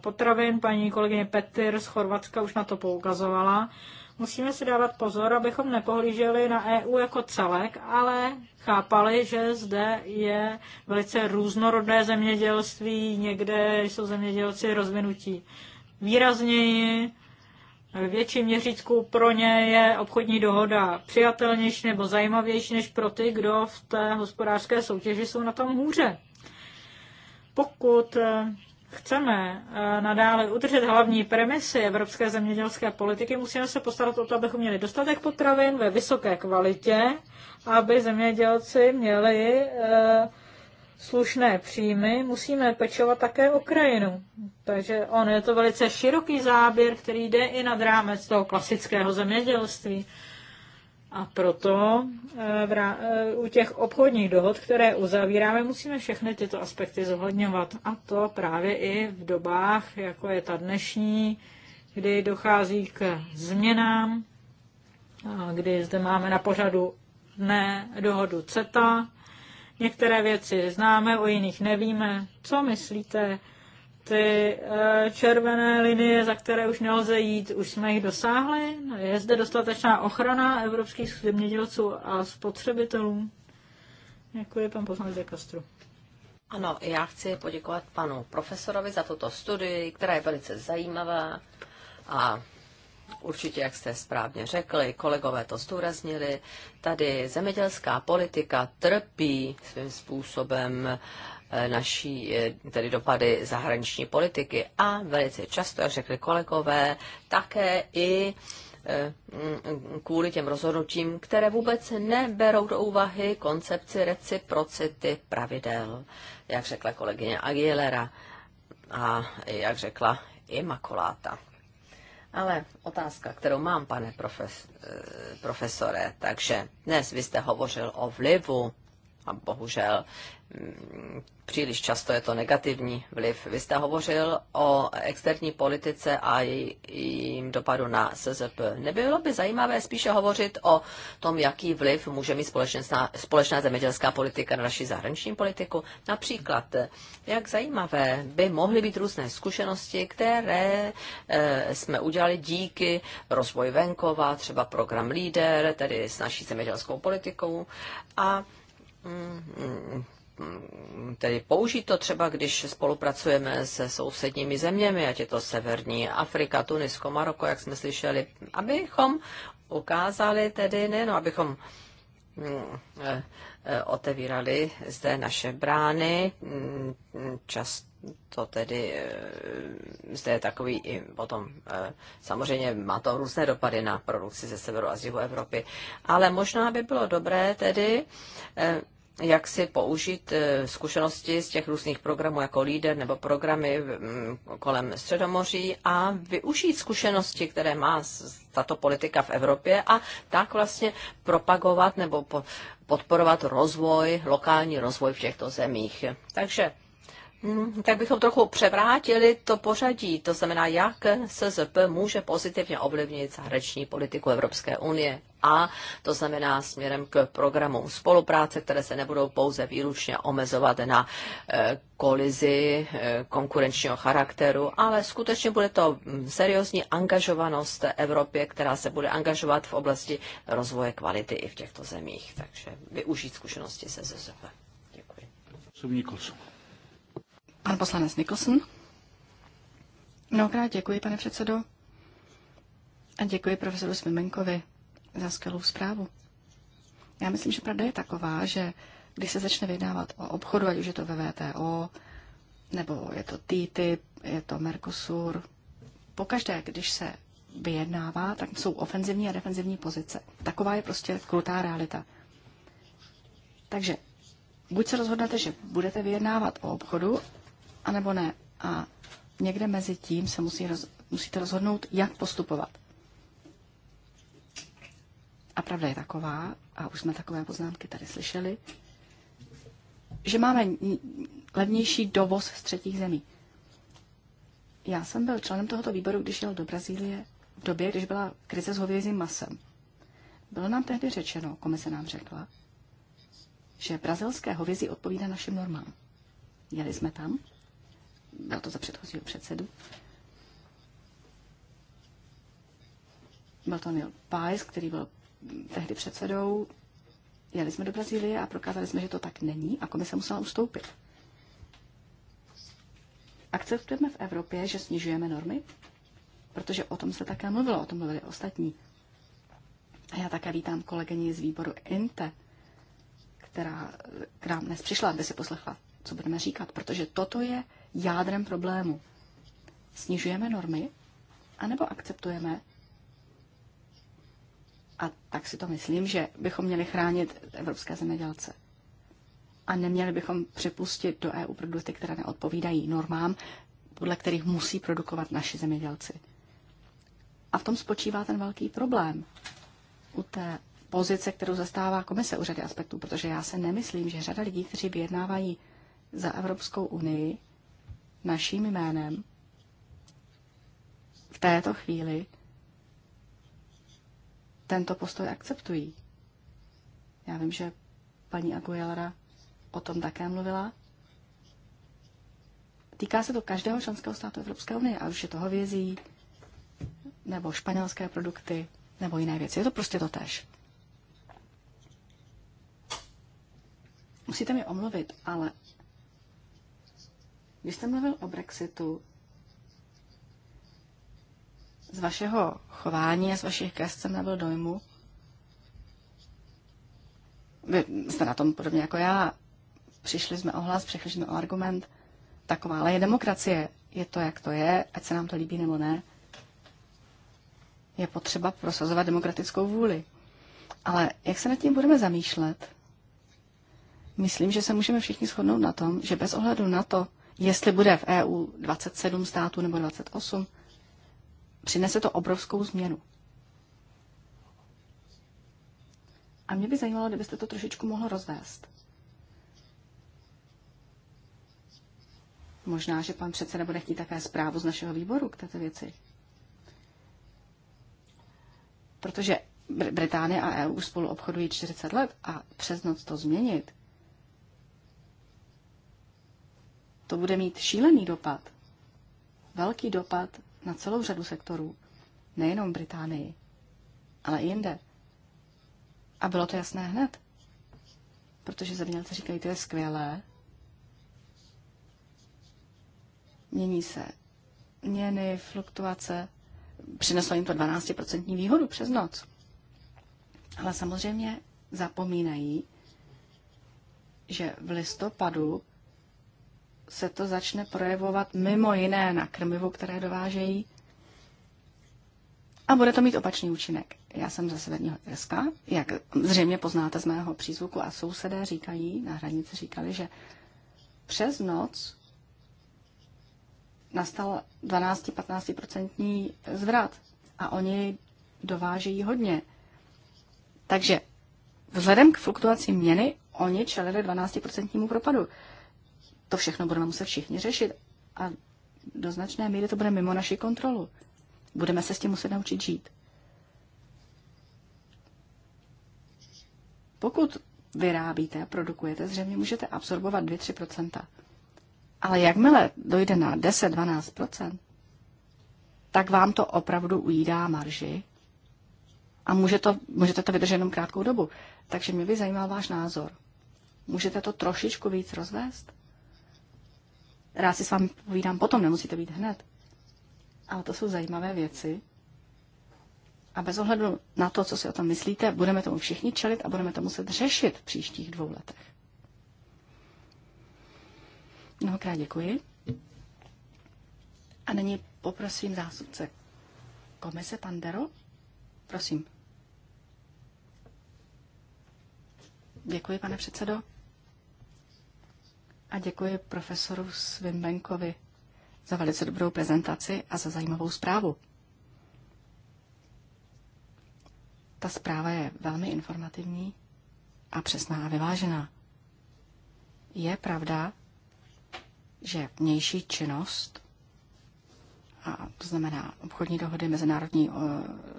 S3: potravin. Paní kolegyně Petr z Chorvatska už na to poukazovala. Musíme si dávat pozor, abychom nepohlíželi na EU jako celek, ale chápali, že zde je velice různorodné zemědělství, někde jsou zemědělci rozvinutí výrazněji, větším měřítku pro ně je obchodní dohoda přijatelnější nebo zajímavější než pro ty, kdo v té hospodářské soutěži jsou na tom hůře. Pokud eh, chceme eh, nadále udržet hlavní premisy evropské zemědělské politiky, musíme se postarat o to, abychom měli dostatek potravin ve vysoké kvalitě, aby zemědělci měli eh, slušné příjmy, musíme pečovat také o krajinu. Takže on je to velice široký záběr, který jde i nad rámec toho klasického zemědělství. A proto eh, eh, u těch obchodních dohod, které uzavíráme, musíme všechny tyto aspekty zohledňovat. A to právě i v dobách, jako je ta dnešní, kdy dochází k změnám, kdy zde máme na pořadu ne dohodu CETA, Některé věci známe, o jiných nevíme. Co myslíte? Ty eh, červené linie, za které už nelze jít, už jsme jich dosáhli? Je zde dostatečná ochrana evropských zemědělců a spotřebitelů? Děkuji, pan poslanec De Castro. Ano, já chci poděkovat panu profesorovi za tuto
S2: studii, která je velice zajímavá a Určitě, jak jste správně řekli, kolegové to zdůraznili, tady zemědělská politika trpí svým způsobem eh, naší eh, tedy dopady zahraniční politiky a velice často, jak řekli kolegové, také i eh, mm, mm, kvůli těm rozhodnutím, které vůbec neberou do úvahy koncepci reciprocity pravidel, jak řekla kolegyně Aguilera a jak řekla Imakoláta. Ale otázka, kterou mám, pane profes, eh, profesore, takže dnes vy jste hovořil o vlivu a bohužel mm, příliš často je to negativní vliv. Vy jste hovořil o externí politice a jejím dopadu na SZP. Nebylo by zajímavé spíše hovořit o tom, jaký vliv může mít společná, společná zemědělská politika na naši zahraniční politiku? Například, jak zajímavé by mohly být různé zkušenosti, které eh, jsme udělali díky rozvoji venkova, třeba program LEADER, tedy s naší zemědělskou politikou a tedy použít to třeba, když spolupracujeme se sousedními zeměmi, ať je to Severní Afrika, Tunisko, Maroko, jak jsme slyšeli, abychom ukázali tedy, ne, no, abychom mm, eh, otevírali zde naše brány, mm, často tedy eh, zde je takový i potom, eh, samozřejmě má to různé dopady na produkci ze severu a z jihu Evropy, ale možná by bylo dobré tedy eh, jak si použít eh, zkušenosti z těch různých programů jako líder nebo programy mm, kolem Středomoří a využít zkušenosti, které má tato politika v Evropě a tak vlastně propagovat nebo podporovat rozvoj, lokální rozvoj v těchto zemích. Takže mm, tak bychom trochu převrátili to pořadí, to znamená, jak SZP může pozitivně ovlivnit zahraniční politiku Evropské unie a to znamená směrem k programům spolupráce, které se nebudou pouze výlučně omezovat na e, kolizi e, konkurenčního charakteru, ale skutečně bude to mm, seriózní angažovanost Evropě, která se bude angažovat v oblasti rozvoje kvality i v těchto zemích. Takže využít zkušenosti se ZZP.
S1: Děkuji.
S4: Pan poslanec Nikolson. Mnohokrát děkuji, pane předsedo. A děkuji profesoru Svimenkovi za skvělou zprávu. Já myslím, že pravda je taková, že když se začne vydávat o obchodu, ať už je to ve nebo je to TTIP, je to Mercosur, pokaždé, když se vyjednává, tak jsou ofenzivní a defenzivní pozice. Taková je prostě krutá realita. Takže buď se rozhodnete, že budete vyjednávat o obchodu, anebo ne. A někde mezi tím se musí roz, musíte rozhodnout, jak postupovat a pravda je taková, a už jsme takové poznámky tady slyšeli, že máme levnější dovoz z třetích zemí. Já jsem byl členem tohoto výboru, když jel do Brazílie v době, když byla krize s hovězím masem. Bylo nám tehdy řečeno, komise nám řekla, že brazilské hovězí odpovídá našim normám. Jeli jsme tam, byl to za předchozího předsedu. Byl to Neil Pais, který byl tehdy předsedou, jeli jsme do Brazílie a prokázali jsme, že to tak není a komise musela ustoupit. Akceptujeme v Evropě, že snižujeme normy? Protože o tom se také mluvilo, o tom mluvili ostatní. A já také vítám kolegyni z výboru INTE, která k nám dnes přišla, aby si poslechla, co budeme říkat, protože toto je jádrem problému. Snižujeme normy, anebo akceptujeme, a tak si to myslím, že bychom měli chránit evropské zemědělce. A neměli bychom připustit do EU produkty, které neodpovídají normám, podle kterých musí produkovat naši zemědělci. A v tom spočívá ten velký problém u té pozice, kterou zastává komise u řady aspektů, protože já se nemyslím, že řada lidí, kteří vyjednávají za Evropskou unii naším jménem, v této chvíli tento postoj akceptují. Já vím, že paní Aguilera o tom také mluvila. Týká se to každého členského státu Evropské unie, a už je toho vězí, nebo španělské produkty, nebo jiné věci. Je to prostě to tež. Musíte mi omluvit, ale když jste mluvil o Brexitu, z vašeho chování a z vašich gest jsem nabyl dojmu, vy jste na tom podobně jako já, přišli jsme o hlas, přišli jsme o argument, taková ale je demokracie, je to, jak to je, ať se nám to líbí nebo ne. Je potřeba prosazovat demokratickou vůli. Ale jak se nad tím budeme zamýšlet? Myslím, že se můžeme všichni shodnout na tom, že bez ohledu na to, jestli bude v EU 27 států nebo 28, přinese to obrovskou změnu. A mě by zajímalo, kdybyste to trošičku mohlo rozvést. Možná, že pan předseda bude chtít také zprávu z našeho výboru k této věci. Protože Británie a EU spolu obchodují 40 let a přes noc to změnit, to bude mít šílený dopad. Velký dopad na celou řadu sektorů, nejenom Británii, ale i jinde. A bylo to jasné hned, protože zemědělci říkají, to je skvělé, mění se měny, fluktuace, přineslo jim to 12% výhodu přes noc. Ale samozřejmě zapomínají, že v listopadu se to začne projevovat mimo jiné na krmivu, které dovážejí. A bude to mít opačný účinek. Já jsem ze Severního Irska, jak zřejmě poznáte z mého přízvuku, a sousedé říkají, na hranici říkali, že přes noc nastal 12-15% zvrat a oni dovážejí hodně. Takže vzhledem k fluktuaci měny oni čelili 12% propadu to všechno budeme muset všichni řešit a do značné míry to bude mimo naši kontrolu. Budeme se s tím muset naučit žít. Pokud vyrábíte a produkujete, zřejmě můžete absorbovat 2-3%. Ale jakmile dojde na 10-12%, tak vám to opravdu ujídá marži a může to, můžete to vydržet jenom krátkou dobu. Takže mě by zajímal váš názor. Můžete to trošičku víc rozvést? Rád si s vámi povídám potom, nemusíte být hned. Ale to jsou zajímavé věci. A bez ohledu na to, co si o tom myslíte, budeme tomu všichni čelit a budeme to muset řešit v příštích dvou letech. Mnohokrát děkuji. A nyní poprosím zástupce komise Pandero. Prosím. Děkuji, pane předsedo a děkuji profesoru Svinbenkovi za velice dobrou prezentaci a za zajímavou zprávu. Ta zpráva je velmi informativní a přesná a vyvážená. Je pravda, že vnější činnost, a to znamená obchodní dohody, mezinárodní eh,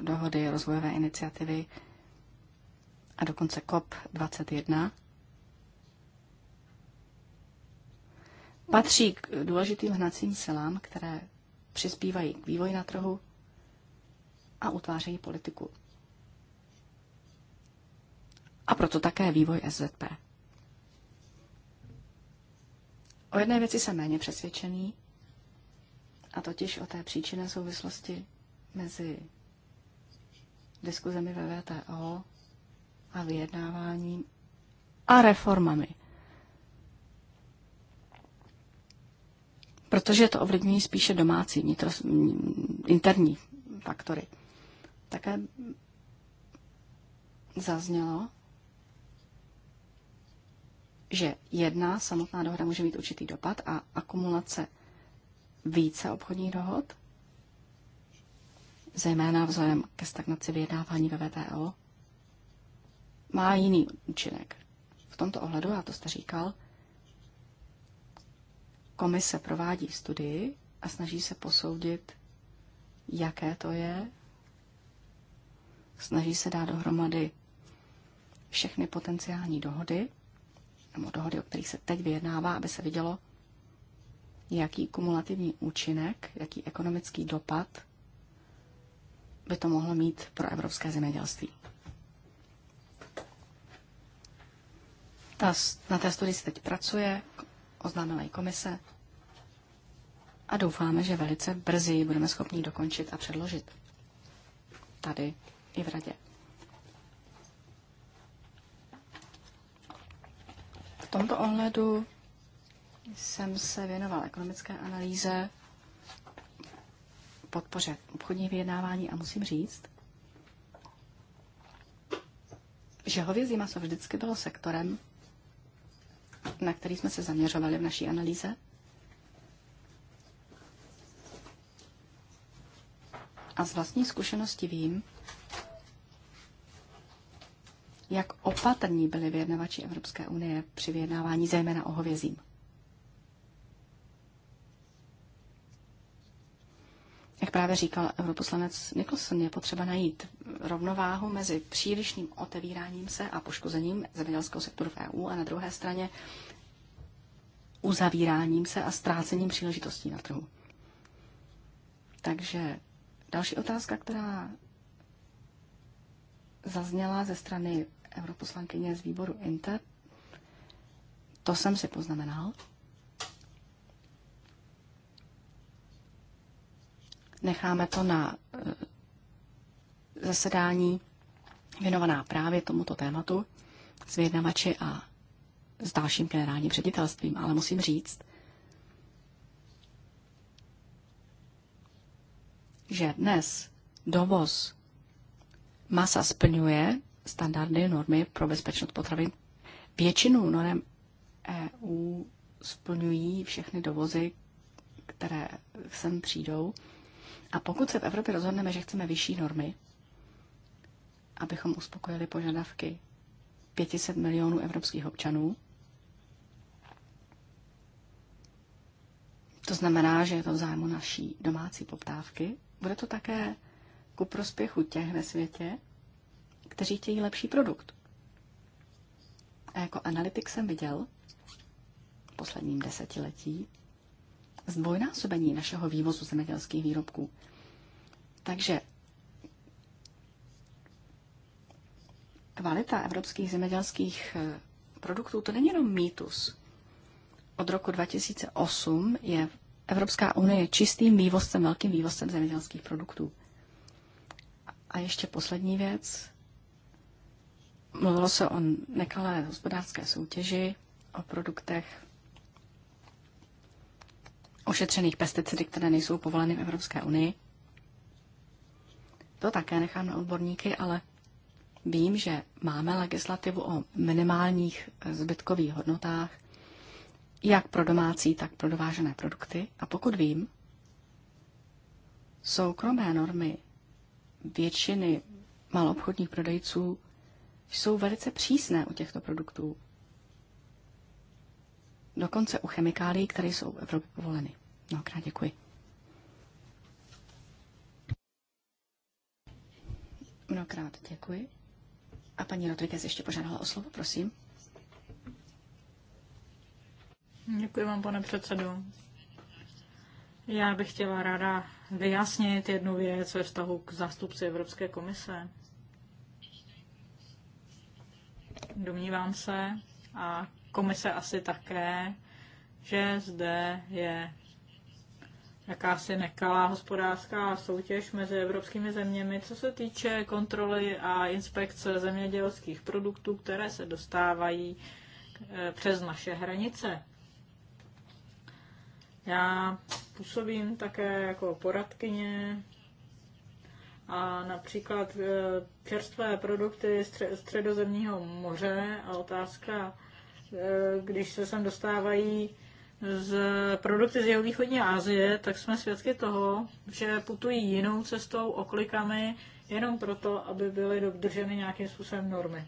S4: dohody, rozvojové iniciativy a dokonce COP21, patří k důležitým hnacím silám, které přispívají k vývoji na trhu a utvářejí politiku. A proto také vývoj SZP. O jedné věci jsem méně přesvědčený, a totiž o té příčinné souvislosti mezi diskuzemi ve VTO a vyjednáváním a reformami. protože to ovlivňují spíše domácí, vnitro, interní faktory. Také zaznělo, že jedna samotná dohoda může mít určitý dopad a akumulace více obchodních dohod, zejména vzhledem ke stagnaci vyjednávání ve VTO, má jiný účinek. V tomto ohledu, já to jste říkal, Komise provádí studii a snaží se posoudit, jaké to je. Snaží se dát dohromady všechny potenciální dohody, nebo dohody, o kterých se teď vyjednává, aby se vidělo, jaký kumulativní účinek, jaký ekonomický dopad by to mohlo mít pro evropské zemědělství. Ta, na té studii se teď pracuje, oznámila i komise a doufáme, že velice brzy ji budeme schopni dokončit a předložit. Tady i v radě. V tomto ohledu jsem se věnoval ekonomické analýze, podpoře obchodních vyjednávání a musím říct, že hovězí maso vždycky bylo sektorem, na který jsme se zaměřovali v naší analýze – A z vlastní zkušenosti vím, jak opatrní byli vyjednavači Evropské unie při vyjednávání zejména o hovězím. Jak právě říkal europoslanec Nicholson, je potřeba najít rovnováhu mezi přílišným otevíráním se a poškozením zemědělského sektoru v EU a na druhé straně uzavíráním se a ztrácením příležitostí na trhu. Takže Další otázka, která zazněla ze strany europoslankyně z výboru Inter, to jsem si poznamenal. Necháme to na eh, zasedání věnovaná právě tomuto tématu s vyjednavači a s dalším generálním ředitelstvím, ale musím říct, že dnes dovoz masa splňuje standardy, normy pro bezpečnost potravin. Většinu norm EU splňují všechny dovozy, které sem přijdou. A pokud se v Evropě rozhodneme, že chceme vyšší normy, abychom uspokojili požadavky 500 milionů evropských občanů, to znamená, že je to v zájmu naší domácí poptávky bude to také ku prospěchu těch ve světě, kteří chtějí lepší produkt. A jako analytik jsem viděl v posledním desetiletí zdvojnásobení našeho vývozu zemědělských výrobků. Takže kvalita evropských zemědělských eh, produktů to není jenom mýtus. Od roku 2008 je Evropská unie je čistým vývozcem, velkým vývozcem zemědělských produktů. A ještě poslední věc. Mluvilo se o nekalé hospodářské soutěži, o produktech ošetřených pesticidy, které nejsou povoleny v Evropské unii. To také nechám na odborníky, ale vím, že máme legislativu o minimálních zbytkových hodnotách jak pro domácí, tak pro dovážené produkty. A pokud vím, jsou kromé normy většiny maloobchodních prodejců jsou velice přísné u těchto produktů. Dokonce u chemikálií, které jsou v Evropě povoleny. Mnohokrát děkuji. Mnohokrát děkuji. A paní Rodriguez ještě požádala o slovo, prosím.
S3: Děkuji vám, pane předsedo. Já bych chtěla ráda vyjasnit jednu věc ve vztahu k zástupci Evropské komise. Domnívám se, a komise asi také, že zde je jakási nekalá hospodářská soutěž mezi evropskými zeměmi, co se týče kontroly a inspekce zemědělských produktů, které se dostávají eh, přes naše hranice. Já působím také jako poradkyně a například e, čerstvé produkty středozemního moře a otázka, e, když se sem dostávají z produkty z jihovýchodní Asie, tak jsme svědky toho, že putují jinou cestou, oklikami, jenom proto, aby byly dodrženy nějakým způsobem normy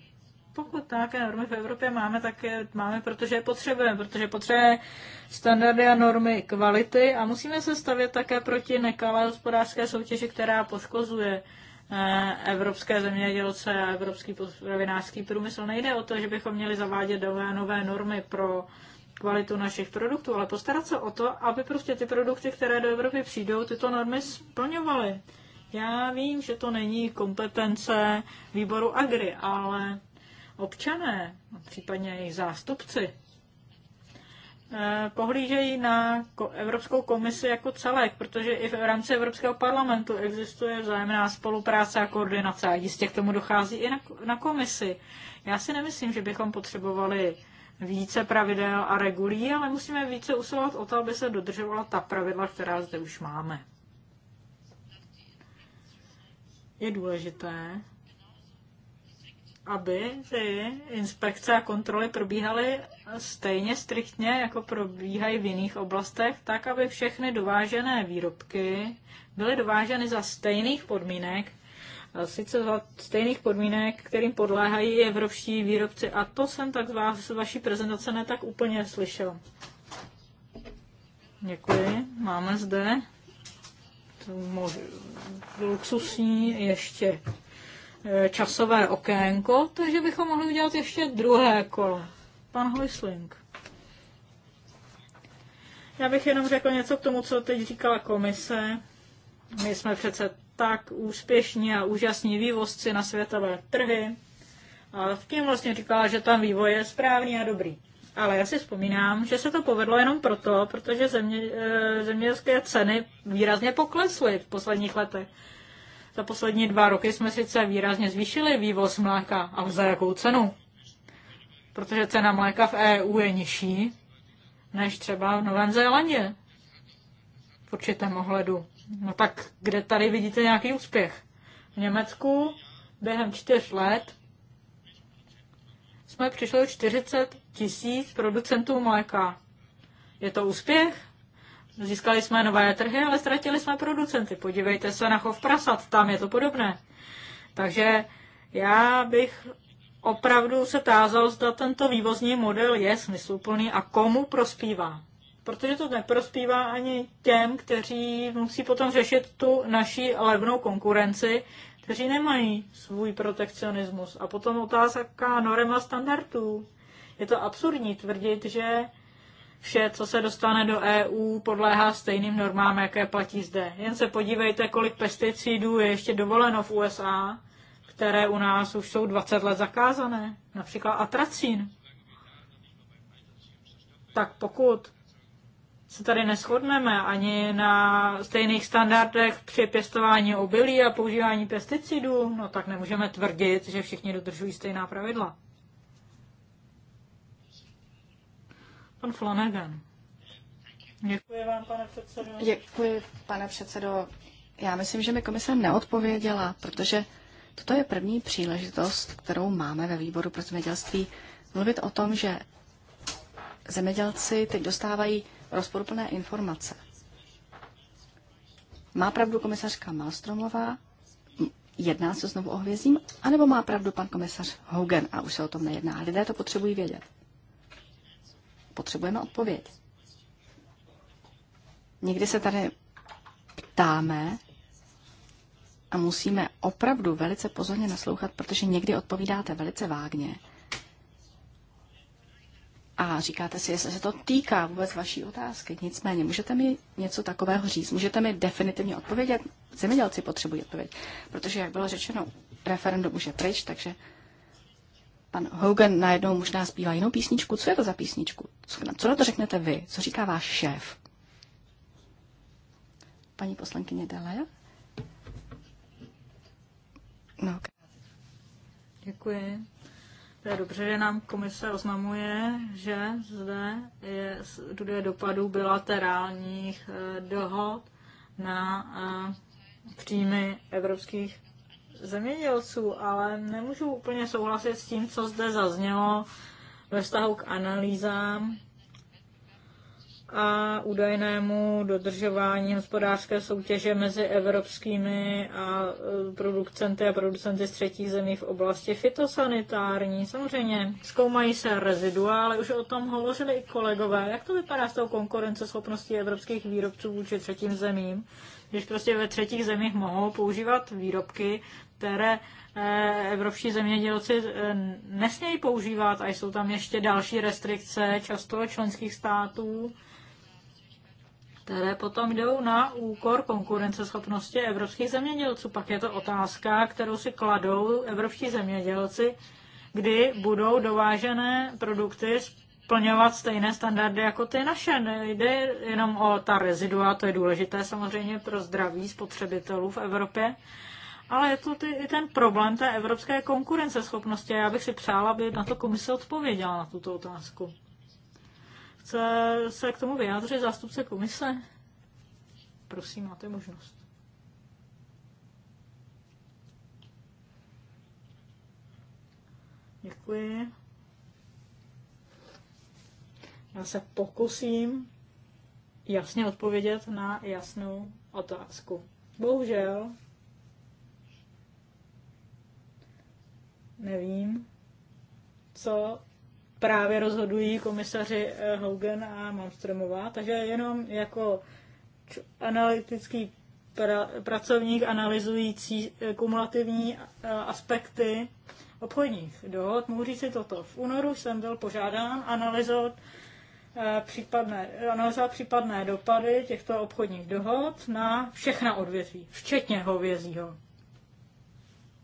S3: pokud nějaké normy v Evropě máme, tak je máme, protože je potřebujeme, protože potřebuje standardy a normy kvality a musíme se stavět také proti nekalé hospodářské soutěži, která poškozuje eh, evropské zemědělce a evropský potravinářský průmysl. Nejde o to, že bychom měli zavádět nové, nové normy pro kvalitu našich produktů, ale postarat se o to, aby prostě ty produkty, které do Evropy přijdou, tyto normy splňovaly. Já vím, že to není kompetence výboru Agri, ale občané, případně jejich zástupci, eh, pohlížejí na Evropskou komisi jako celek, protože i v rámci Evropského parlamentu existuje vzájemná spolupráce a koordinace a jistě k tomu dochází i na, na komisi. Já si nemyslím, že bychom potřebovali více pravidel a regulí, ale musíme více usilovat o to, aby se dodržovala ta pravidla, která zde už máme. Je důležité, aby ty inspekce a kontroly probíhaly stejně striktně, jako probíhají v jiných oblastech, tak aby všechny dovážené výrobky byly dováženy za stejných podmínek, a sice za stejných podmínek, kterým podléhají evropští výrobci. A to jsem tak z, vás, z vaší prezentace ne tak úplně slyšel. Děkuji. Máme zde luxusní ještě Eh, časové okénko, takže bychom mohli udělat ještě druhé kolo. Pan Hojsling. Já bych jenom řekl něco k tomu, co teď říkala komise. My jsme přece tak úspěšní a úžasní vývozci na světové trhy. A v tím vlastně říkala, že tam vývoj je správný a dobrý. Ale já si vzpomínám, že se to povedlo jenom proto, protože země, eh, zemědělské ceny výrazně poklesly v posledních letech. Za poslední dva roky jsme sice výrazně zvýšili vývoz mléka, ale za jakou cenu? Protože cena mléka v EU je nižší než třeba v Novém Zélandě. V určitém ohledu. No tak kde tady vidíte nějaký úspěch? V Německu během čtyř let jsme přišli 40 tisíc producentů mléka. Je to úspěch? Získali jsme nové trhy, ale ztratili jsme producenty. Podívejte se na chov prasat, tam je to podobné. Takže já bych opravdu se tázal, zda tento vývozní model je smysluplný a komu prospívá. Protože to neprospívá ani těm, kteří musí potom řešit tu naší levnou konkurenci, kteří nemají svůj protekcionismus. A potom otázka norem a standardů. Je to absurdní tvrdit, že Vše, co se dostane do EU, podléhá stejným normám, jaké platí zde. Jen se podívejte, kolik pesticidů je ještě dovoleno v USA, které u nás už jsou 20 let zakázané, například atracín. Tak pokud se tady neschodneme ani na stejných standardech při pěstování obilí a používání pesticidů, no tak nemůžeme tvrdit, že všichni dodržují stejná pravidla. Pan Flanagan. Děkuji vám, pane předsedo. Děkuji, pane předsedo.
S4: Já myslím, že mi komise neodpověděla, protože toto je první příležitost, kterou máme ve výboru pro zemědělství mluvit o tom, že zemědělci teď dostávají rozporuplné informace. Má pravdu komisařka Malstromová, jedná se znovu o hvězdím, anebo má pravdu pan komisař Hogan a už se o tom nejedná. Lidé to potřebují vědět potřebujeme odpověď. Někdy se tady ptáme a musíme opravdu velice pozorně naslouchat, protože někdy odpovídáte velice vágně. A říkáte si, jestli se to týká vůbec vaší otázky. Nicméně, můžete mi něco takového říct? Můžete mi definitivně odpovědět? Zemědělci potřebují odpověď, protože, jak bylo řečeno, referendum už je pryč, takže pan Hogan najednou možná zpívá jinou písničku. Co je to za písničku? Co, co na to řeknete vy? Co říká váš šéf? Paní poslankyně
S3: Dele. No, okay. Děkuji. To je dobře, že nám komise oznamuje, že zde je studie dopadů bilaterálních eh, dohod na eh, příjmy evropských zemědělců, ale nemůžu úplně souhlasit s tím, co zde zaznělo ve vztahu k analýzám a údajnému dodržování hospodářské soutěže mezi evropskými a e, producenty a producenty z třetích zemí v oblasti fitosanitární. Samozřejmě zkoumají se rezidua, ale už o tom hovořili i kolegové. Jak to vypadá s tou konkurenceschopností evropských výrobců vůči třetím zemím? když prostě ve třetích zemích mohou používat výrobky, které eh, evropští zemědělci eh, nesmějí používat a jsou tam ještě další restrikce často členských států, které potom jdou na úkor konkurenceschopnosti evropských zemědělců. Pak je to otázka, kterou si kladou evropští zemědělci, kdy budou dovážené produkty z splňovat stejné standardy jako ty naše. Nejde jenom o ta rezidua, to je důležité samozřejmě pro zdraví spotřebitelů v Evropě, ale je to ty, i ten problém té evropské konkurenceschopnosti. Já bych si přála, aby na to komise odpověděla na tuto otázku. Chce se k tomu vyjádřit zástupce komise? Prosím, máte možnost. Děkuji. Já se pokusím jasně odpovědět na jasnou otázku. Bohužel nevím, co právě rozhodují komisaři eh, Hogan a Malmströmová, takže jenom jako analytický pra- pracovník analyzující eh, kumulativní eh, aspekty obchodních dohod, mohu říct si toto. V únoru jsem byl požádán analyzovat Eh, případné, analyzovat případné dopady těchto obchodních dohod na všechna odvětví, včetně hovězího.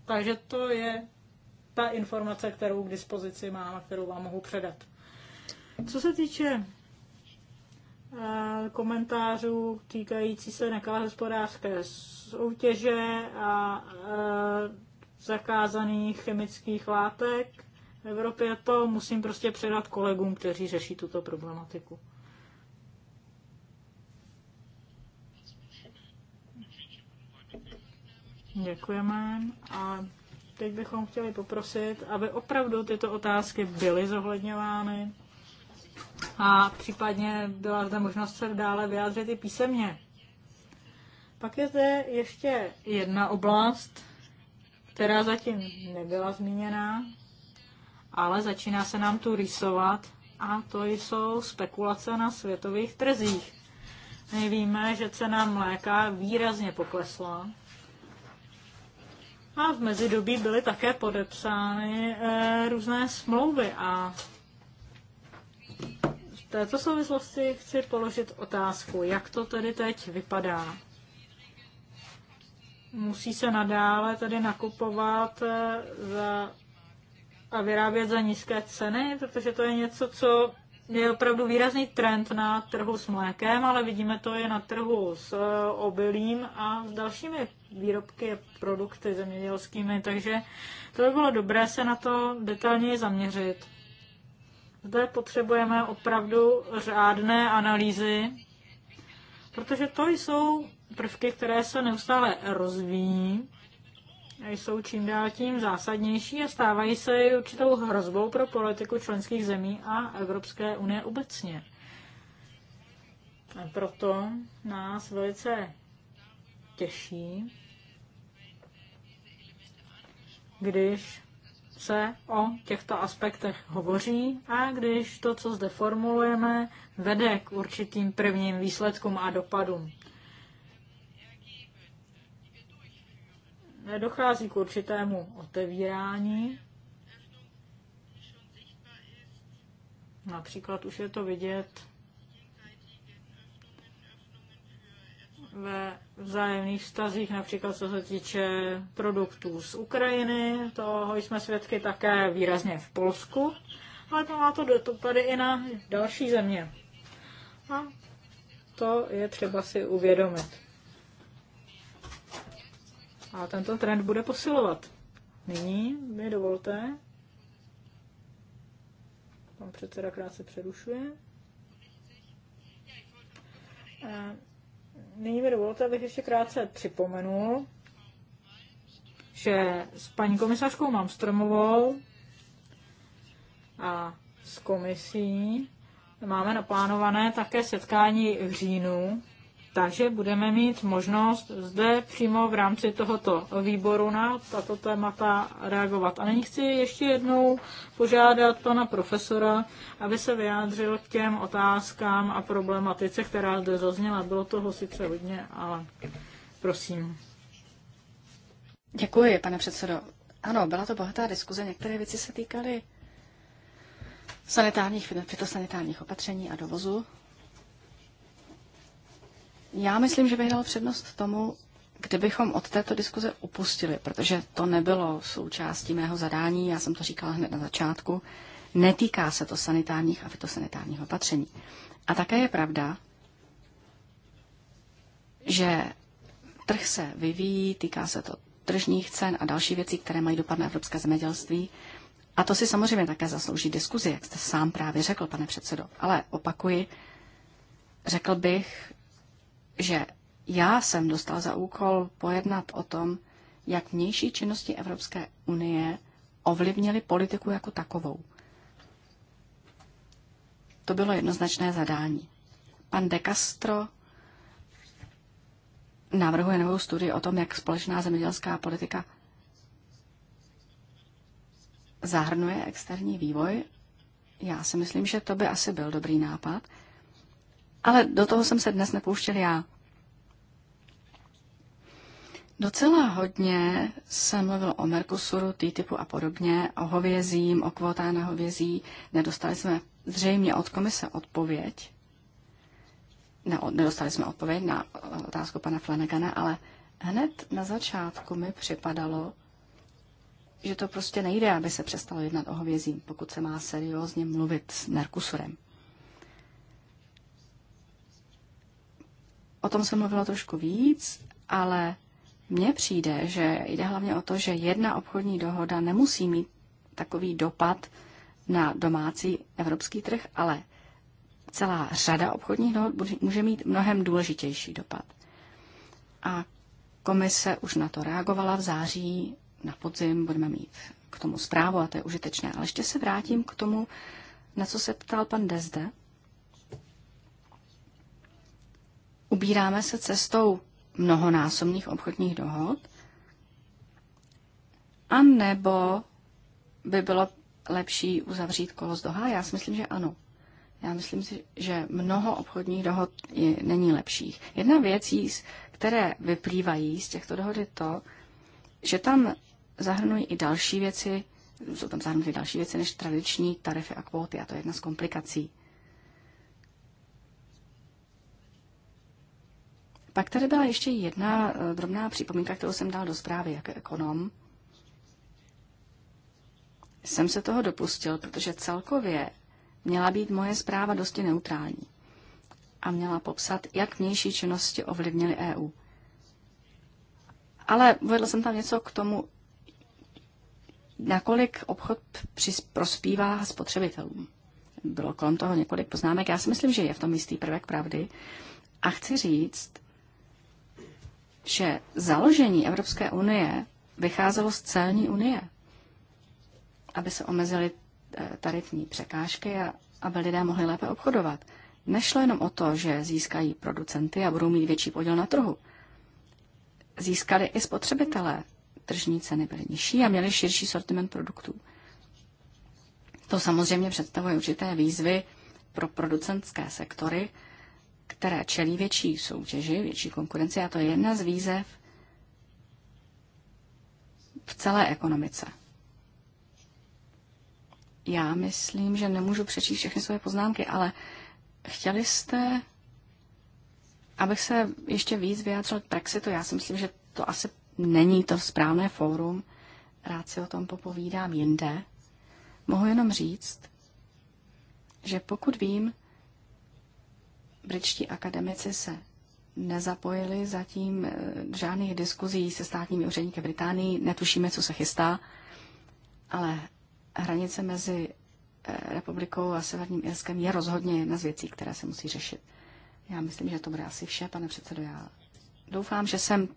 S3: Takže to je ta informace, kterou k dispozici mám a kterou vám mohu předat. Co se týče eh, komentářů týkající se nekalé hospodářské soutěže a eh, zakázaných chemických látek, v Evropě, to musím prostě předat kolegům, kteří řeší tuto problematiku. Děkujeme a teď bychom chtěli poprosit, aby opravdu tyto otázky byly zohledňovány a případně byla zde možnost se dále vyjádřit i písemně. Pak je zde ještě jedna oblast, která zatím nebyla zmíněna, ale začíná se nám tu rýsovat a to jsou spekulace na světových trzích. My víme, že cena mléka výrazně poklesla. A v mezidobí byly také podepsány e, různé smlouvy a v této souvislosti chci položit otázku, jak to tedy teď vypadá. Musí se nadále tedy nakupovat eh, za a vyrábět za nízké ceny, protože to je něco, co je opravdu výrazný trend na trhu s mlékem, ale vidíme to i na trhu s eh, obilím a s dalšími výrobky, produkty zemědělskými, takže to by bylo dobré se na to detailněji zaměřit. Zde potřebujeme opravdu řádné analýzy, protože to jsou prvky, které se neustále rozvíjí jsou čím dál tím zásadnější a stávají se určitou hrozbou pro politiku členských zemí a Evropské unie obecně. A proto nás velice těší, když se o těchto aspektech hovoří a když to, co zde formulujeme, vede k určitým prvním výsledkům a dopadům. dochází k určitému otevírání. Například už je to vidět ve vzájemných vztazích, například co se týče produktů z Ukrajiny, toho jsme svědky také výrazně v Polsku, ale to má to dopady i na další země. A to je třeba si uvědomit. A tento trend bude posilovat. Nyní mi dovolte. Pan předseda krátce přerušuje. Nyní mi dovolte, abych ještě krátce připomenul, že s paní komisařkou Mamstromovou a s komisí máme naplánované také setkání v říjnu takže budeme mít možnost zde přímo v rámci tohoto výboru na tato témata reagovat. A nyní chci ještě jednou požádat pana profesora, aby se vyjádřil k těm otázkám a problematice, která zde zazněla. Bylo toho sice hodně, ale prosím. Děkuji, pane předsedo. Ano, byla to bohatá diskuze.
S4: Některé věci se týkaly sanitárních, fitosanitárních opatření a dovozu. Já myslím, že bych dal přednost tomu, kdybychom od této diskuze upustili, protože to nebylo součástí mého zadání, já jsem to říkala hned na začátku, netýká se to sanitárních a fitosanitárních opatření. A také je pravda, že trh se vyvíjí, týká se to tržních cen a další věcí, které mají dopad na evropské zemědělství. A to si samozřejmě také zaslouží diskuzi, jak jste sám právě řekl, pane předsedo. Ale opakuji, řekl bych, že já jsem dostal za úkol pojednat o tom, jak vnější činnosti Evropské unie ovlivnily politiku jako takovou. To bylo jednoznačné zadání. Pan De Castro navrhuje novou studii o tom, jak společná zemědělská politika zahrnuje externí vývoj. Já si myslím, že to by asi byl dobrý nápad. Ale do toho jsem se dnes nepouštěl já. Docela hodně jsem mluvil o Mercosuru, T-typu a podobně, o hovězím, o kvotách na hovězí. Nedostali jsme zřejmě od komise odpověď. Ne, nedostali jsme odpověď na eh, otázku pana Flanagana, ale hned na začátku mi připadalo, že to prostě nejde, aby se přestalo jednat o hovězím, pokud se má seriózně mluvit s Mercosurem. O tom se mluvilo trošku víc, ale mně přijde, že jde hlavně o to, že jedna obchodní dohoda nemusí mít takový dopad na domácí evropský trh, ale celá řada obchodních dohod může mít mnohem důležitější dopad. A komise už na to reagovala v září, na podzim budeme mít k tomu zprávu a to je užitečné. Ale ještě se vrátím k tomu, na co se ptal pan Dezde. Ubíráme se cestou mnohonásobných obchodních dohod, a nebo by bylo lepší uzavřít kolo z Doha? Já si myslím, že ano. Já myslím si, že mnoho obchodních dohod je, není lepších. Jedna věcí, které vyplývají z těchto dohod, je to, že tam zahrnují i další věci, jsou tam zahrnuty další věci než tradiční tarify a kvóty a to je jedna z komplikací. Pak tady byla ještě jedna eh, drobná připomínka, kterou jsem dal do zprávy jako ekonom. Jsem se toho dopustil, protože celkově měla být moje zpráva dosti neutrální a měla popsat, jak vnější činnosti ovlivnily EU. Ale uvedl jsem tam něco k tomu, nakolik obchod prospívá spotřebitelům. Bylo kolem toho několik poznámek. Já si myslím, že je v tom jistý prvek pravdy. A chci říct, že založení Evropské unie vycházelo z celní unie, aby se omezily eh, tarifní překážky a aby lidé mohli lépe obchodovat. Nešlo jenom o to, že získají producenty a budou mít větší podíl na trhu. Získali i spotřebitelé. Tržní ceny byly nižší a měli širší sortiment produktů. To samozřejmě představuje určité výzvy pro producentské sektory, které čelí větší soutěži, větší konkurenci a to je jedna z výzev v celé ekonomice. Já myslím, že nemůžu přečíst všechny své poznámky, ale chtěli jste, abych se ještě víc vyjádřil k Brexitu. Já si myslím, že to asi není to správné fórum. Rád si o tom popovídám jinde. Mohu jenom říct, že pokud vím, Britští akademici se nezapojili zatím eh, žádných diskuzí se státními úředníky Británii, netušíme, co se chystá, ale hranice mezi eh, republikou a Severním Irskem je rozhodně jedna z věcí, která se musí řešit. Já myslím, že to bude asi vše, pane předsedo. Já doufám, že jsem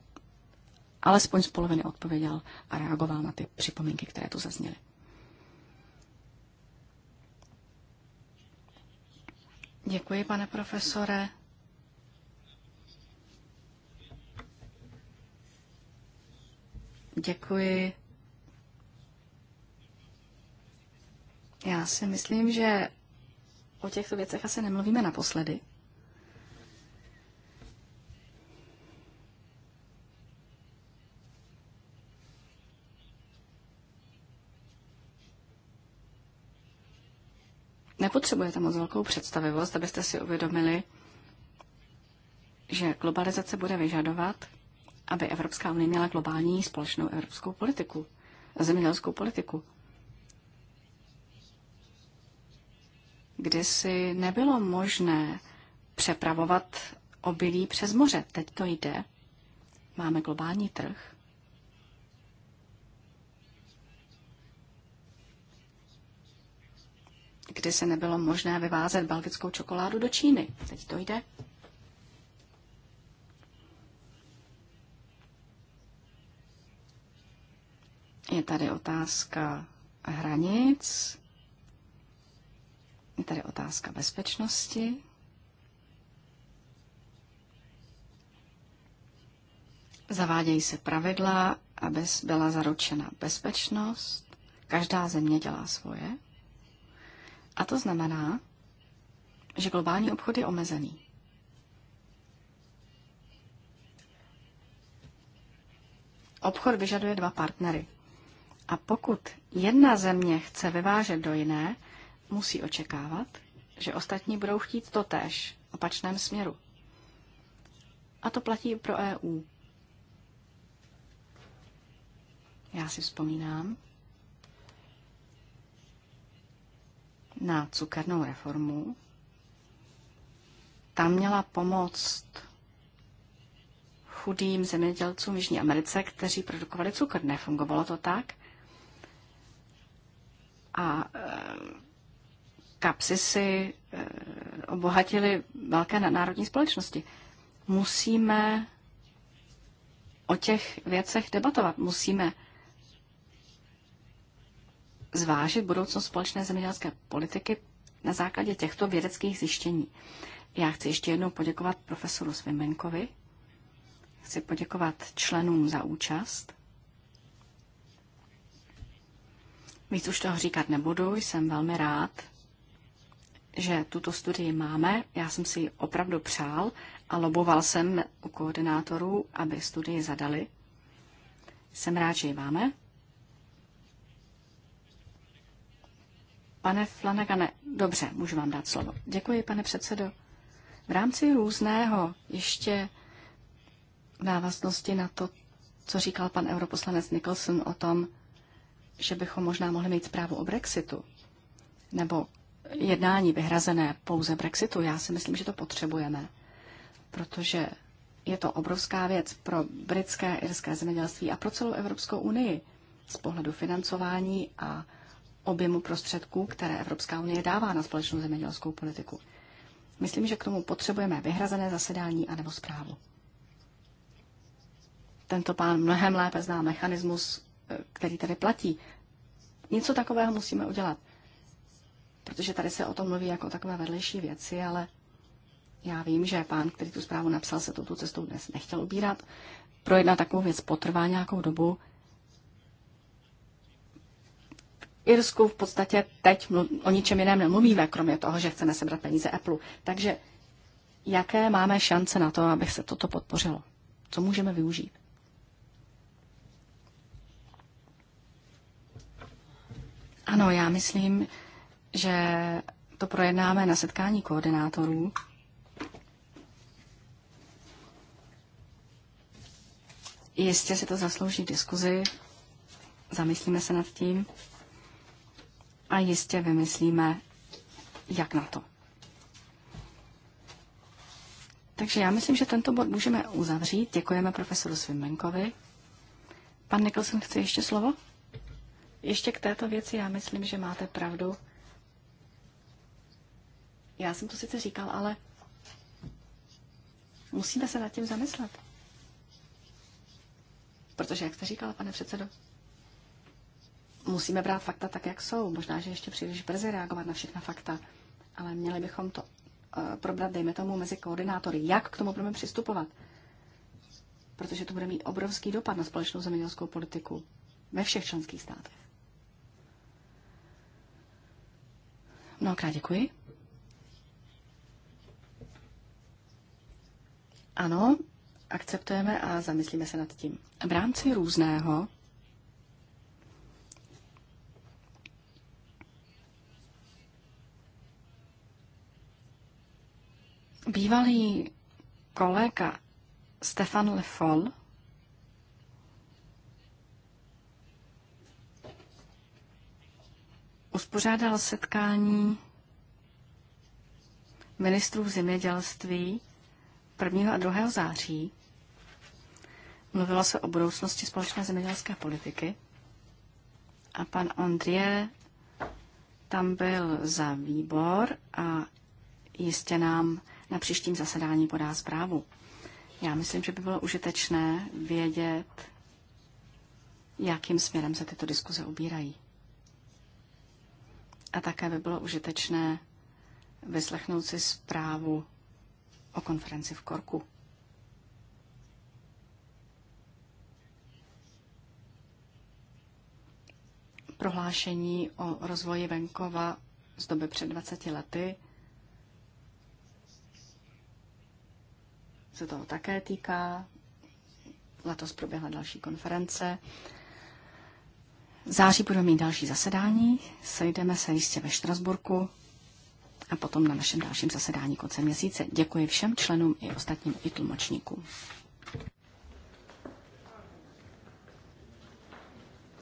S4: alespoň z poloviny odpověděl a reagoval na ty připomínky, které tu zazněly. Děkuji, pane profesore. Děkuji. Já si myslím, že o těchto věcech asi nemluvíme naposledy. Nepotřebujete moc velkou představivost, abyste si uvědomili, že globalizace bude vyžadovat, aby Evropská unie měla globální společnou evropskou politiku, zemědělskou politiku. Kdysi nebylo možné přepravovat obilí přes moře. Teď to jde. Máme globální trh. kdy se nebylo možné vyvázet belgickou čokoládu do Číny. Teď to jde. Je tady otázka hranic, je tady otázka bezpečnosti. Zavádějí se pravidla, aby byla zaručena bezpečnost. Každá země dělá svoje. A to znamená, že globální obchod je omezený. Obchod vyžaduje dva partnery. A pokud jedna země chce vyvážet do jiné, musí očekávat, že ostatní budou chtít též v opačném směru. A to platí pro EU. Já si vzpomínám, na cukernou reformu. Tam měla pomoct chudým zemědělcům v Jižní Americe, kteří produkovali cukr. Nefungovalo to tak. A eh, kapsy si eh, obohatili velké národní společnosti. Musíme o těch věcech debatovat. Musíme zvážit budoucnost společné zemědělské politiky na základě těchto vědeckých zjištění. Já chci ještě jednou poděkovat profesoru Svimenkovi, chci poděkovat členům za účast. Víc už toho říkat nebudu, jsem velmi rád, že tuto studii máme. Já jsem si ji opravdu přál a loboval jsem u koordinátorů, aby studii zadali. Jsem rád, že ji máme. Pane Flanagane, dobře, můžu vám dát slovo. Děkuji, pane předsedo. V rámci různého ještě v návaznosti na to, co říkal pan europoslanec Nicholson o tom, že bychom možná mohli mít zprávu o Brexitu, nebo jednání vyhrazené pouze Brexitu, já si myslím, že to potřebujeme, protože je to obrovská věc pro britské, irské zemědělství a pro celou Evropskou unii z pohledu financování a objemu prostředků, které Evropská unie dává na společnou zemědělskou politiku. Myslím, že k tomu potřebujeme vyhrazené zasedání anebo zprávu. Tento pán mnohem lépe zná mechanismus, eh, který tady platí. Něco takového musíme udělat, protože tady se o tom mluví jako o takové vedlejší věci, ale já vím, že pán, který tu zprávu napsal, se touto cestou dnes nechtěl ubírat. Projednat takovou věc potrvá nějakou dobu, Irsku v podstatě teď o ničem jiném nemluvíme, kromě toho, že chceme sebrat peníze Apple. Takže jaké máme šance na to, aby se toto podpořilo? Co můžeme využít? Ano, já myslím, že to projednáme na setkání koordinátorů. Jistě si to zaslouží diskuzi. Zamyslíme se nad tím a jistě vymyslíme, jak na to. Takže já myslím, že tento bod můžeme uzavřít. Děkujeme profesoru Svimenkovi. Pan Nicholson chce ještě slovo? Ještě k této věci já myslím, že máte pravdu. Já jsem to sice říkal, ale musíme se nad tím zamyslet. Protože, jak jste říkal, pane předsedo, musíme brát fakta tak, jak jsou. Možná, že ještě příliš brzy reagovat na všechna fakta, ale měli bychom to eh, probrat, dejme tomu, mezi koordinátory, jak k tomu budeme přistupovat. Protože to bude mít obrovský dopad na společnou zemědělskou politiku ve všech členských státech. Mnohokrát děkuji. Ano, akceptujeme a zamyslíme se nad tím. V rámci různého Bývalý kolega Stefan Le Foll uspořádal setkání ministrů zemědělství 1. a 2. září. Mluvilo se o budoucnosti společné zemědělské politiky a pan Andrie tam byl za výbor a jistě nám na příštím zasedání podá zprávu. Já myslím, že by bylo užitečné vědět, jakým směrem se tyto diskuze ubírají. A také by bylo užitečné vyslechnout si zprávu o konferenci v Korku. Prohlášení o rozvoji venkova z doby před 20 lety se toho také týká. Letos proběhla další konference. V září budeme mít další zasedání. Sejdeme se jistě ve Štrasburku a potom na našem dalším zasedání konce měsíce. Děkuji všem členům i ostatním i tlumočníkům.